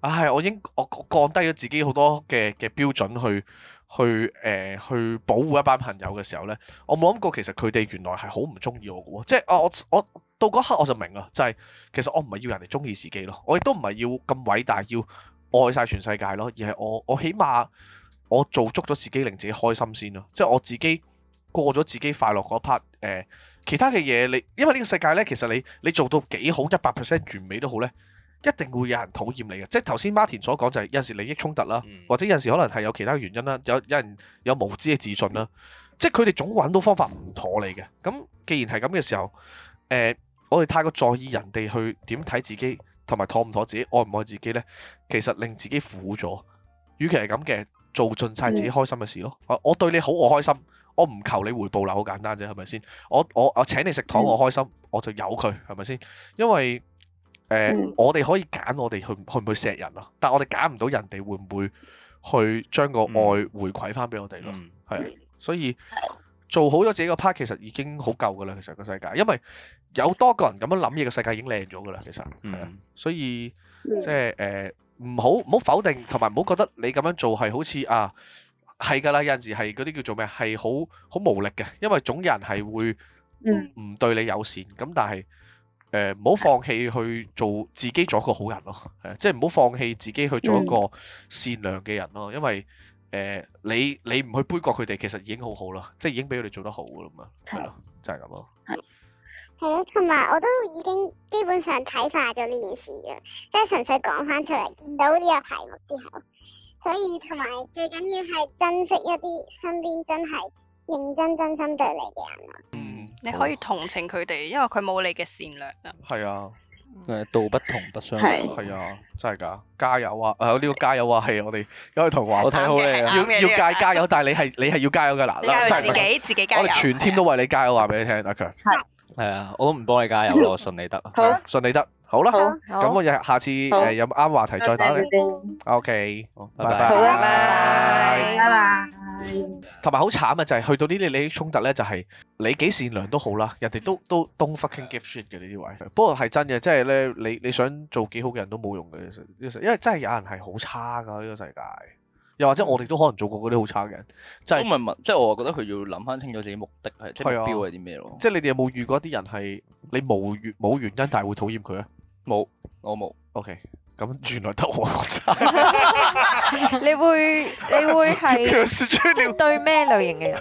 唉，我已經我降低咗自己好多嘅嘅標準去去誒、呃、去保護一班朋友嘅時候呢，我冇諗過其實佢哋原來係好唔中意我嘅。即係我我，我到嗰刻我就明啦，就係、是、其實我唔係要人哋中意自己咯，我亦都唔係要咁偉大要。愛晒全世界咯，而係我我，起碼我做足咗自己，令自己開心先囉。即係我自己過咗自己快樂嗰 part，誒，其他嘅嘢，你，因為呢個世界呢，其實你你做到幾好，一百 percent 完美都好呢，一定會有人討厭你嘅。即係頭先 Martin 所講就係、是、有陣時利益衝突啦，嗯、或者有陣時可能係有其他原因啦，有有人有無知嘅自信啦，嗯、即係佢哋總揾到方法唔妥你嘅。咁既然係咁嘅時候，誒、呃，我哋太過在意人哋去點睇自己，同埋妥唔妥自己愛唔愛自己呢？其實令自己苦咗。與其係咁嘅，做盡晒自己開心嘅事咯。我、啊，我對你好，我開心，我唔求你回報啦，好簡單啫，係咪先？我、我，我請你食糖，我開心，我就由佢，係咪先？因為，呃嗯、我哋可以揀我哋去去唔去錫人咯，啊，但我哋揀唔到人哋會唔會去將個愛回饋翻俾我哋咯，係啊，嗯，所以。做好咗自己個 part，其實已經好夠㗎喇。其實個世界，因為有多個人咁樣諗嘢嘅世界已經靚咗㗎喇。其實係啊，所以即係誒，唔好唔好否定，同埋唔好覺得你咁樣做係好似啊，係㗎喇。有陣時係嗰啲叫做咩，係好好無力嘅，因為總有人係會唔對你友善。咁但係誒，唔好放棄去做自己做一個好人囉，即係唔好放棄自己去做一個善良嘅人囉，因為。誒、呃，你你唔去杯葛佢哋，其實已經好好啦，即係已經俾佢哋做得好噶啦嘛，係咯的，就係咁咯。係係咯，同埋我都已經基本上睇化咗呢件事噶，即係純粹講翻出嚟，見到呢個題目之後，所以同埋最緊要係珍惜一啲身邊真係認真真心對你嘅人咯。嗯，你可以同情佢哋，哦、因為佢冇你嘅善良啊。係啊。誒，道不同不相為，係是啊，真係㗎，加油啊！有、這、呢個加油啊，係、啊、我哋，因為同華我睇好你、啊，要要戒這個 加油，但係你係你係要加油㗎喇，我哋自己自己，自己加油，我哋全天、啊、都為你加油，話俾你聽，阿強係，啊，我都唔幫你加油咯、嗯嗯嗯，信你得，信你得。好啦好，咁、嗯、好我日下次誒好、呃、有啱話題再打你。OK，拜拜。拜拜，拜拜。同埋好慘 bye 啊，就係、是、去到衝呢啲你衝突咧，就係、是、你幾善良都好啦，人哋都都，都 don't fucking give shit 嘅呢啲位。Yeah. 不過係真嘅，即係咧你你想做幾好嘅人都冇用嘅，因為真係有人係好差噶呢、這個世界。又或者我哋都可能做過嗰啲好差嘅人。即係唔係問，即、就、係、是、我啊覺得佢要諗翻清楚自己目的係，出係、啊、目標係啲咩咯？即係你哋有冇遇過一啲人係你無冇原因但係會討厭佢咧？冇，我冇。OK，咁原來得我差。你會你會係，即對咩類型嘅人？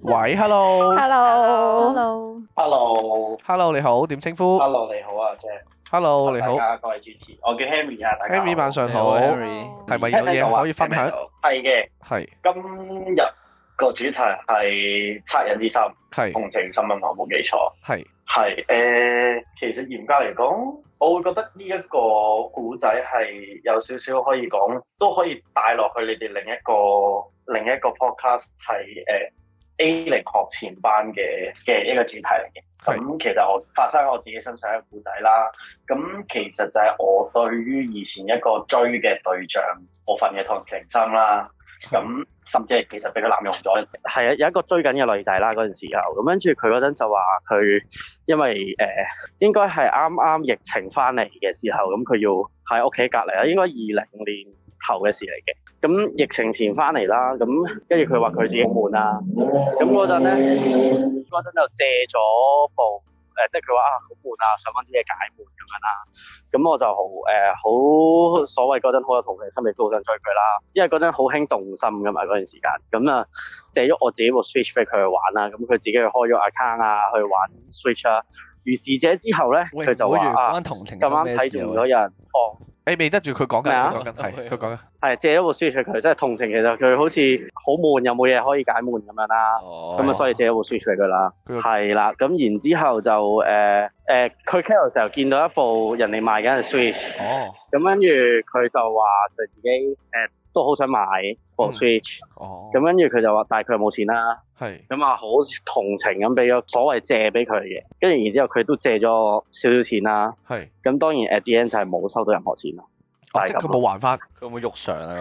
喂，Hello，Hello，Hello，Hello，Hello，你好，點稱呼？Hello，你好啊姐。Hello，你好。各位主持，我叫 Henry 啊，大家。Henry 晚上好，Henry。係咪有嘢可以分享？係嘅，係。今日個主題係惻隱之心，係同情心啊，我冇記錯。係。係，誒、呃，其實嚴格嚟講，我會覺得呢一個故仔係有少少可以講，都可以帶落去你哋另一個另一個 podcast 係誒、呃、A 零學前班嘅嘅一個主題嚟嘅。咁是其實我發生我自己身上嘅故仔啦，咁其實就係我對於以前一個追嘅對象我份嘅同情心啦，咁。甚至係其實畀佢濫用咗。係啊，有一個追緊嘅女仔啦，嗰陣時候咁，跟住佢嗰陣就話佢因為誒應該係啱啱疫情翻嚟嘅時候，咁佢要喺屋企隔離啊，應該二零年頭嘅事嚟嘅。咁疫情前翻嚟啦，咁跟住佢話佢自己悶喇，咁嗰陣咧，嗰陣就借咗部。誒即係佢話啊，好悶啊，上返啲嘢解悶咁樣啦。咁我就好誒好所謂嗰陣好有同情心，亦都好想追佢啦。因為嗰陣好興動心噶嘛，嗰段時間。咁啊，借咗我自己部 Switch 俾佢去玩啦。咁佢自己去開咗 account 啊，去玩 Switch 啊。如是者之後咧，佢喂就話啊，咁啱睇中咗人。誒，未、哎、得住佢講緊，係佢講緊，係、啊、借咗部 Switch 佢，即係同情其實佢好似好悶，有冇嘢，可以解悶咁樣啦。哦，咁啊，所以借咗部 Switch 佢噶啦。係啦、哦、咁、啊、然之後就誒誒，佢 care 嘅時候見到一部人哋賣緊嘅 Switch。哦，咁跟住佢就話對自己誒。呃都好想買個 Switch，咁跟住佢就話，但係佢又冇錢啦。係咁啊，好同情咁俾咗所謂借俾佢嘅，跟住然之後佢都借咗少少錢啦。係咁，當然 at the end 就係冇收到任何錢咯。即係佢冇還翻，佢有冇喐常啊？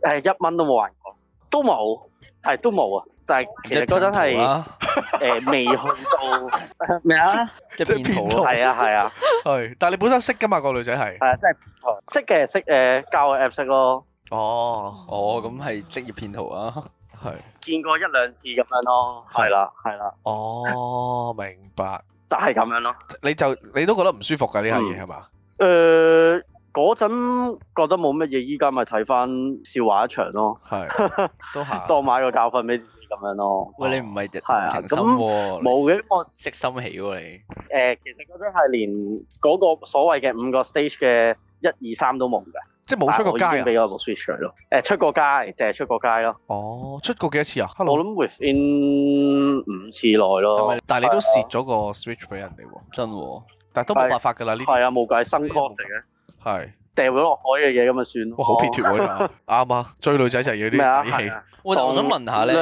咁誒一蚊都冇還過，都冇，係都冇啊！但係其實嗰陣係未去到咩啊？即係係啊係啊係，但係你本身識㗎嘛？個女仔係係啊，即係識嘅識誒，教嘅 app 識咯。哦，哦，咁係職業騙徒啊，係見過一兩次咁樣咯，係啦，係啦，哦，明白， 就係咁樣咯，你就你都覺得唔舒服噶呢樣嘢係嘛？誒、嗯，嗰陣、呃、覺得冇乜嘢，依家咪睇翻笑話一場咯，係，都係 當買個教訓俾自己咁樣咯。喂，你唔係日情深喎、啊，冇嘅，我識心起喎、啊、你。誒、呃，其實嗰陣係連嗰個所謂嘅五個 stage 嘅一二三都冇嘅。即係冇出過街俾個咯。誒，出過街，淨係出過街咯。哦，出過幾多次啊？我諗 within 五次內咯。但係你都蝕咗個 switch 俾人哋喎。真喎，但係都冇辦法噶啦。呢啲係啊，冇計，新 call 嚟嘅。係掉咗落海嘅嘢咁就算咯。哇，好撇脫呀！啱啊，追女仔就要啲底氣。但我想問下咧，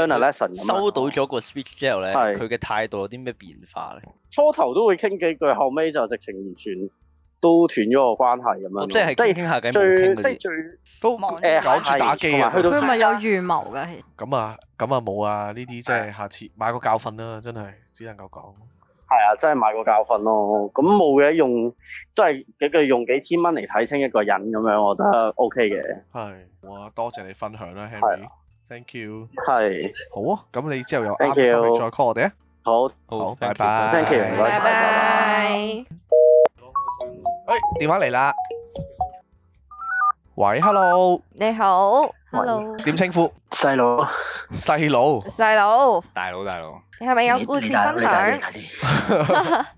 收到咗個 switch 之後咧，佢嘅態度有啲咩變化咧？初頭都會傾幾句，後尾就直情唔算。都斷咗個關係咁樣，即係即係傾下偈，冇傾嗰啲，即係最都誒搞住打機啊去到，佢咪有預謀嘅？其實咁啊，咁啊冇啊，呢啲真係下次買個教訓啦，真係只能夠講。係啊，真係買個教訓咯。咁冇嘅用，都係一句用幾千蚊嚟睇清一個人咁樣，我覺得 OK 嘅。係，哇！多謝你分享啦，Henry。Thank you。係。好啊，咁你之後又可以再 call 我哋啊。好。好，拜拜。Thank you。拜拜。喂、哎，電話嚟啦。喂，hello，你好，hello，點稱呼？細佬弟，細佬弟，細佬，大佬，大佬你，你係咪有故事分享？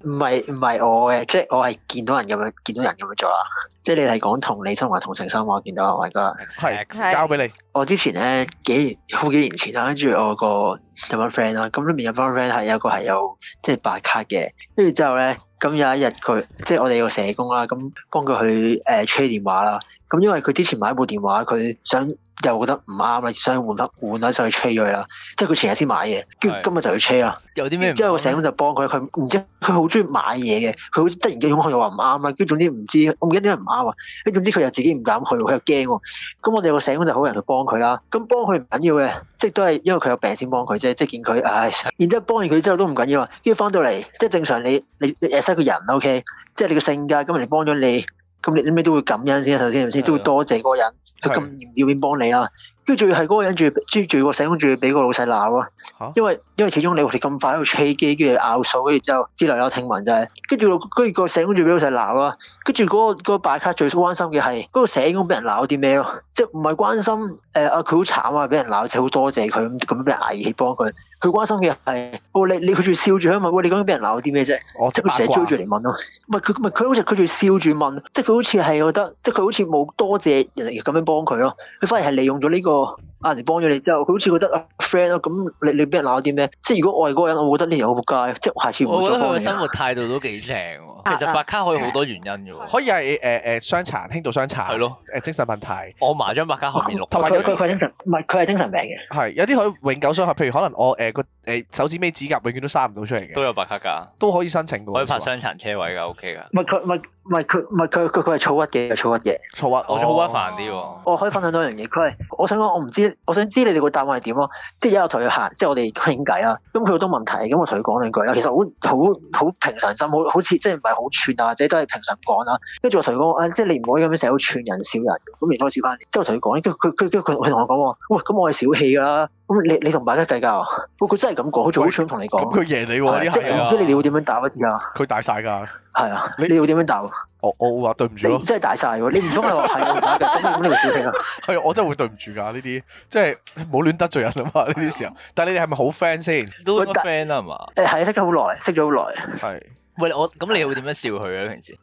唔係唔係我嘅，即係我係見到人咁樣，見到人咁樣做啦。即係你係講同理心或同情心啊？我見到啊，或者係交俾你。我之前咧幾年好幾年前啦，跟住我個有班 friend 啦，咁裏面有班 friend 係有個係有即係白卡嘅，跟住之後咧。咁有一日佢，即係我哋個社工啦，咁幫佢去誒催、呃、電話啦。咁因為佢之前買部電話，佢想又覺得唔啱啦，想去換下換啦，想去吹咗佢啦。即係佢前日先買嘢，跟住的今日就去吹啦。有啲咩？之後個社工就幫佢，佢唔知佢好中意買嘢嘅，佢好似突然間咁，佢又話唔啱啦。跟住總之唔知，我唔知點解唔啱啊。跟住總之佢又自己唔敢去，佢又驚喎。咁我哋個社工就好人去幫佢啦。咁幫佢唔緊要嘅，即係都係因為佢有病先幫佢啫。即係見佢唉、哎，然之後幫完佢之後都唔緊要啊。跟住翻到嚟，即係正常你你你認人 o、okay, k 即係你個性格，今日人哋幫咗你。咁你你咩都會感恩先，首先係先，都會多謝嗰個人，佢咁唔要面幫你啦、啊。跟住仲要係嗰個人仲仲仲仲仲，仲要，仲要個社工仲要俾個老細鬧咯。因為因為始終你我哋咁快喺度吹機，跟住拗數，跟住之後之唔有聽聞就係、是，跟住跟住個社工仲要俾老細鬧咯。跟住嗰個嗰、嗰個辦卡最關心嘅係，嗰、嗰個社工俾人鬧啲咩咯？即係唔係關心誒啊佢好慘啊，俾人鬧就好、是、多謝佢咁咁俾人捱氣幫佢。佢關心嘅係，哇、哦！你你佢仲笑住佢問，喂，你究竟俾人鬧啲咩啫？即係佢成日追住嚟問咯。唔係佢，唔係佢好似佢仲笑住問，即係佢好似係覺得，即係佢好似冇多謝人哋咁樣幫佢咯。佢反而係利用咗呢個。啊！嚟幫咗你之後，佢好似覺得啊 friend 咯，咁你你俾人鬧啲咩？即係如果外國人，我覺得呢樣好撲街，即係下次唔會再幫你。我覺得佢嘅生活態度都幾正喎。其實白卡可以好多原因㗎喎、啊啊啊啊，可以係誒誒傷殘，輕度傷殘係咯，誒了精神問題。我麻張白卡後面錄。同埋佢佢佢精神唔係佢係精神病嘅。係有啲可以永久傷害。譬如可能我誒個誒手指尾指甲永遠都生唔到出嚟嘅。都有白卡㗎，都可以申請嘅喎。可以拍傷殘車位㗎，OK 㗎。唔係佢唔係。唔係佢，唔係佢，佢佢係嘈屈嘅，嘈屈嘢。嘈屈、哦，我想好屈煩啲喎。我可以分享多樣嘢。佢係，我想講，我唔知，我想知你哋個答案係點咯。即係有一同佢行，即係我哋傾偈啦。咁佢好多問題，咁我同佢講兩句啦。其實好好好平常心，好好似即係唔係好串啊，或者都係平常講啦。跟住我同佢講，啊，即係你唔可以咁樣成日好串人、笑人。咁然開始翻，即係我同佢講，跟住佢佢佢佢同我講喎，喂，咁我係小氣㗎喇。咁你你同大家計較，佢真係咁講，好似好想同你講。咁佢贏你，即係唔知你你會點樣答一次啊？佢大晒噶。係啊，你你會點樣答？我我話對唔住咯。真係大晒， 你唔通係話係我咁你你笑咩啊？係我真係會對唔住噶呢啲，即係冇亂得罪人啊嘛呢啲時候。但係你哋係咪好 friend 先？都 friend 啊嘛。誒係啊，哎、識咗好耐，識咗好耐。係的。喂我咁你會點樣笑佢啊？平時？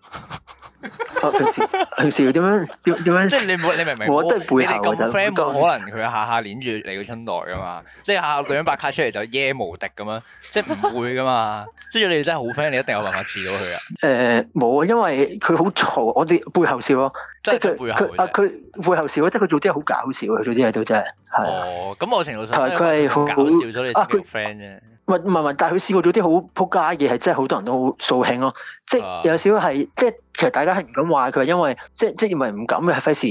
平時平時要點樣？點樣？即係你冇你明唔明？我都係背後笑。咁 friend 冇可能佢下下捏住你個春袋噶嘛？即係下下舉張白卡出嚟就耶無敵咁樣，即係唔會噶嘛？即係要你哋真係好 friend，你一定有辦法治到佢啊！誒，冇啊，因為佢好嘈，我哋背後笑咯。即係佢佢啊，佢背後笑，即係佢做啲好搞笑，佢做啲嘢都真係。哦，咁我程度上係佢係好搞笑咗你 friend 啫。唔係，唔係，但係佢試過做啲好仆街嘅，係真係好多人都好掃興咯。即係有少係，即係其實大家係唔敢話佢，因為即即係唔係唔敢嘅，費事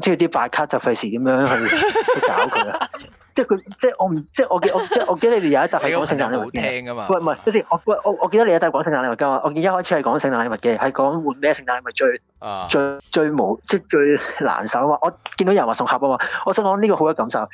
即係啲白卡就費事咁樣去 去搞佢。即係佢即係我唔即係我嘅，我即係我記得你哋有一集係講聖誕禮物，好聽㗎嘛。唔、就、係、是，唔係，等我我我記得你一集講聖誕禮物㗎嘛。我見一開始係講聖誕禮物嘅，係講換咩聖誕禮物最 最最，最無即係最難受啊嘛！我見到有人話送盒啊嘛，我想講呢個好有感受。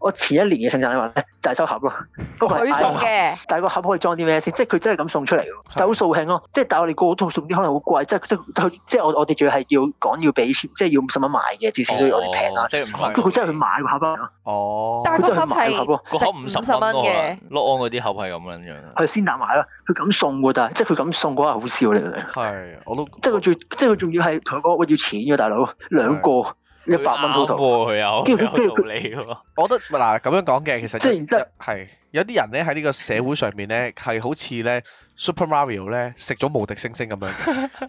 我前一年嘅聖誕禮物咧就係、是、收盒咯，佢送嘅。但係個盒可以裝啲咩先？即係佢真係咁送出嚟，的但好掃興咯。即係但係我哋過好都送啲可能好貴，即係即係即係我我哋仲要係要講要俾錢，即係要五十蚊買嘅，至少都要我哋平啊。哦、即係唔平，佢真係去買個盒包。哦，但係個盒係值五十蚊嘅。樂安嗰啲盒係咁樣樣。佢先拿買咯，佢咁送喎，但係即係佢咁送嗰下好笑嚟嘅。係，我都即係佢最都即係佢仲要係佢同我講，要錢嘅、啊、大佬的兩個。一百蚊鋪頭喎，佢有，佢有道理㗎喎。 我覺得嗱咁樣講嘅，其實即係。有啲人咧喺呢個社會上面咧係好似咧 Super Mario 咧食咗無敵星星咁樣，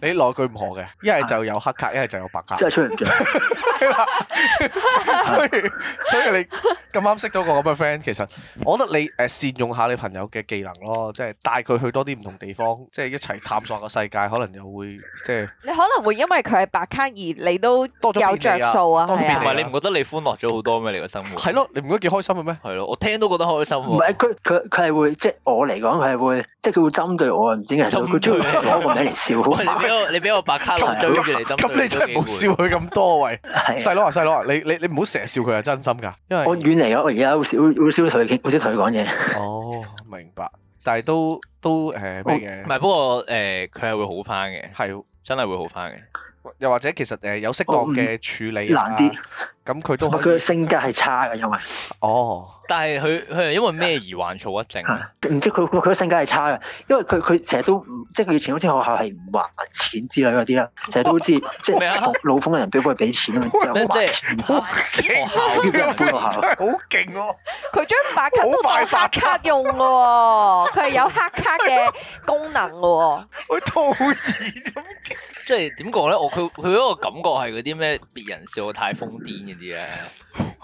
你攞佢唔妥嘅，一係就有黑卡，一係就有白卡，所以所以你咁啱識到個咁嘅 friend，其實我覺得你誒善用下你朋友嘅技能咯，即係帶佢去多啲唔同地方，即係一齊探索個世界，可能又會即係。你可能會因為佢係白卡而你都多咗有著數啊，係咪、啊？啊、你唔覺得你歡樂咗好多咩？你個生活係咯，你唔覺得幾開心嘅咩？係咯，我聽都覺得開心喎。佢佢佢係會，就是，會即係我嚟講，佢係會即係佢會針對我，唔知點解，佢中意攞個名嚟笑。你俾我，你俾我白卡。咁對住嚟，咁你，你真係唔好笑佢咁多喂。細佬對啊，細佬啊，你你你唔好成日笑佢啊，真心㗎。因為我遠離咗，我而家會笑會笑同佢傾，會笑同佢講嘢。哦，明白。但係都都誒，唔係不過誒，佢係會好翻嘅，係真係會好翻嘅。又或者其實誒有適當嘅處理難啲，啊，咁佢都佢嘅性格係差嘅，哦，因為哦，但係佢佢係因為咩而患躁鬱症？唔知佢佢佢嘅性格係差嘅，因為佢佢成日都即係佢以前好似學校係唔還錢之類嗰啲啦，成日都好似即係老奉嘅人俾佢俾錢即嘛，還錢還校要人補學校，好勁哦！佢將白卡都當黑卡用咯，哦，佢係 有黑卡嘅功能咯，哦，好討厭即係點講咧？我佢佢嗰個感覺係嗰啲咩？別人笑我太瘋癲嗰啲咧，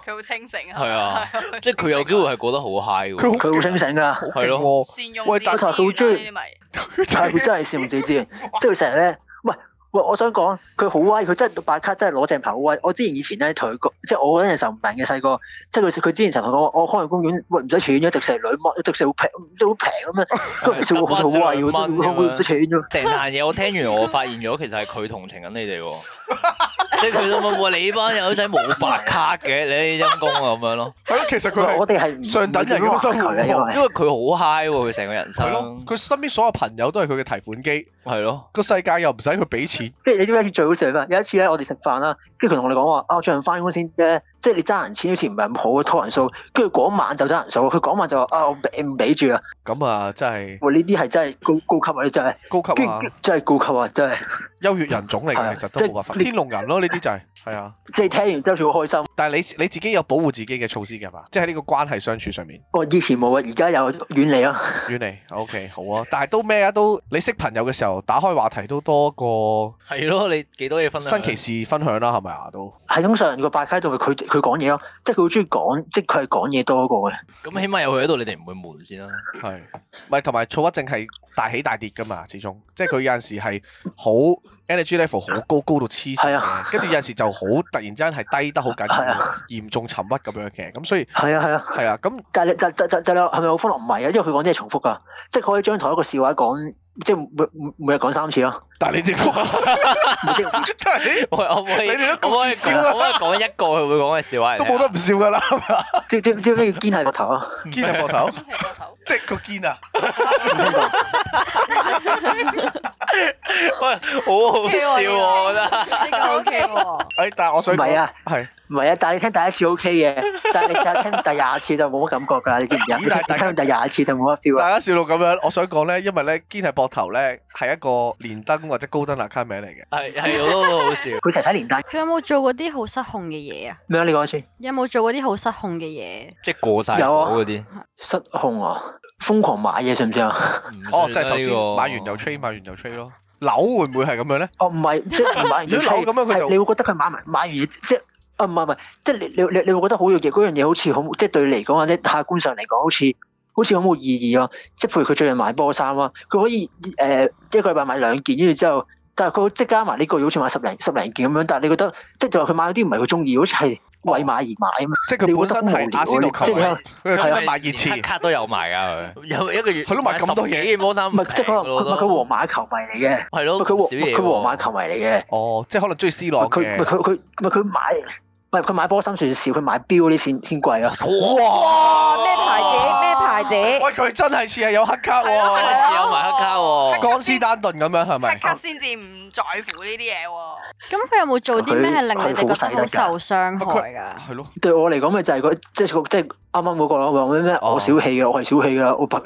佢好清醒啊！係 啊，即係佢有機會係過得好嗨 i 喎。佢好清醒㗎，係咯。善用智慧，喂，阿查佢好中意，係佢 真係笑用智慧，即係成日咧。喂，我想講，佢好威，佢真係八卡，真係攞正牌好威。我之前以前咧同佢講，即係我嗰陣時候唔明嘅，細個，即係佢佢之前曾同我講我海洋公園，喂唔使錢咗，直成兩萬，直成好平都好平咁樣，佢其實好威要兩萬唔使錢咗。」成單嘢我聽完，我發現咗其實係佢同情緊你哋喎。 即係佢都冇話你呢班友仔冇白卡嘅，你陰公啊咁樣咯。係咯，其實佢，我哋係上等人嘅生活，因為佢好 high 喎，佢成個人生，咯，佢身邊所有朋友都係佢嘅提款機、 啊，係 咯，個世界又唔使佢俾錢 即係你點解要最好食咩？有一次咧，我哋食飯啦，跟住佢同我哋講話，啊，我最近翻工先啫。即係你爭人錢好似唔係咁好，拖人數，跟住嗰晚就爭人數，佢嗰晚就話啊，我俾唔俾住啊？咁啊，真係呢啲係真係高高級啊，真係高級啊，真係高級啊，真係優越人種嚟嘅，其實都冇辦法，天龍人咯，呢啲就係係啊。即係聽完之後好開心。但係你你自己有保護自己嘅措施㗎嘛？即係喺呢個關係相處上面。我以前冇啊，而家有遠離啊。遠離，OK，好啊。但係都咩啊？都你識朋友嘅時候，打開話題都多過係咯。你幾多嘢分享？新奇事分享啦，係咪啊？都係通常個拜卡度。佢佢講嘢咯，即係佢好中意講，即係佢係講嘢多過嘅。咁起碼有佢喺度，你哋唔會悶先啦。係，唔係同埋躁鬱症係大起大跌噶嘛，始終即係佢有陣時係好，energy level 好高，高到黐線嘅，跟住有陣時就好突然之間係低得好緊，嚴重沉鬱咁樣嘅，咁所以係啊，係啊，係啊咁。但係係咪好歡樂唔係啊？因為佢講啲係重複㗎，即係可以將同一個笑話講，即係每每日講三次咯。但係你啲講，你哋都講笑啦。一個佢會講嘅笑話，都冇得唔笑㗎啦。知知知咩叫堅係膊頭啊？堅係膊頭，即係個肩啊？喂，好好笑喎！我覺得呢個 O K 喎。哎，但係我想講唔係啊，係唔係啊？但係你聽第一次 O K 嘅，但係你成日聽第廿次就冇乜感覺噶啦，你知唔知啊？但係聽第廿次就冇乜 feel 啊！大家笑到咁樣，我想講咧，因為咧堅係膊頭咧係一個連登或者高登 account 名嚟嘅係係都好好笑。佢成日睇連登，佢有冇做過啲好失控嘅嘢啊？咩啊？你講一次。有冇做過啲好失控嘅嘢？即係過晒火嗰啲，失控啊！瘋狂買嘢，信唔信啊？哦，即係頭先買完又 trade，買完又 trade 咯。樓會唔會係咁樣咧？哦，唔係，即係買完如果咁樣，佢就 trade, 你會覺得佢買埋買完嘢，即係啊，唔係唔係，即係你你你你會覺得好弱嘅嗰樣嘢，好似好即係對你嚟講或者客觀上嚟講，好似好似好冇意義啊！即係譬如佢最近買波衫啊，佢可以誒、呃、一個禮拜買兩件，跟住之後。但係佢即係加埋呢個月好似買十零十零件咁樣，但係你覺得即係就話佢買嗰啲唔係佢中意，好似係為買而買啊？即係佢本身係阿仙奴球迷，佢係買熱刺，卡都有埋啊？一個月佢都買咁多嘢，波衫唔係即係可能佢佢皇馬球迷嚟嘅，係咯佢皇佢皇馬球迷嚟嘅。哦，即係可能追 C 羅佢佢佢佢買唔係佢買波衫，算少佢買錶啲先先貴啊！哇，咩牌子？喂，佢真係似係有黑卡喎、哦，有埋、哦、黑卡喎、哦，江斯丹頓咁樣係咪？黑卡先至唔在乎呢啲嘢喎。咁佢、啊啊、有冇做啲咩令你哋覺得好受傷害㗎？係咯，對我嚟講咪就係佢、那個，即、就、係、是就是就是、個即係啱啱嗰個我講咩咩，哦、我小氣嘅，我係小氣㗎我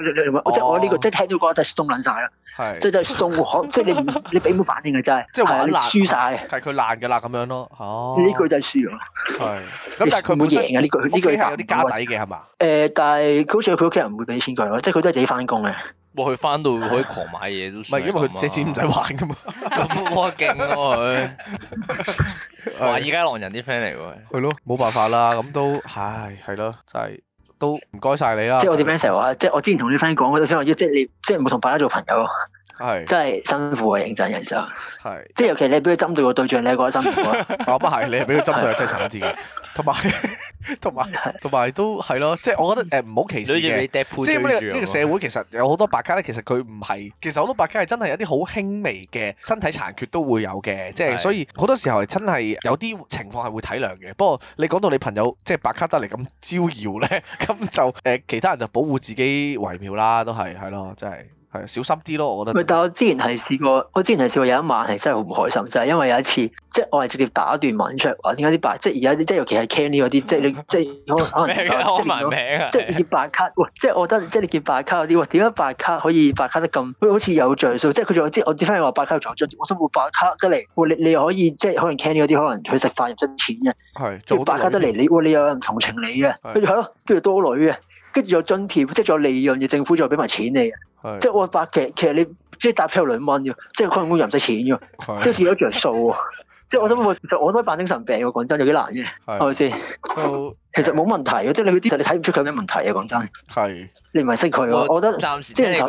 即係、哦、我呢、這個，即、就、係、是、聽到嗰個就衝撚晒啦。係，即係就送可，即係你唔，你俾冇反應嘅真係，係輸晒，係佢爛嘅啦，咁樣咯。哦，呢句就係輸啊。係，咁但係佢冇贏啊呢句，呢句有啲家底嘅係嘛？誒，但係佢好似佢屋企人唔會俾錢佢咯，即係佢都係自己翻工嘅。哇，佢翻到可以狂買嘢都，唔係因為佢借錢唔使還噶嘛？咁我勁喎佢，哇！依家狼人啲 friend 嚟喎。係咯，冇辦法啦，咁都，唉，係咯，就係。都唔該晒你啦，即係我哋 friend 成日話，即係我之前同啲 friend 講我都想話，要，即係你即係唔好同大家做朋友。 係真係辛苦啊，認真人生。係即係尤其你俾佢針對嘅對象，你覺得辛苦啊？哦，唔係，你係俾佢針對真係慘啲嘅，同埋同埋同埋都係咯。即係我覺得誒唔好歧視嘅。即係呢個社會其實有好多白卡咧，其實佢唔係，其實好多白卡係真係有啲好輕微嘅身體殘缺都會有嘅。即係所以好多時候真係有啲情況係會體諒嘅。不過你講到你朋友即係白卡得嚟咁招搖咧，咁就誒其他人就保護自己為妙啦。都係係咯，真係。係小心啲咯，我覺得。但我之前係試過，我之前係試過有一晚係真係好唔開心，就係因為有一次，即係我係直接打段文出嚟話點解啲白，即係而家即係尤其係 canny 嗰啲，即係你即係可能即係連咗，即係你白卡，即係我覺得即係你見白卡嗰啲，點解白卡可以白卡得咁好似有着數，即係佢仲有即我知返，你話白卡有進，我生活白卡得嚟，你你可以即係可能 canny 嗰啲，可能佢食飯入咗錢嘅，白卡得嚟你，你有又同情你嘅，跟住係咯，跟住多女嘅，跟住又津貼，即係仲有利潤嘅政府，仲要俾埋錢你嘅。即係我白其其實你即係搭票兩蚊啫，即係開人又唔使錢嘅，即係似咗着數喎。的即係 我想問，其實我都係扮精神病，我講真有幾難啫，係咪先？其實冇問題嘅，的即係你其實你睇唔出佢有咩問題嘅，講真。係的你唔係識佢，我覺得暫時即係同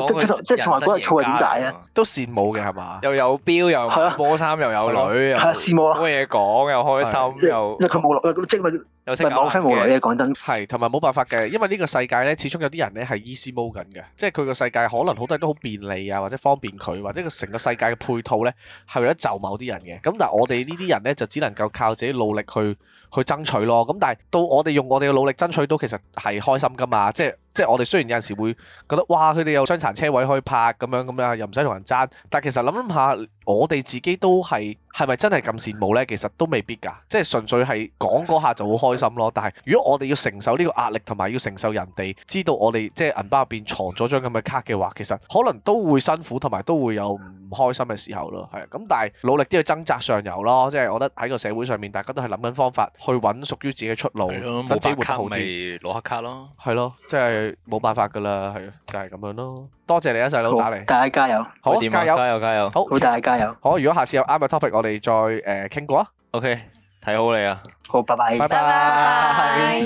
埋個粗人理解啊，都羨慕嘅係嘛？又有表又有波衫又有女，係羨慕冇嘢講又開心又，佢冇落咁又無有又識講，真，係同埋冇辦法嘅，因為呢個世界咧，始終有啲人咧係 easy mode 緊嘅，即係佢個世界可能好多人都好便利啊，或者方便佢，或者個成個世界嘅配套呢係為咗就某啲人嘅。咁但係我哋呢啲人呢，就只能夠靠自己努力去去爭取咯。咁但係到我哋用我哋嘅努力爭取到，其實係開心噶嘛，即係。即係我哋雖然有陣時會覺得哇，佢哋有傷殘車位可以拍咁樣咁樣，又唔使同人爭。但其實諗諗下，我哋自己都係係咪真係咁羨慕呢？其實都未必㗎。即係純粹係講嗰下就會開心咯。但係如果我哋要承受呢個壓力，同埋要承受人哋知道我哋即係銀包入邊藏咗張咁嘅卡嘅話，其實可能都會辛苦，同埋都會有唔開心嘅時候咯。係啊，咁但係努力啲去掙扎上游咯。即係我覺得喺個社會上面，大家都係諗緊方法去揾屬於自己嘅出路，或者換鋪店攞黑卡咯。係咯、就係，即係。冇辦法噶啦，係啊，就係咁樣咯。多謝你啊，細佬打嚟，大家加油，好，點加油，加油，加油，好，大家加油。好，如果下次有啱嘅 topic，我哋再誒傾過啊。OK，睇好你啊。好，拜拜，拜拜。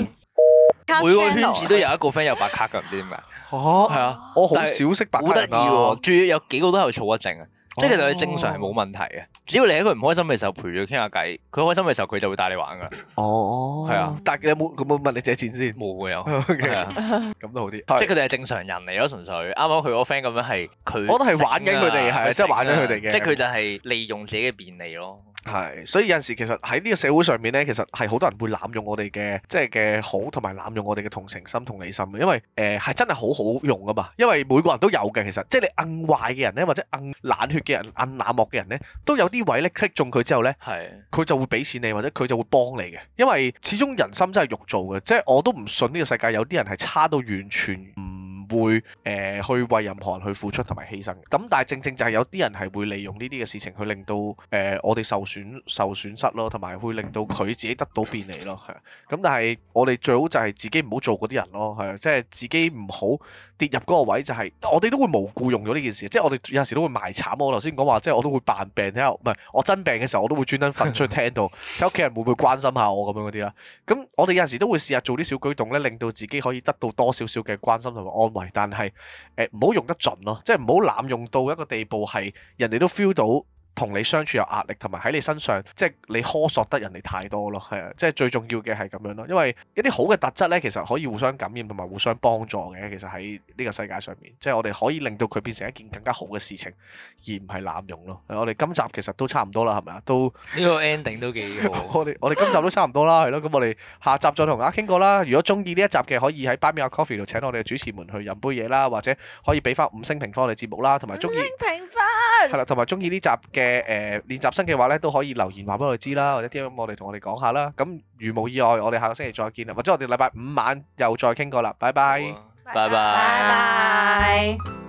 每個圈子都有一個 friend 有白卡噶，唔知點解。哦，係啊，我好少識白卡噶。好得意喎，仲要有幾個都係儲一靜啊。即係其實你正常係冇問題嘅，只要你喺佢唔開心嘅時候陪佢傾下偈，佢開心嘅時候佢就會帶你玩噶。哦，係啊，但係有冇佢冇問你借錢先冇嘅又，咁都好啲。即係佢哋係正常人嚟咯，純粹啱啱佢個 friend 咁樣係，佢我覺得係玩緊佢哋，係即係玩緊佢哋嘅。即係佢就係利用自己嘅便利咯。係，所以有陣時其實喺呢個社會上面呢，其實係好多人會濫用我哋嘅即係嘅好，同埋濫用我哋嘅同情心同理心嘅，因為誒係、呃、真係好好用噶嘛，因為每個人都有嘅，其實即係你硬壞嘅人呢，或者硬冷血嘅人、硬冷漠嘅人呢，都有啲位呢 click 中佢之後呢，係佢是的 就會畀錢你，或者佢就會幫你嘅，因為始終人心真係肉做嘅，即係我都唔信呢個世界有啲人係差到完全唔。會誒、呃、去為任何人去付出同埋犧牲嘅，咁但係正正就係有啲人係會利用呢啲嘅事情去令到誒、呃、我哋受損受損失咯，同埋會令到佢自己得到便利咯，係咁但係我哋最好就係自己唔好做嗰啲人咯，係即係自己唔好跌入嗰個位就係、是、我哋都會無故用咗呢件事，即係我哋有陣時都會埋慘我頭先講話，即係我都會扮病之後，唔係我，我真病嘅時候我都會專登瞓出去聽到睇屋企人會唔會關心下我咁樣嗰啲啦，咁我哋有陣時都會試下做啲小舉動咧，令到自己可以得到多少少嘅關心同埋安但係誒，唔好用得盡咯，即係唔好濫用到一個地步，係人哋都 feel 到。同你相處有壓力，同埋喺你身上，即係你苛索得人哋太多咯，係啊，即係最重要嘅係咁樣咯。因為一啲好嘅特質呢，其實可以互相感染同埋互相幫助嘅。其實喺呢個世界上面，即係我哋可以令到佢變成一件更加好嘅事情，而唔係濫用咯。我哋今集其實都差唔多啦，係咪啊？都呢個 ending 都幾好。 我哋我哋今集都差唔多啦，係咯。咁我哋下集再同大家傾過啦。如果鍾意呢一集嘅，可以喺 Buy Me A Coffee 度請我哋嘅主持們去飲杯嘢啦，或者可以俾翻五星評分我哋節目啦，同埋鍾意五星評分係啦，同埋鍾意呢集嘅。嘅誒、呃、練習生嘅話咧，都可以留言話俾我哋知啦，或者點樣我哋同我哋講下啦。咁如無意外，我哋下個星期再見啦，或者我哋禮拜五晚又再傾過啦。拜拜，拜拜，拜拜。